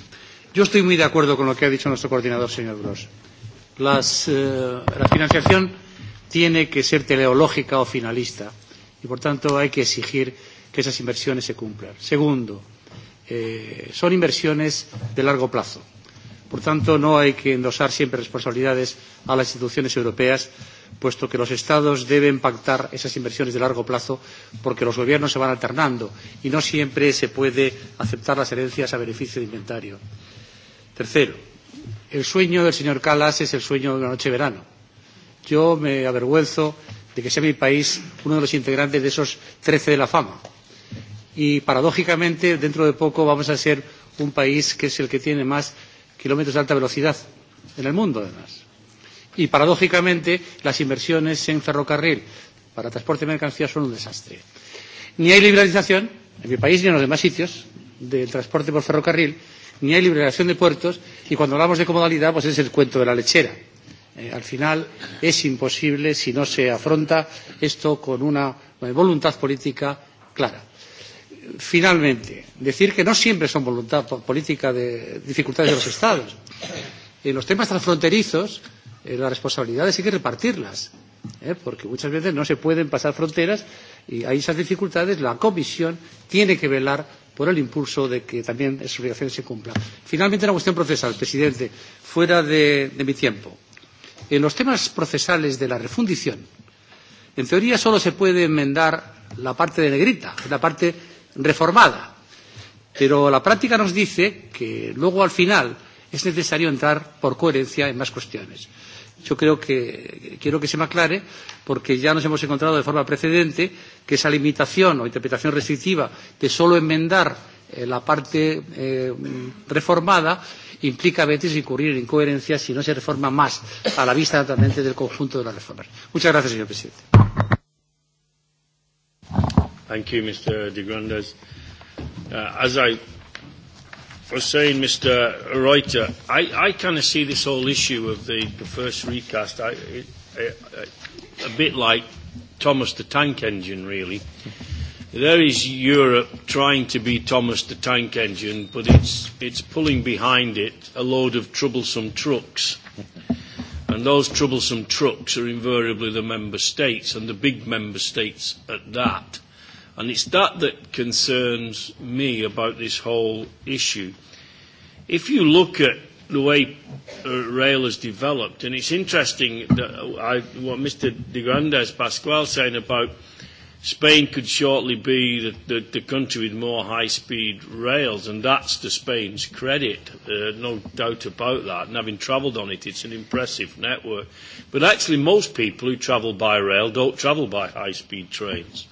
Yo estoy muy de acuerdo con lo que ha dicho nuestro coordinador, señor Gross. Las, eh, la financiación tiene que ser teleológica o finalista y, por tanto, hay que exigir que esas inversiones se cumplan. Segundo, eh, son inversiones de largo plazo. Por tanto, no hay que endosar siempre responsabilidades a las instituciones europeas, puesto que los Estados deben pactar esas inversiones de largo plazo porque los gobiernos se van alternando y no siempre se puede aceptar las herencias a beneficio de inventario. Tercero, el sueño del señor Calas es el sueño de una noche de verano Yo me avergüenzo de que sea mi país uno de los integrantes de esos 13 de la fama. Y paradójicamente, dentro de poco vamos a ser un país que es el que tiene más kilómetros de alta velocidad en el mundo, además. Y paradójicamente, las inversiones en ferrocarril para transporte de mercancías son un desastre. Ni hay liberalización, en mi país ni en los demás sitios, del transporte por ferrocarril, ni hay liberación de puertos, y cuando hablamos de comodalidad, pues es el cuento de la lechera. Eh, al final es imposible si no se afronta esto con una eh, voluntad política clara. Finalmente, decir que no siempre son voluntad política de dificultades de los Estados. En los temas transfronterizos, eh, las responsabilidades hay que repartirlas, ¿eh? porque muchas veces no se pueden pasar fronteras y hay esas dificultades. La Comisión tiene que velar por el impulso de que también esas obligaciones se cumplan. Finalmente, una cuestión procesal, presidente, fuera de, de mi tiempo. En los temas procesales de la refundición, en teoría solo se puede enmendar la parte de negrita, la parte reformada. Pero la práctica nos dice que luego al final es necesario entrar por coherencia en más cuestiones. Yo creo que quiero que se me aclare porque ya nos hemos encontrado de forma precedente que esa limitación o interpretación restrictiva de solo enmendar eh, la parte eh, reformada implica a veces incurrir en coherencias si no se reforma más a la vista naturalmente del conjunto de las reformas. Muchas gracias, señor presidente. Thank you, Mr. De Grandes. Uh, as I was saying, Mr. Reuter, I, I kind of see this whole issue of the, the first recast I, I, I, a bit like Thomas the Tank Engine, really. Mm-hmm there is Europe trying to be Thomas the Tank Engine, but it's, it's pulling behind it a load of troublesome trucks. And those troublesome trucks are invariably the member states, and the big member states at that. And it's that that concerns me about this whole issue. If you look at the way uh, rail has developed, and it's interesting that uh, I, what Mr. de Grandes Pascual saying about uh, Spain could shortly be the, the, the country with more high-speed rails, and that's to Spain's credit, uh, no doubt about that. And having travelled on it, it's an impressive network. But actually, most people who travel by rail don't travel by high-speed trains.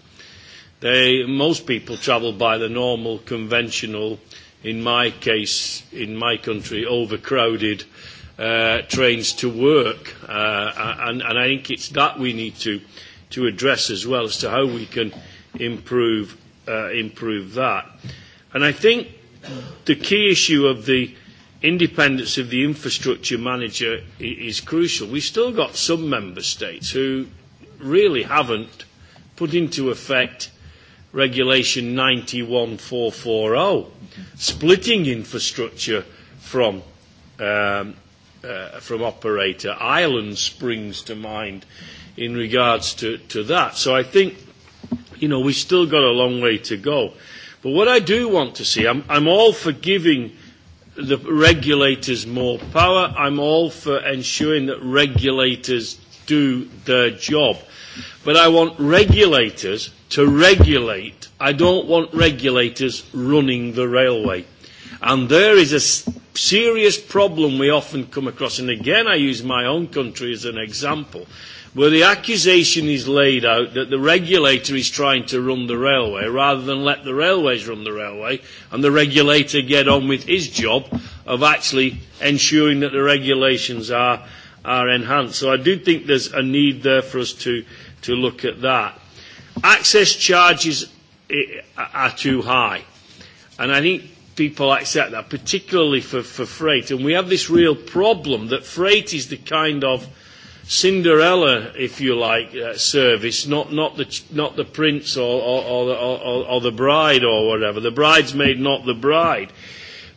They, most people travel by the normal, conventional, in my case, in my country, overcrowded uh, trains to work. Uh, and, and I think it's that we need to. Uh, to address as well as to how we can improve, uh, improve that. And I think the key issue of the independence of the infrastructure manager is crucial. We've still got some member states who really haven't put into effect Regulation 91440, splitting infrastructure from, um, uh, from operator. Ireland springs to mind in regards to, to that. So I think, you know, we've still got a long way to go. But what I do want to see, I'm, I'm all for giving the regulators more power. I'm all for ensuring that regulators do their job. But I want regulators to regulate. I don't want regulators running the railway. And there is a serious problem we often come across. And again, I use my own country as an example where the accusation is laid out that the regulator is trying to run the railway rather than let the railways run the railway and the regulator get on with his job of actually ensuring that the regulations are, are enhanced. So I do think there's a need there for us to, to look at that. Access charges eh, are too high. And I think people accept that, particularly for, for freight. And we have this real problem that freight is the kind of – Cinderella, if you like, uh, service, not, not, the, not the prince or, or, or, or, or the bride or whatever. The bridesmaid, not the bride.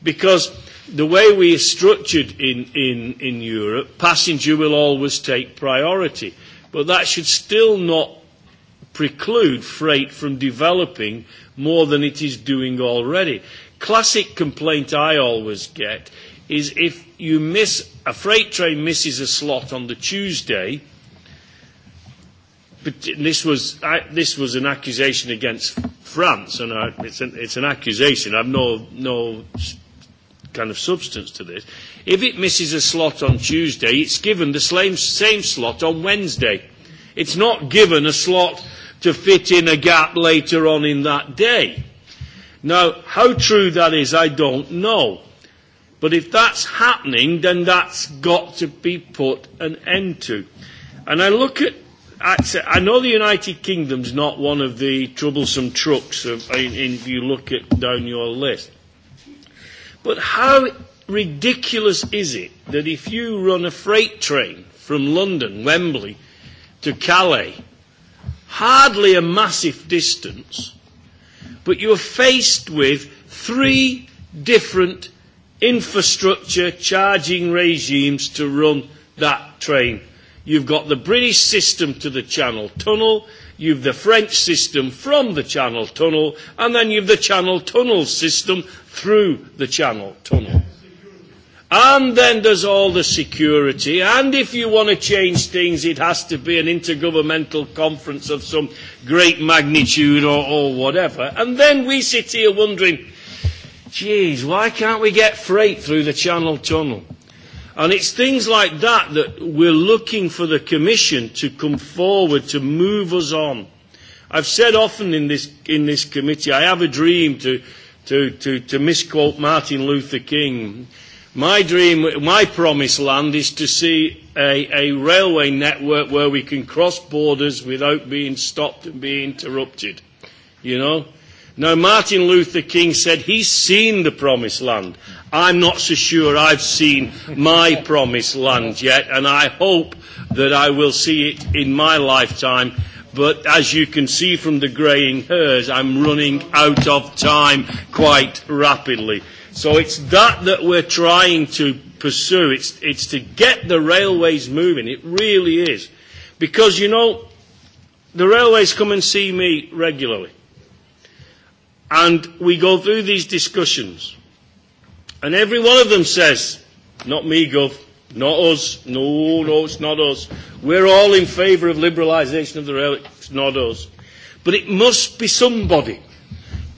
Because the way we are structured in, in, in Europe, passenger will always take priority. But that should still not preclude freight from developing more than it is doing already. Classic complaint I always get is if you miss a freight train misses a slot on the Tuesday, but this was I, this was an accusation against France, and I, it's an it's an accusation. I've no no kind of substance to this. If it misses a slot on Tuesday, it's given the same same slot on Wednesday. It's not given a slot to fit in a gap later on in that day. Now, how true that is, I don't know. But if that's happening, then that's got to be put an end to. And I look at, at I know the United Kingdom's not one of the troublesome trucks of, in, in, if you look at down your list. But how ridiculous is it that if you run a freight train from London, Wembley, to Calais, hardly a massive distance, but you're faced with three different infrastructure charging regimes to run that train. You've got the British system to the Channel Tunnel, you've the French system from the Channel Tunnel, and then you've the Channel Tunnel system through the Channel Tunnel. And then there's all the security. And if you want to change things, it has to be an intergovernmental conference of some great magnitude or, or whatever. And then we sit here wondering, Geez, why can't we get freight through the Channel Tunnel? And it's things like that that we're looking for the Commission to come forward to move us on. I've said often in this, in this committee, I have a dream to, to, to, to misquote Martin Luther King. My dream, my promised land is to see a, a railway network where we can cross borders without being stopped and being interrupted. You know? Now, Martin Luther King said he's seen the promised land. I'm not so sure I've seen my promised land yet, and I hope that I will see it in my lifetime. But as you can see from the greying hairs, I'm running out of time quite rapidly. So it's that that we're trying to pursue. It's, it's to get the railways moving. It really is. Because, you know, the railways come and see me regularly. And we go through these discussions. And every one of them says, not me, Gov, not us. No, no, it's not us. We're all in favour of liberalisation of the rail. It's not us. But it must be somebody.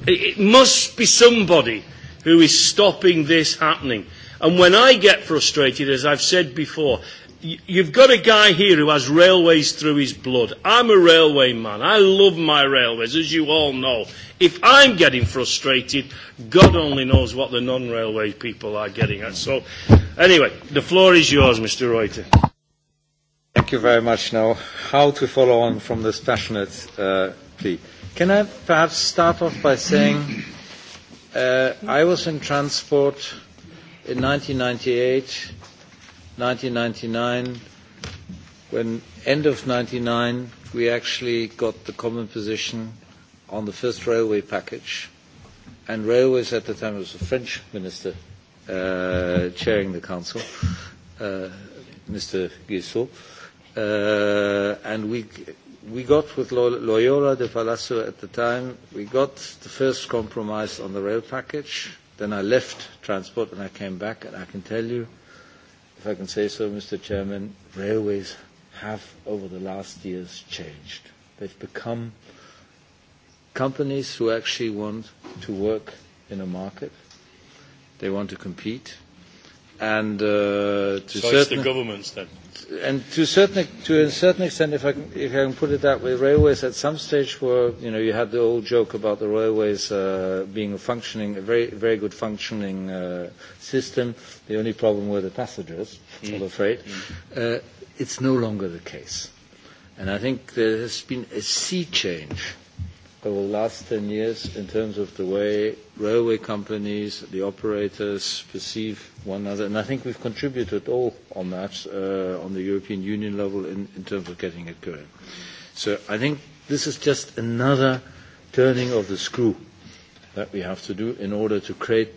It must be somebody who is stopping this happening. And when I get frustrated, as I've said before, you've got a guy here who has railways through his blood. I'm a railway man. I love my railways, as you all know. If I'm getting frustrated, God only knows what the non-railway people are getting at. So, anyway, the floor is yours, Mr. Reuter. Thank you very much. Now, how to follow on from this passionate uh, plea? Can I perhaps start off by saying uh, I was in transport in 1998 1999, when end of 1999, we actually got the common position on the first railway package. And railways at the time was a French minister uh, chairing the council, uh, Mr. Guissot. Uh, and we, we got with Loyola de Palacio at the time, we got the first compromise on the rail package. Then I left transport and I came back, and I can tell you if I can say so, Mr. Chairman, railways have, over the last years, changed. They've become companies who actually want to work in a market. They want to compete. And uh, to so certain... it's the governments then? and to a certain to a certain extent, if I can, if I can put it that way, railways at some stage were you know you had the old joke about the railways uh, being a functioning a very very good functioning uh, system. The only problem were the passengers, mm. I'm afraid. Mm. Uh, it's no longer the case, and I think there has been a sea change. Uh, over the last 10 years in terms of the way railway companies, the operators perceive one another. And I think we've contributed all on that uh, on the European Union level in, in terms of getting it going. So I think this is just another turning of the screw that we have to do in order to create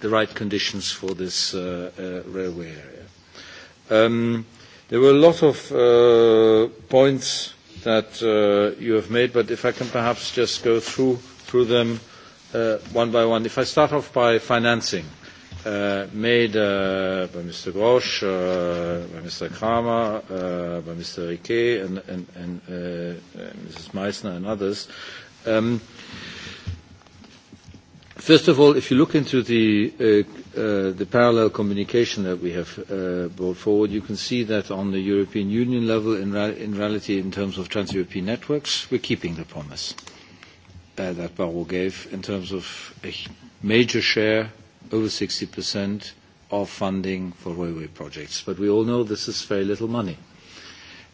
the right conditions for this uh, uh, railway area. Um, there were a lot of uh, points that uh, you have made, but if I can perhaps just go through, through them uh, one by one. If I start off by financing, uh, made uh, by Mr. Grosch, uh, by Mr. Kramer, uh, by Mr. Riquet, and, and, and uh, uh Mrs. Meissner and others. Um, first of all, if you look into the uh, uh, the parallel communication that we have uh, brought forward, you can see that on the European Union level, in, re- in reality, in terms of trans-European networks, we're keeping the promise uh, that Barrot gave in terms of a major share, over 60%, of funding for railway projects. But we all know this is very little money.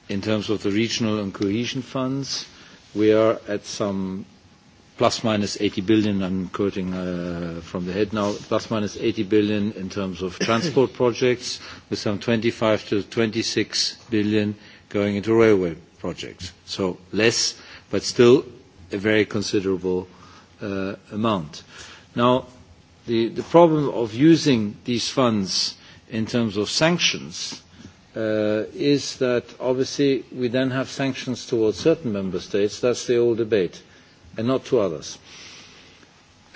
In terms of the regional and cohesion funds, we are at some ±80 billion, I'm quoting uh, from the head now, ±80 billion in terms of transport projects, with some 25 billion-26 billion going into railway projects. So less, but still a very considerable uh, amount. Now, the, the problem of using these funds in terms of sanctions uh, is that obviously we then have sanctions towards certain member states. That's the old debate and not to others.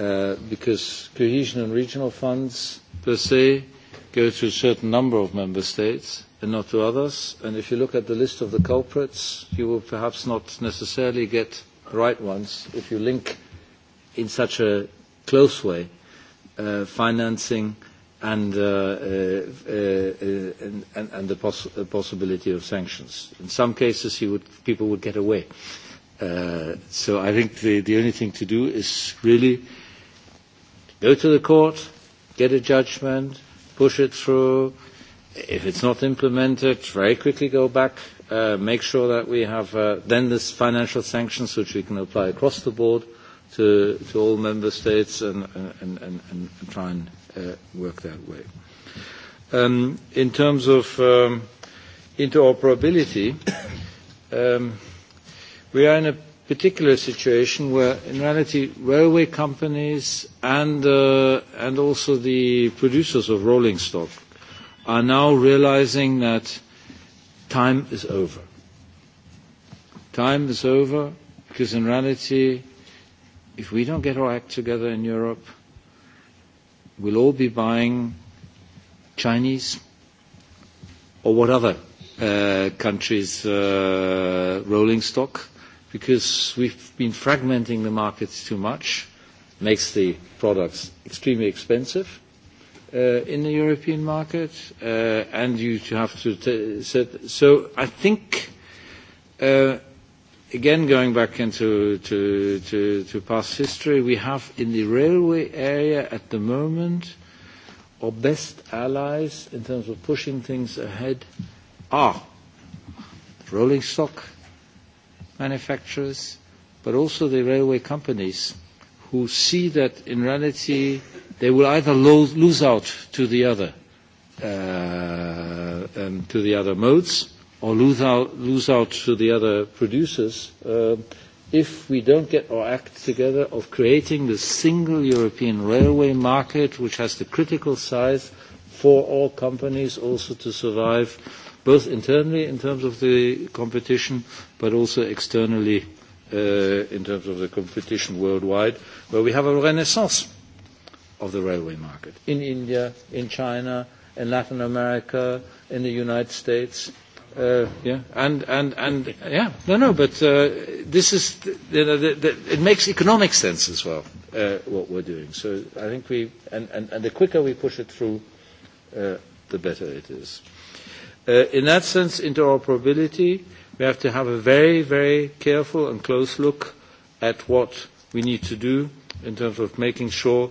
Uh, because cohesion and regional funds per se go to a certain number of member states and not to others. And if you look at the list of the culprits, you will perhaps not necessarily get the right ones if you link in such a close way uh, financing and, uh, uh, uh, and, and the poss- uh, possibility of sanctions. In some cases, you would, people would get away. Uh, Uh, so I think the, the only thing to do is really go to the court, get a judgment, push it through. If it's not implemented, very quickly go back, uh, make sure that we have uh, then this financial sanctions which we can apply across the board to, to all member states and, and, and, and try and uh, work that way. Um, in terms of um, interoperability, um, we are in a particular situation where, in reality, railway companies and, uh, and also the producers of rolling stock are now realizing that time is over. Time is over because, in reality, if we don't get our act together in Europe, we'll all be buying Chinese or what other uh, countries' uh, rolling stock because we've been fragmenting the markets too much, makes the products extremely expensive uh, in the European market, uh, and you have to t- set. So I think, uh, again, going back into to, to, to past history, we have in the railway area at the moment, our best allies in terms of pushing things ahead are rolling stock, manufacturers, but also the railway companies who see that in reality they will either lo- lose out to the other uh, um, to the other modes or lose out, lose out to the other producers uh, if we don't get our act together of creating the single European railway market which has the critical size for all companies also to survive both internally in terms of the competition, but also externally uh, in terms of the competition worldwide, where we have a renaissance of the railway market in India, in China, in Latin America, in the United States. Uh, yeah, and, and, and yeah, no, no, but uh, this is, you know, the, the, it makes economic sense as well, uh, what we're doing. So I think we, and, and, and the quicker we push it through, uh, the better it is. Uh, in that sense, interoperability, we have to have a very, very careful and close look at what we need to do in terms of making sure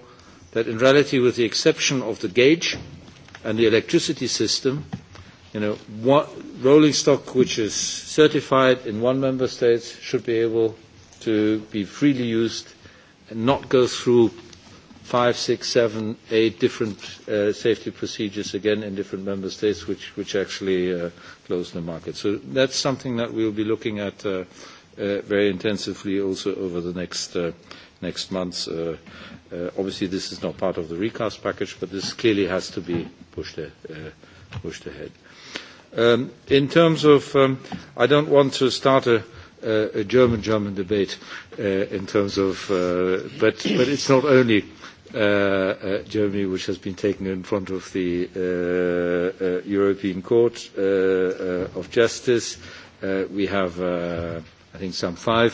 that in reality, with the exception of the gauge and the electricity system, you know, what rolling stock which is certified in one member state should be able to be freely used and not go through five, six, seven, eight different uh, safety procedures, again, in different member states, which, which actually uh, close the market. So that's something that we'll be looking at uh, uh, very intensively also over the next, uh, next months. Uh, uh, obviously, this is not part of the recast package, but this clearly has to be pushed, uh, pushed ahead. Um, in terms of, um, I don't want to start a, a German-German debate uh, in terms of, uh, but, but it's not only uh, uh, Germany, which has been taken in front of the uh, uh, European Court uh, uh, of Justice. Uh, we have, uh, I think, some five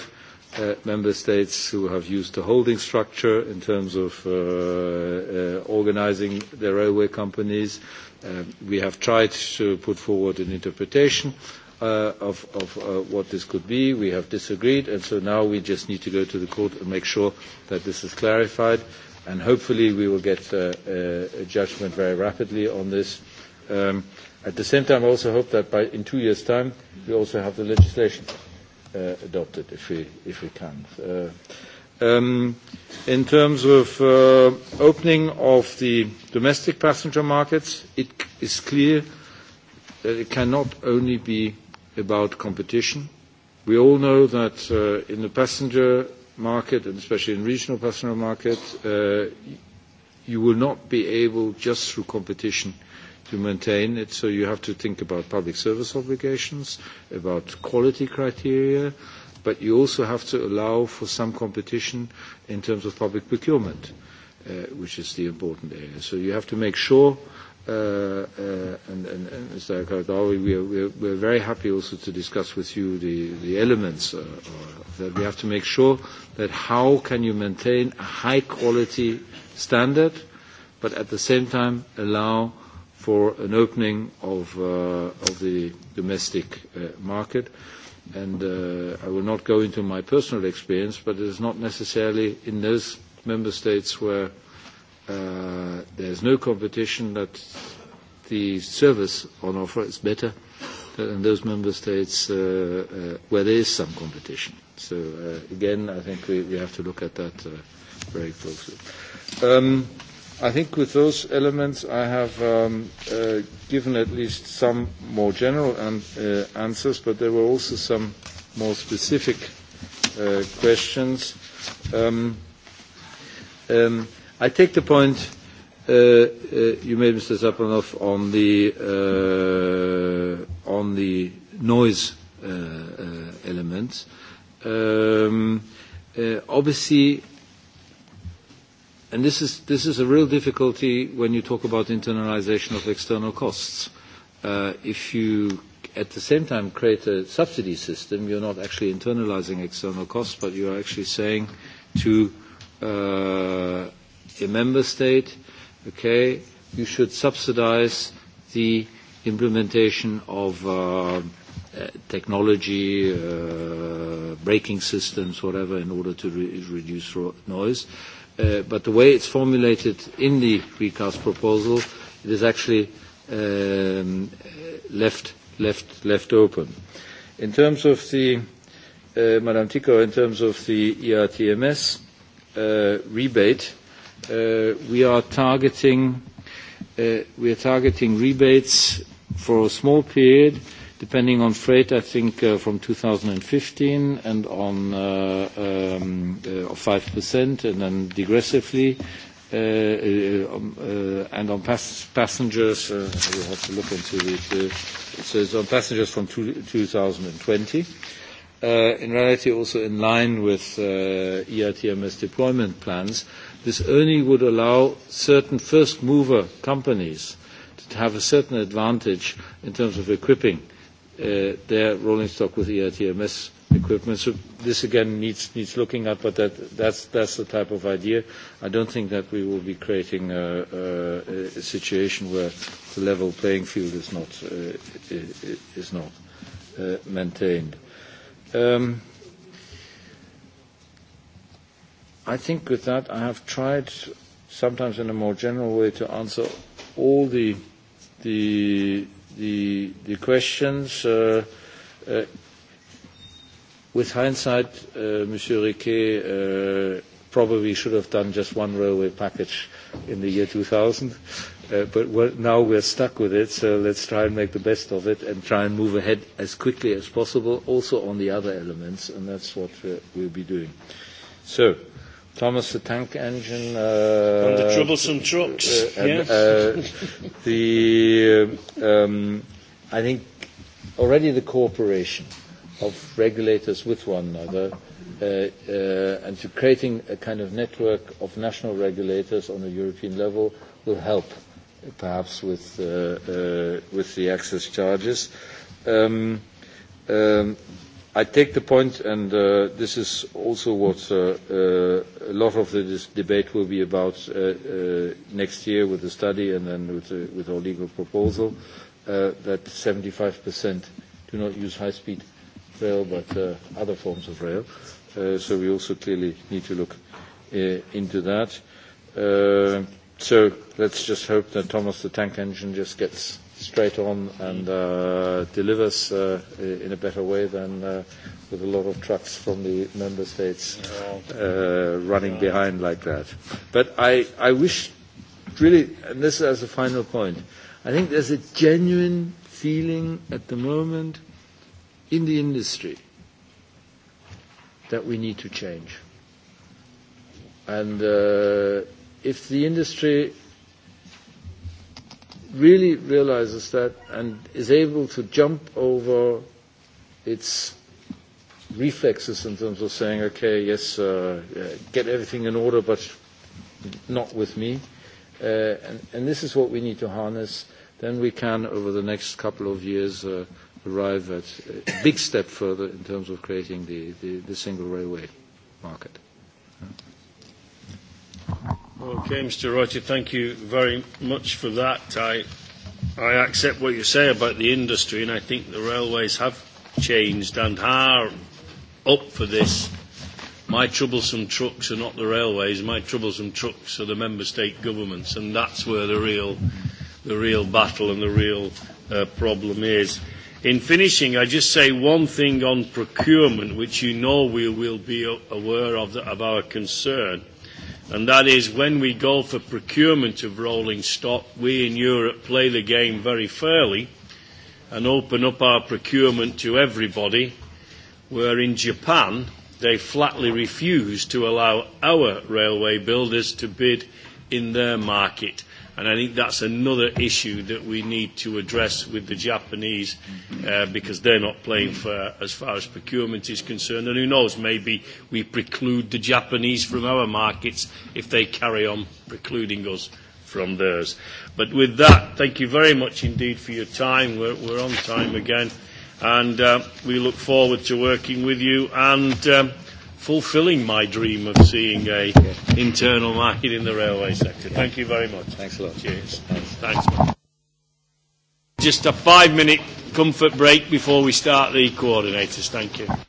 uh, member states who have used the holding structure in terms of uh, uh, organizing their railway companies. Uh, we have tried to put forward an interpretation uh, of, of uh, what this could be. We have disagreed, and so now we just need to go to the court and make sure that this is clarified. Uh, and hopefully we will get uh, uh, a judgment very rapidly on this. Um, at the same time, I also hope that by, in two years' time, we also have the legislation uh, adopted, if we, if we can. Uh, um, in terms of uh, opening of the domestic passenger markets, it is clear that it cannot only be about competition. We all know that uh, in the passenger market, and especially in regional personal market, uh, you will not be able, just through competition, to maintain it. So you have to think about public service obligations, about quality criteria, but you also have to allow for some competition in terms of public procurement, uh, which is the important area. So you have to make sure uh, Uh, uh, and, and, and Mr. Karadawi, we are, we, are, we are very happy also to discuss with you the, the elements uh, of that. We have to make sure that how can you maintain a high quality standard, but at the same time allow for an opening of, uh, of the domestic uh, market. And uh, I will not go into my personal experience, but it is not necessarily in those member states where uh, uh, there's no competition, that the service on offer is better than in those member states uh, uh, where there is some competition. So uh, again, I think we, we have to look at that uh, very closely. Um, I think with those elements, I have um, uh, given at least some more general an- uh, answers, but there were also some more specific uh, questions. Um, um, I take the point uh, uh, you made, Mr. Zapanov, on the, uh, on the noise uh, uh, element. Um, uh, obviously, and this is, this is a real difficulty when you talk about internalization of external costs. Uh, if you at the same time create a subsidy system, you're not actually internalizing external costs, but you are actually saying to uh, a member state, okay, you should subsidize the implementation of uh, uh, technology, uh, braking systems, whatever, in order to re- reduce noise. Uh, but the way it's formulated in the recast proposal, it is actually um, left, left, left open. In terms of the, uh, Madam Tico, in terms of the ERTMS uh, rebate, uh, Uh, we are targeting, uh, we are targeting rebates for a small period, depending on freight, I think, uh, from 2015 and on um, 5%, and then degressively. Um, and on pass passengers, we'll have to look into it. So it's on passengers from two, 2020 uh, in reality also in line with uh, ERTMS deployment plans. This only would allow certain first mover companies to have a certain advantage in terms of equipping uh, their rolling stock with ERTMS equipment. So this again needs, needs looking at, but that, that's, that's the type of idea. I don't think that we will be creating a, a, a situation where the level playing field is not, uh, is not uh, maintained. Uh, Um, I think with that, I have tried, sometimes in a more general way, to answer all the, the, the, the questions. Uh, uh, with hindsight, uh, Monsieur Riquet uh, probably should have done just one railway package in the year 2000. Uh, but we're, now we're stuck with it, so let's try and make the best of it and try and move ahead as quickly as possible, also on the other elements, and that's what uh, we'll be doing. So, Thomas the Tank Engine. Uh, and the troublesome trucks. Uh, and, yeah. uh, the, um, I think already the cooperation of regulators with one another uh, uh, and to creating a kind of network of national regulators on a European level will help. Uh, perhaps with, uh, uh, with the access charges. Um, um, I take the point, and uh, this is also what uh, uh, a lot of the dis- debate will be about uh, uh, next year with the study and then with, uh, with our legal proposal, uh, that 75% do not use high-speed rail but uh, other forms of rail. Uh, so we also clearly need to look uh, into that. Uh, So let's just hope that Thomas the Tank Engine just gets straight on and uh, delivers uh, in a better way than uh, with a lot of trucks from the member states uh, running behind like that. But I, I wish, really, and this as a final point, I think there's a genuine feeling at the moment in the industry that we need to change. And uh, if the industry really realizes that and is able to jump over its reflexes in terms of saying, okay, yes, uh, get everything in order, but not with me. Uh, and, and this is what we need to harness. Then we can, over the next couple of years, uh, arrive at a big step further in terms of creating the, the, the single railway market. Okay, Mr. Rorty, thank you very much for that. I, I accept what you say about the industry, and I think the railways have changed and are up for this. My troublesome trucks are not the railways. My troublesome trucks are the member state governments, and that's where the real, the real battle and the real uh, problem is. In finishing, I just say one thing on procurement, which you know we will be aware of, the, of our concern. Uh, and that is when we go for procurement of rolling stock, we in Europe play the game very fairly and open up our procurement to everybody, where in Japan they flatly refuse to allow our railway builders to bid in their market And I think that's another issue that we need to address with the Japanese uh, because they're not playing for as far as procurement is concerned. And who knows, maybe we preclude the Japanese from our markets if they carry on precluding us from theirs. But with that, thank you very much indeed for your time. We're, we're on time again. And uh, we look forward to working with you. And... Um, fulfilling my dream of seeing a okay. internal market in the railway sector. Yeah. Thank you very much. Thanks a lot. Cheers. Thanks. Thanks. Just a five-minute comfort break before we start the coordinators. Thank you.